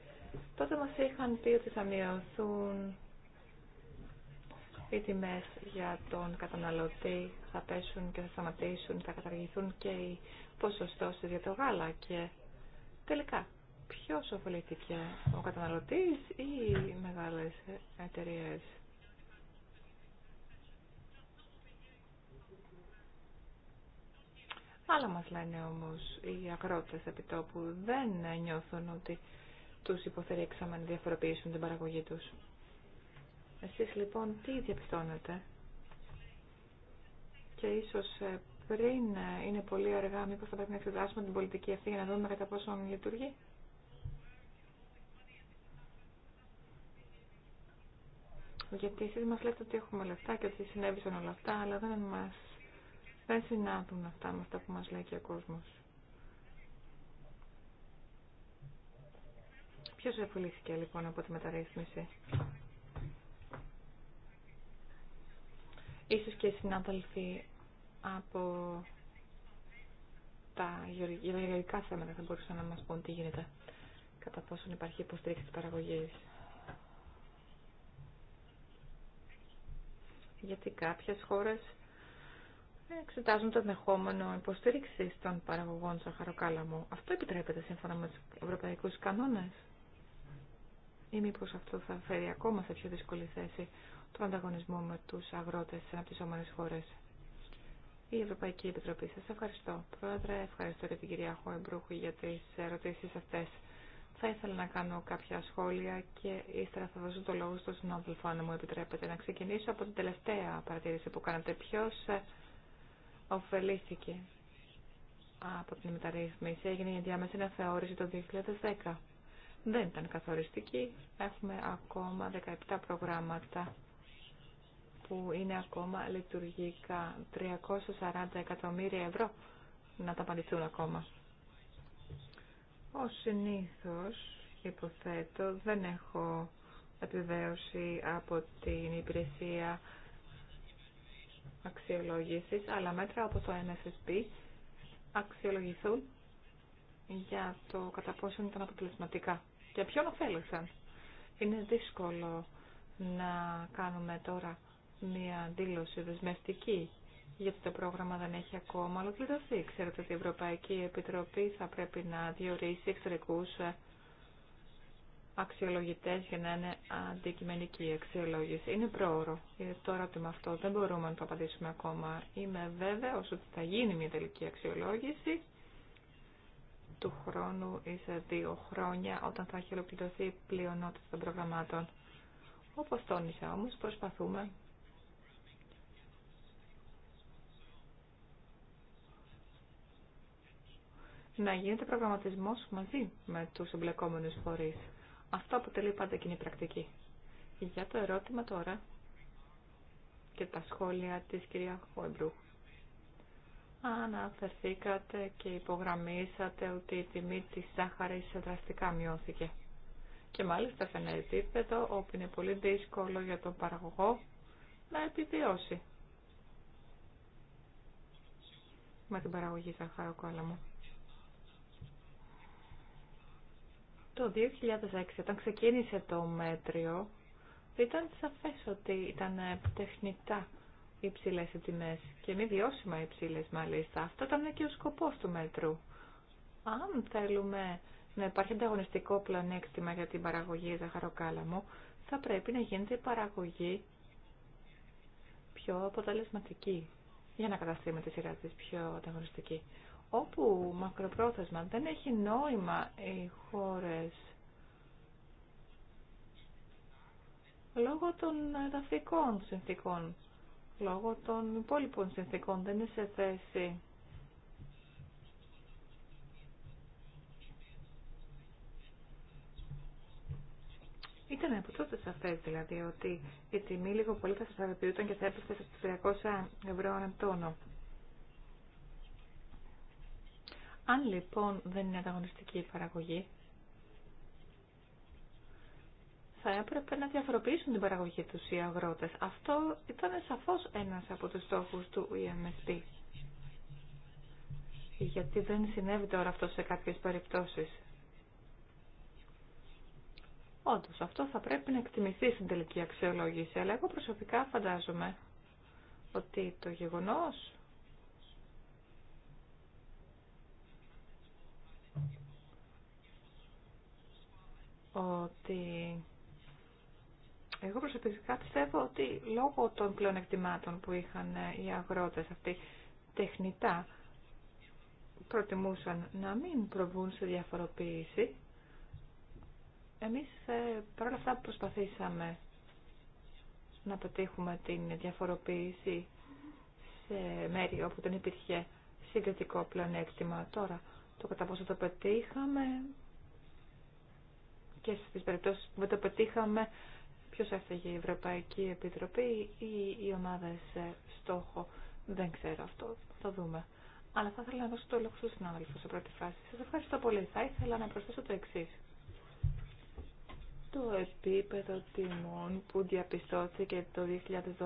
τότε μας είχαν πει ότι θα μειωθούν οι τιμές για τον καταναλωτή, θα πέσουν και θα σταματήσουν, θα καταργηθούν και οι ποσοστώσεις για το γάλα και τελικά Ποιο ωφελήθηκε, ο καταναλωτή ή οι μεγάλε εταιρείε. Άλλα μας λένε όμως οι ακρότες επιτόπου δεν νιώθουν ότι τους υποθερήξαμε να διαφοροποιήσουν την παραγωγή τους. Εσείς λοιπόν τι διαπιστώνετε και ίσως ε, πριν ε, είναι πολύ αργά μήπως θα πρέπει να εξετάσουμε την πολιτική αυτή για να δούμε κατά πόσο λειτουργεί. Γιατί εσείς μας λέτε ότι έχουμε λεφτά και ότι συνέβησαν όλα αυτά, αλλά δεν μας δεν συνάδουν αυτά με αυτά που μας λέει και ο κόσμος. Ποιος ευφυλήθηκε λοιπόν από τη μεταρρύθμιση. Ίσως και συνάδελφοι από τα γεωργικά θέματα θα μπορούσαν να μας πούν τι γίνεται κατά πόσον υπάρχει υποστήριξη της παραγωγής. γιατί κάποιες χώρες εξετάζουν το ενδεχόμενο υποστήριξη των παραγωγών σαχαροκάλαμου. Αυτό επιτρέπεται σύμφωνα με τους ευρωπαϊκούς κανόνες. Ή μήπως αυτό θα φέρει ακόμα σε πιο δύσκολη θέση τον ανταγωνισμό με τους αγρότες σε αναπτυσσόμενες χώρες. Η Ευρωπαϊκή Επιτροπή. Σας ευχαριστώ. Πρόεδρε, ευχαριστώ και την κυρία Χόεμπρούχου για τις ερωτήσεις αυτές. Θα ήθελα να κάνω κάποια σχόλια και ύστερα θα δώσω το λόγο στον συνάδελφο, αν μου επιτρέπετε, να ξεκινήσω από την τελευταία παρατήρηση που κάνατε. Ποιο ε, ωφελήθηκε από την μεταρρύθμιση, έγινε η διάμεση να θεώρηση το 2010. Δεν ήταν καθοριστική. Έχουμε ακόμα 17 προγράμματα που είναι ακόμα λειτουργικά. 340 εκατομμύρια ευρώ να τα απαντηθούν ακόμα. Ως συνήθως, υποθέτω, δεν έχω επιβέωση από την υπηρεσία αξιολόγησης, αλλά μέτρα από το MSSP αξιολογηθούν για το κατά πόσο ήταν αποτελεσματικά. Για ποιον ωφέλησαν. Είναι δύσκολο να κάνουμε τώρα μια δήλωση δεσμευτική γιατί το πρόγραμμα δεν έχει ακόμα ολοκληρωθεί. Ξέρετε ότι η Ευρωπαϊκή Επιτροπή θα πρέπει να διορίσει εξωτερικού ε, αξιολογητέ για να είναι αντικειμενική η αξιολόγηση. Είναι πρόωρο. Τώρα το με αυτό. Δεν μπορούμε να το απαντήσουμε ακόμα. Είμαι βέβαιο ότι θα γίνει μια τελική αξιολόγηση του χρόνου ή σε δύο χρόνια όταν θα έχει ολοκληρωθεί η πλειονότητα των προγραμμάτων. Όπως τόνισα όμως προσπαθούμε να γίνεται προγραμματισμός μαζί με τους εμπλεκόμενους φορείς. Αυτό αποτελεί πάντα κοινή πρακτική. Για το ερώτημα τώρα και τα σχόλια της κυρία Χόιμπρου. Αναφερθήκατε και υπογραμμίσατε ότι η τιμή της σάχαρης δραστικά μειώθηκε. Και μάλιστα σε ένα επίπεδο όπου είναι πολύ δύσκολο για τον παραγωγό να επιβιώσει με την παραγωγή σαχαροκόλαμου. Το 2006, όταν ξεκίνησε το μέτριο, ήταν σαφές ότι ήταν τεχνητά υψηλέ οι τιμέ και μη βιώσιμα υψηλέ μάλιστα. Αυτό ήταν και ο σκοπό του μέτρου. Αν θέλουμε να υπάρχει ανταγωνιστικό πλανέκτημα για την παραγωγή ζαχαροκάλαμου, θα πρέπει να γίνεται η παραγωγή πιο αποτελεσματική για να καταστρέψουμε τη σειρά της πιο ανταγωνιστική όπου μακροπρόθεσμα δεν έχει νόημα οι χώρες λόγω των εδαφικών συνθήκων, λόγω των υπόλοιπων συνθήκων δεν είναι σε θέση Ήταν από τότε σαφέ δηλαδή ότι η τιμή λίγο πολύ θα σταθεροποιούταν και θα έπρεπε στα 300 ευρώ ανά τόνο. Αν λοιπόν δεν είναι ανταγωνιστική η παραγωγή, θα έπρεπε να διαφοροποιήσουν την παραγωγή τους οι αγρότες. Αυτό ήταν σαφώς ένας από τους στόχους του EMSP. Γιατί δεν συνέβη τώρα αυτό σε κάποιες περιπτώσεις. Όντως, αυτό θα πρέπει να εκτιμηθεί στην τελική αξιολόγηση, αλλά εγώ προσωπικά φαντάζομαι ότι το γεγονός ότι εγώ προσωπικά πιστεύω ότι λόγω των πλεονεκτημάτων που είχαν ε, οι αγρότες αυτοί τεχνητά προτιμούσαν να μην προβούν σε διαφοροποίηση. Εμείς ε, παρόλα αυτά προσπαθήσαμε να πετύχουμε την διαφοροποίηση σε μέρη όπου δεν υπήρχε συγκριτικό πλεονέκτημα. Τώρα το κατά πόσο το πετύχαμε και στι περιπτώσει που το πετύχαμε, ποιος έφταγε η Ευρωπαϊκή Επιτροπή ή οι σε στόχο. Δεν ξέρω αυτό, θα δούμε. Αλλά θα ήθελα να δώσω το λόγο στον συνάδελφο σε πρώτη φάση. Σα ευχαριστώ πολύ. Θα ήθελα να προσθέσω το εξή. Το επίπεδο τιμών που διαπιστώθηκε το 2012-2013 700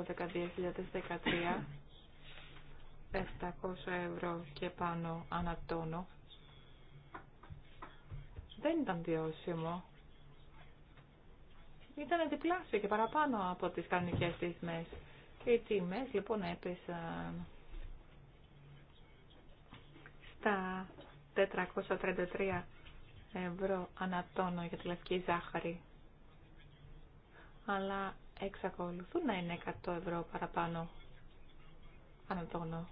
ευρώ και πάνω ανατόνο δεν ήταν βιώσιμο ήταν διπλάσιο και παραπάνω από τις κανονικές τιμές. Οι τιμές λοιπόν έπεσαν στα 433 ευρώ ανατόνο για τη λευκή ζάχαρη. Αλλά εξακολουθούν να είναι 100 ευρώ παραπάνω ανατόνο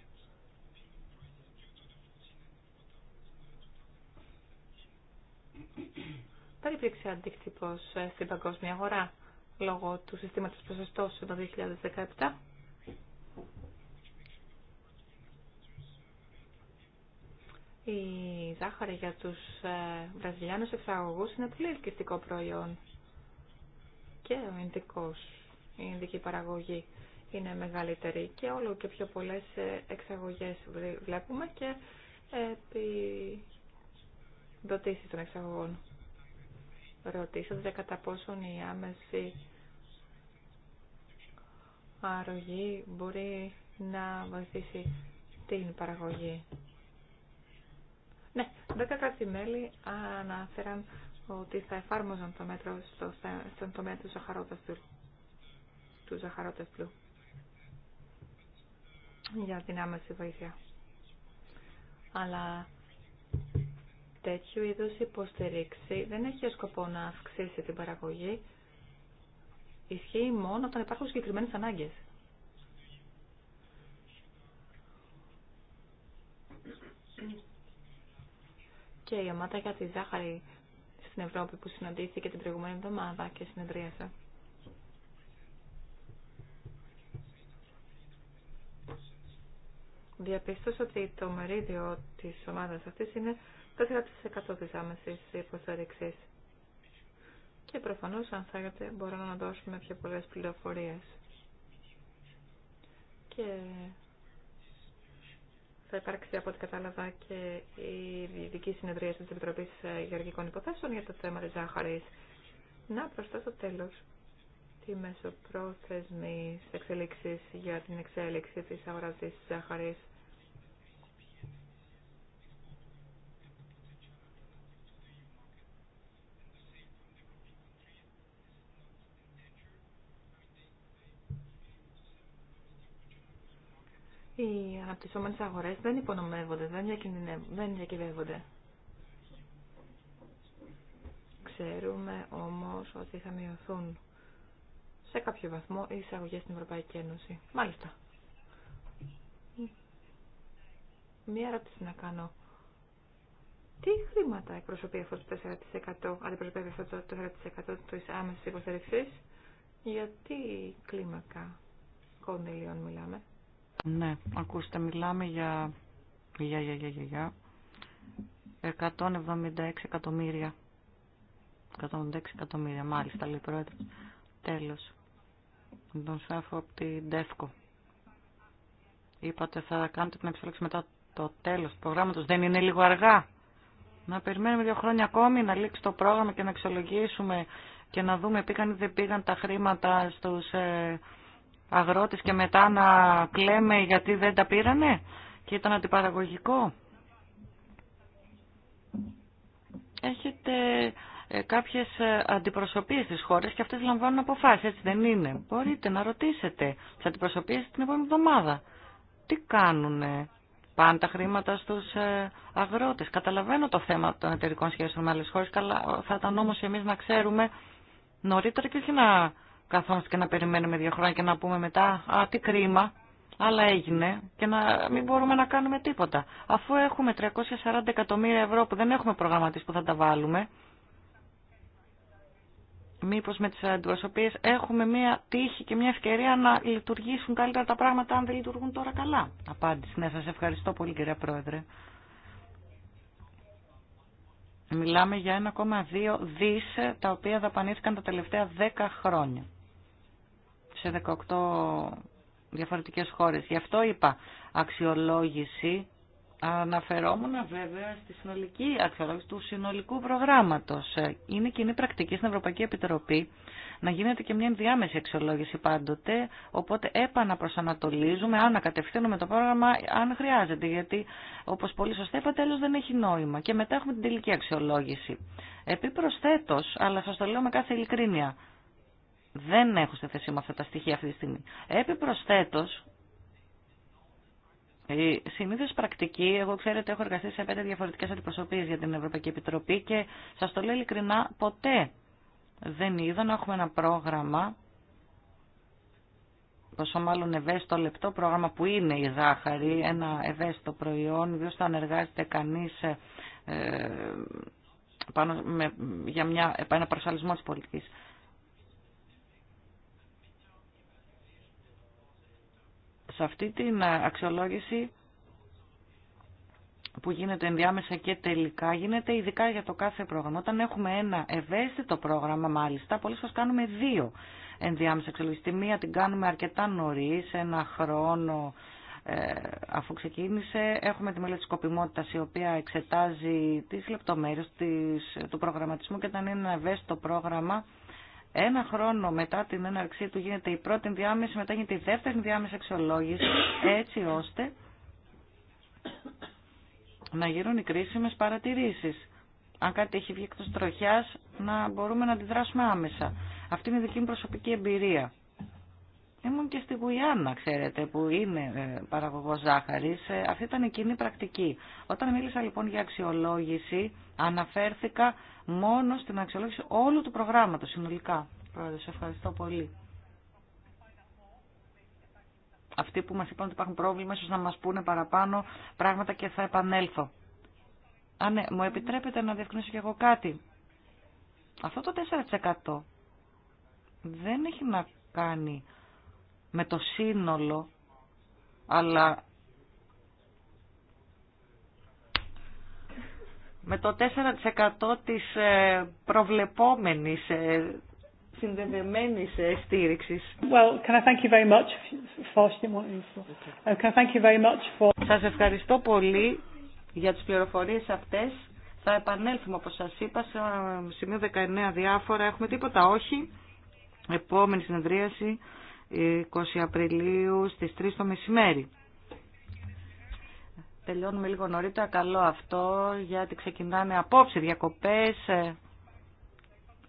δεν υπήρξε αντίκτυπο ε, στην παγκόσμια αγορά λόγω του συστήματος προσωστώσεων το 2017. Η ζάχαρη για τους ε, Βραζιλιάνους εξαγωγούς είναι πολύ ελκυστικό προϊόν και ο ενδικός η ειδική παραγωγή είναι μεγαλύτερη και όλο και πιο πολλές ε, εξαγωγές βλέπουμε και επιδοτήσει των εξαγωγών. Ρωτήσατε κατά πόσον η άμεση αρρωγή μπορεί να βοηθήσει την παραγωγή. Ναι, 10 κράτη-μέλη αναφέραν ότι θα εφάρμοζαν το μέτρο στο, στον τομέα του ζαχαρόταστου του ζαχαρότευλου για την άμεση βοήθεια. Αλλά τέτοιου είδους υποστηρίξη δεν έχει σκοπό να αυξήσει την παραγωγή. Ισχύει μόνο όταν υπάρχουν συγκεκριμένε ανάγκες. Και η ομάδα για τη ζάχαρη στην Ευρώπη που συναντήθηκε την προηγούμενη εβδομάδα και συνεδρίασε. Διαπίστωσα ότι το μερίδιο της ομάδας αυτής είναι 4% της άμεσης υποστήριξης. Και προφανώς, αν θέλετε, μπορώ να δώσουμε πιο πολλέ πληροφορίε. Και θα υπάρξει από ό,τι κατάλαβα και η ειδική συνεδρία τη Επιτροπής ε, Γεωργικών Υποθέσεων για το θέμα τη ζάχαρης. Να προσθέσω τέλος τη μεσοπρόθεσμη εξέλιξη για την εξέλιξη της αγορά τη ζάχαρης οι αναπτυσσόμενες αγορές δεν υπονομεύονται, δεν, διακυβεύονται. Ξέρουμε όμως ότι θα μειωθούν σε κάποιο βαθμό οι εισαγωγές στην Ευρωπαϊκή Ένωση. Μάλιστα. Μία ερώτηση να κάνω. Τι χρήματα εκπροσωπεί αυτό το 4%, αντιπροσωπεύει αυτό το 4% της άμεσης υποστήριξης, γιατί κλίμακα κονδυλίων μιλάμε. Ναι, ακούστε, μιλάμε για, για, για, για, για, 176 εκατομμύρια. 176 εκατομμύρια, μάλιστα, λέει πρόεδρος. Τέλος. Τον σάφω από την ΤΕΦΚΟ. Είπατε θα κάνετε την επιστολή μετά το τέλος του προγράμματος. Δεν είναι λίγο αργά. Να περιμένουμε δύο χρόνια ακόμη να λήξει το πρόγραμμα και να εξολογήσουμε και να δούμε πήγαν ή δεν πήγαν τα χρήματα στους ε, αγρότες και μετά να κλαίμε γιατί δεν τα πήρανε και ήταν αντιπαραγωγικό. Έχετε ε, κάποιες ε, αντιπροσωπείες στις χώρες και αυτές λαμβάνουν αποφάσεις, έτσι δεν είναι. Μπορείτε να ρωτήσετε τις αντιπροσωπείες την επόμενη εβδομάδα. Τι κάνουνε, πάνε τα χρήματα στους ε, αγρότες. Καταλαβαίνω το θέμα των εταιρικών σχέσεων με άλλες χώρες, θα ήταν όμως εμείς να ξέρουμε νωρίτερα και όχι να καθόμαστε και να περιμένουμε δύο χρόνια και να πούμε μετά «Α, τι κρίμα, αλλά έγινε» και να μην μπορούμε να κάνουμε τίποτα. Αφού έχουμε 340 εκατομμύρια ευρώ που δεν έχουμε προγραμματίσει που θα τα βάλουμε, μήπως με τις αντιπροσωπείες έχουμε μια τύχη και μια ευκαιρία να λειτουργήσουν καλύτερα τα πράγματα αν δεν λειτουργούν τώρα καλά. Απάντηση. Ναι, σας ευχαριστώ πολύ κυρία Πρόεδρε. Μιλάμε για 1,2 δις τα οποία δαπανήθηκαν τα τελευταία 10 χρόνια σε 18 διαφορετικές χώρες. Γι' αυτό είπα αξιολόγηση, αναφερόμουν βέβαια στη συνολική αξιολόγηση του συνολικού προγράμματος. Είναι κοινή πρακτική στην Ευρωπαϊκή Επιτροπή να γίνεται και μια ενδιάμεση αξιολόγηση πάντοτε, οπότε επαναπροσανατολίζουμε, ανακατευθύνουμε το πρόγραμμα αν χρειάζεται, γιατί όπως πολύ σωστά είπα τέλος δεν έχει νόημα και μετά έχουμε την τελική αξιολόγηση. Επί προσθέτως, αλλά σας το λέω με κάθε ειλικρίνεια, δεν έχω στη θέση μου αυτά τα στοιχεία αυτή τη στιγμή. Επιπροσθέτως, η συνήθω πρακτική, εγώ ξέρετε έχω εργαστεί σε πέντε διαφορετικές αντιπροσωπείες για την Ευρωπαϊκή Επιτροπή και σας το λέω ειλικρινά, ποτέ δεν είδα να έχουμε ένα πρόγραμμα, πόσο μάλλον ευαίσθητο λεπτό πρόγραμμα που είναι η ζάχαρη, ένα ευαίσθητο προϊόν, ιδίω αν εργάζεται κανεί ε, ε για μια, ένα προσαλισμό τη πολιτική. Σε αυτή την ε, αξιολόγηση που γίνεται ενδιάμεσα και τελικά γίνεται ειδικά για το κάθε πρόγραμμα. Όταν έχουμε ένα ευαίσθητο πρόγραμμα μάλιστα, πολλές φορές κάνουμε δύο ενδιάμεσα αξιολόγηση. Τη μία την κάνουμε αρκετά νωρίς, ένα χρόνο ε, αφού ξεκίνησε. Έχουμε τη μελέτη της σκοπιμότητας η οποία εξετάζει τις λεπτομέρειες του προγραμματισμού και όταν είναι ένα ευαίσθητο πρόγραμμα ένα χρόνο μετά την έναρξή του γίνεται η πρώτη διάμεση, μετά γίνεται η δεύτερη διάμεση αξιολόγηση, έτσι ώστε να γίνουν οι κρίσιμε παρατηρήσεις. Αν κάτι έχει βγει εκτό τροχιάς, να μπορούμε να αντιδράσουμε άμεσα. Αυτή είναι η δική μου προσωπική εμπειρία. Ήμουν και στη Γουιάννα, ξέρετε, που είναι ε, παραγωγός ζάχαρης. Ε, αυτή ήταν η κοινή πρακτική. Όταν μίλησα λοιπόν για αξιολόγηση, αναφέρθηκα μόνο στην αξιολόγηση όλου του προγράμματος συνολικά. Πρόεδρε, σε ευχαριστώ πολύ. Αυτοί που μας είπαν ότι υπάρχουν πρόβλημα, ίσως να μας πούνε παραπάνω πράγματα και θα επανέλθω. Α, ναι, μου επιτρέπετε να διευκρινίσω κι εγώ κάτι. Αυτό το 4% δεν έχει να κάνει με το σύνολο, αλλά με το 4% της ε, προβλεπόμενης ε, συνδεδεμένης ε, στήριξης. Well, can I thank you very much for... Uh, can I thank you very much for... Σας ευχαριστώ πολύ για τις πληροφορίες αυτές. Θα επανέλθουμε, όπως σας είπα, σε σημείο 19 διάφορα. Έχουμε τίποτα, όχι. Επόμενη συνεδρίαση. 20 Απριλίου στις 3 το μεσημέρι. Τελειώνουμε λίγο νωρίτερα, καλό αυτό, γιατί ξεκινάνε απόψε διακοπές. Ε,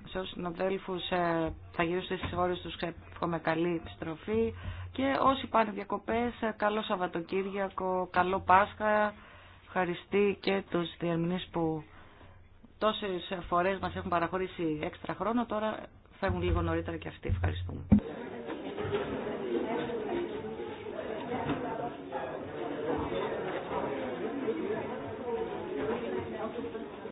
σε όσους συναδέλφου ε, θα γυρίσουν στις ώρες τους, εύχομαι καλή επιστροφή. Και όσοι πάνε διακοπές, ε, καλό Σαββατοκύριακο, καλό Πάσχα. Ευχαριστή και τους διερμηνείς που τόσες φορές μας έχουν παραχωρήσει έξτρα χρόνο. Τώρα φεύγουν λίγο νωρίτερα και αυτοί. Ευχαριστούμε.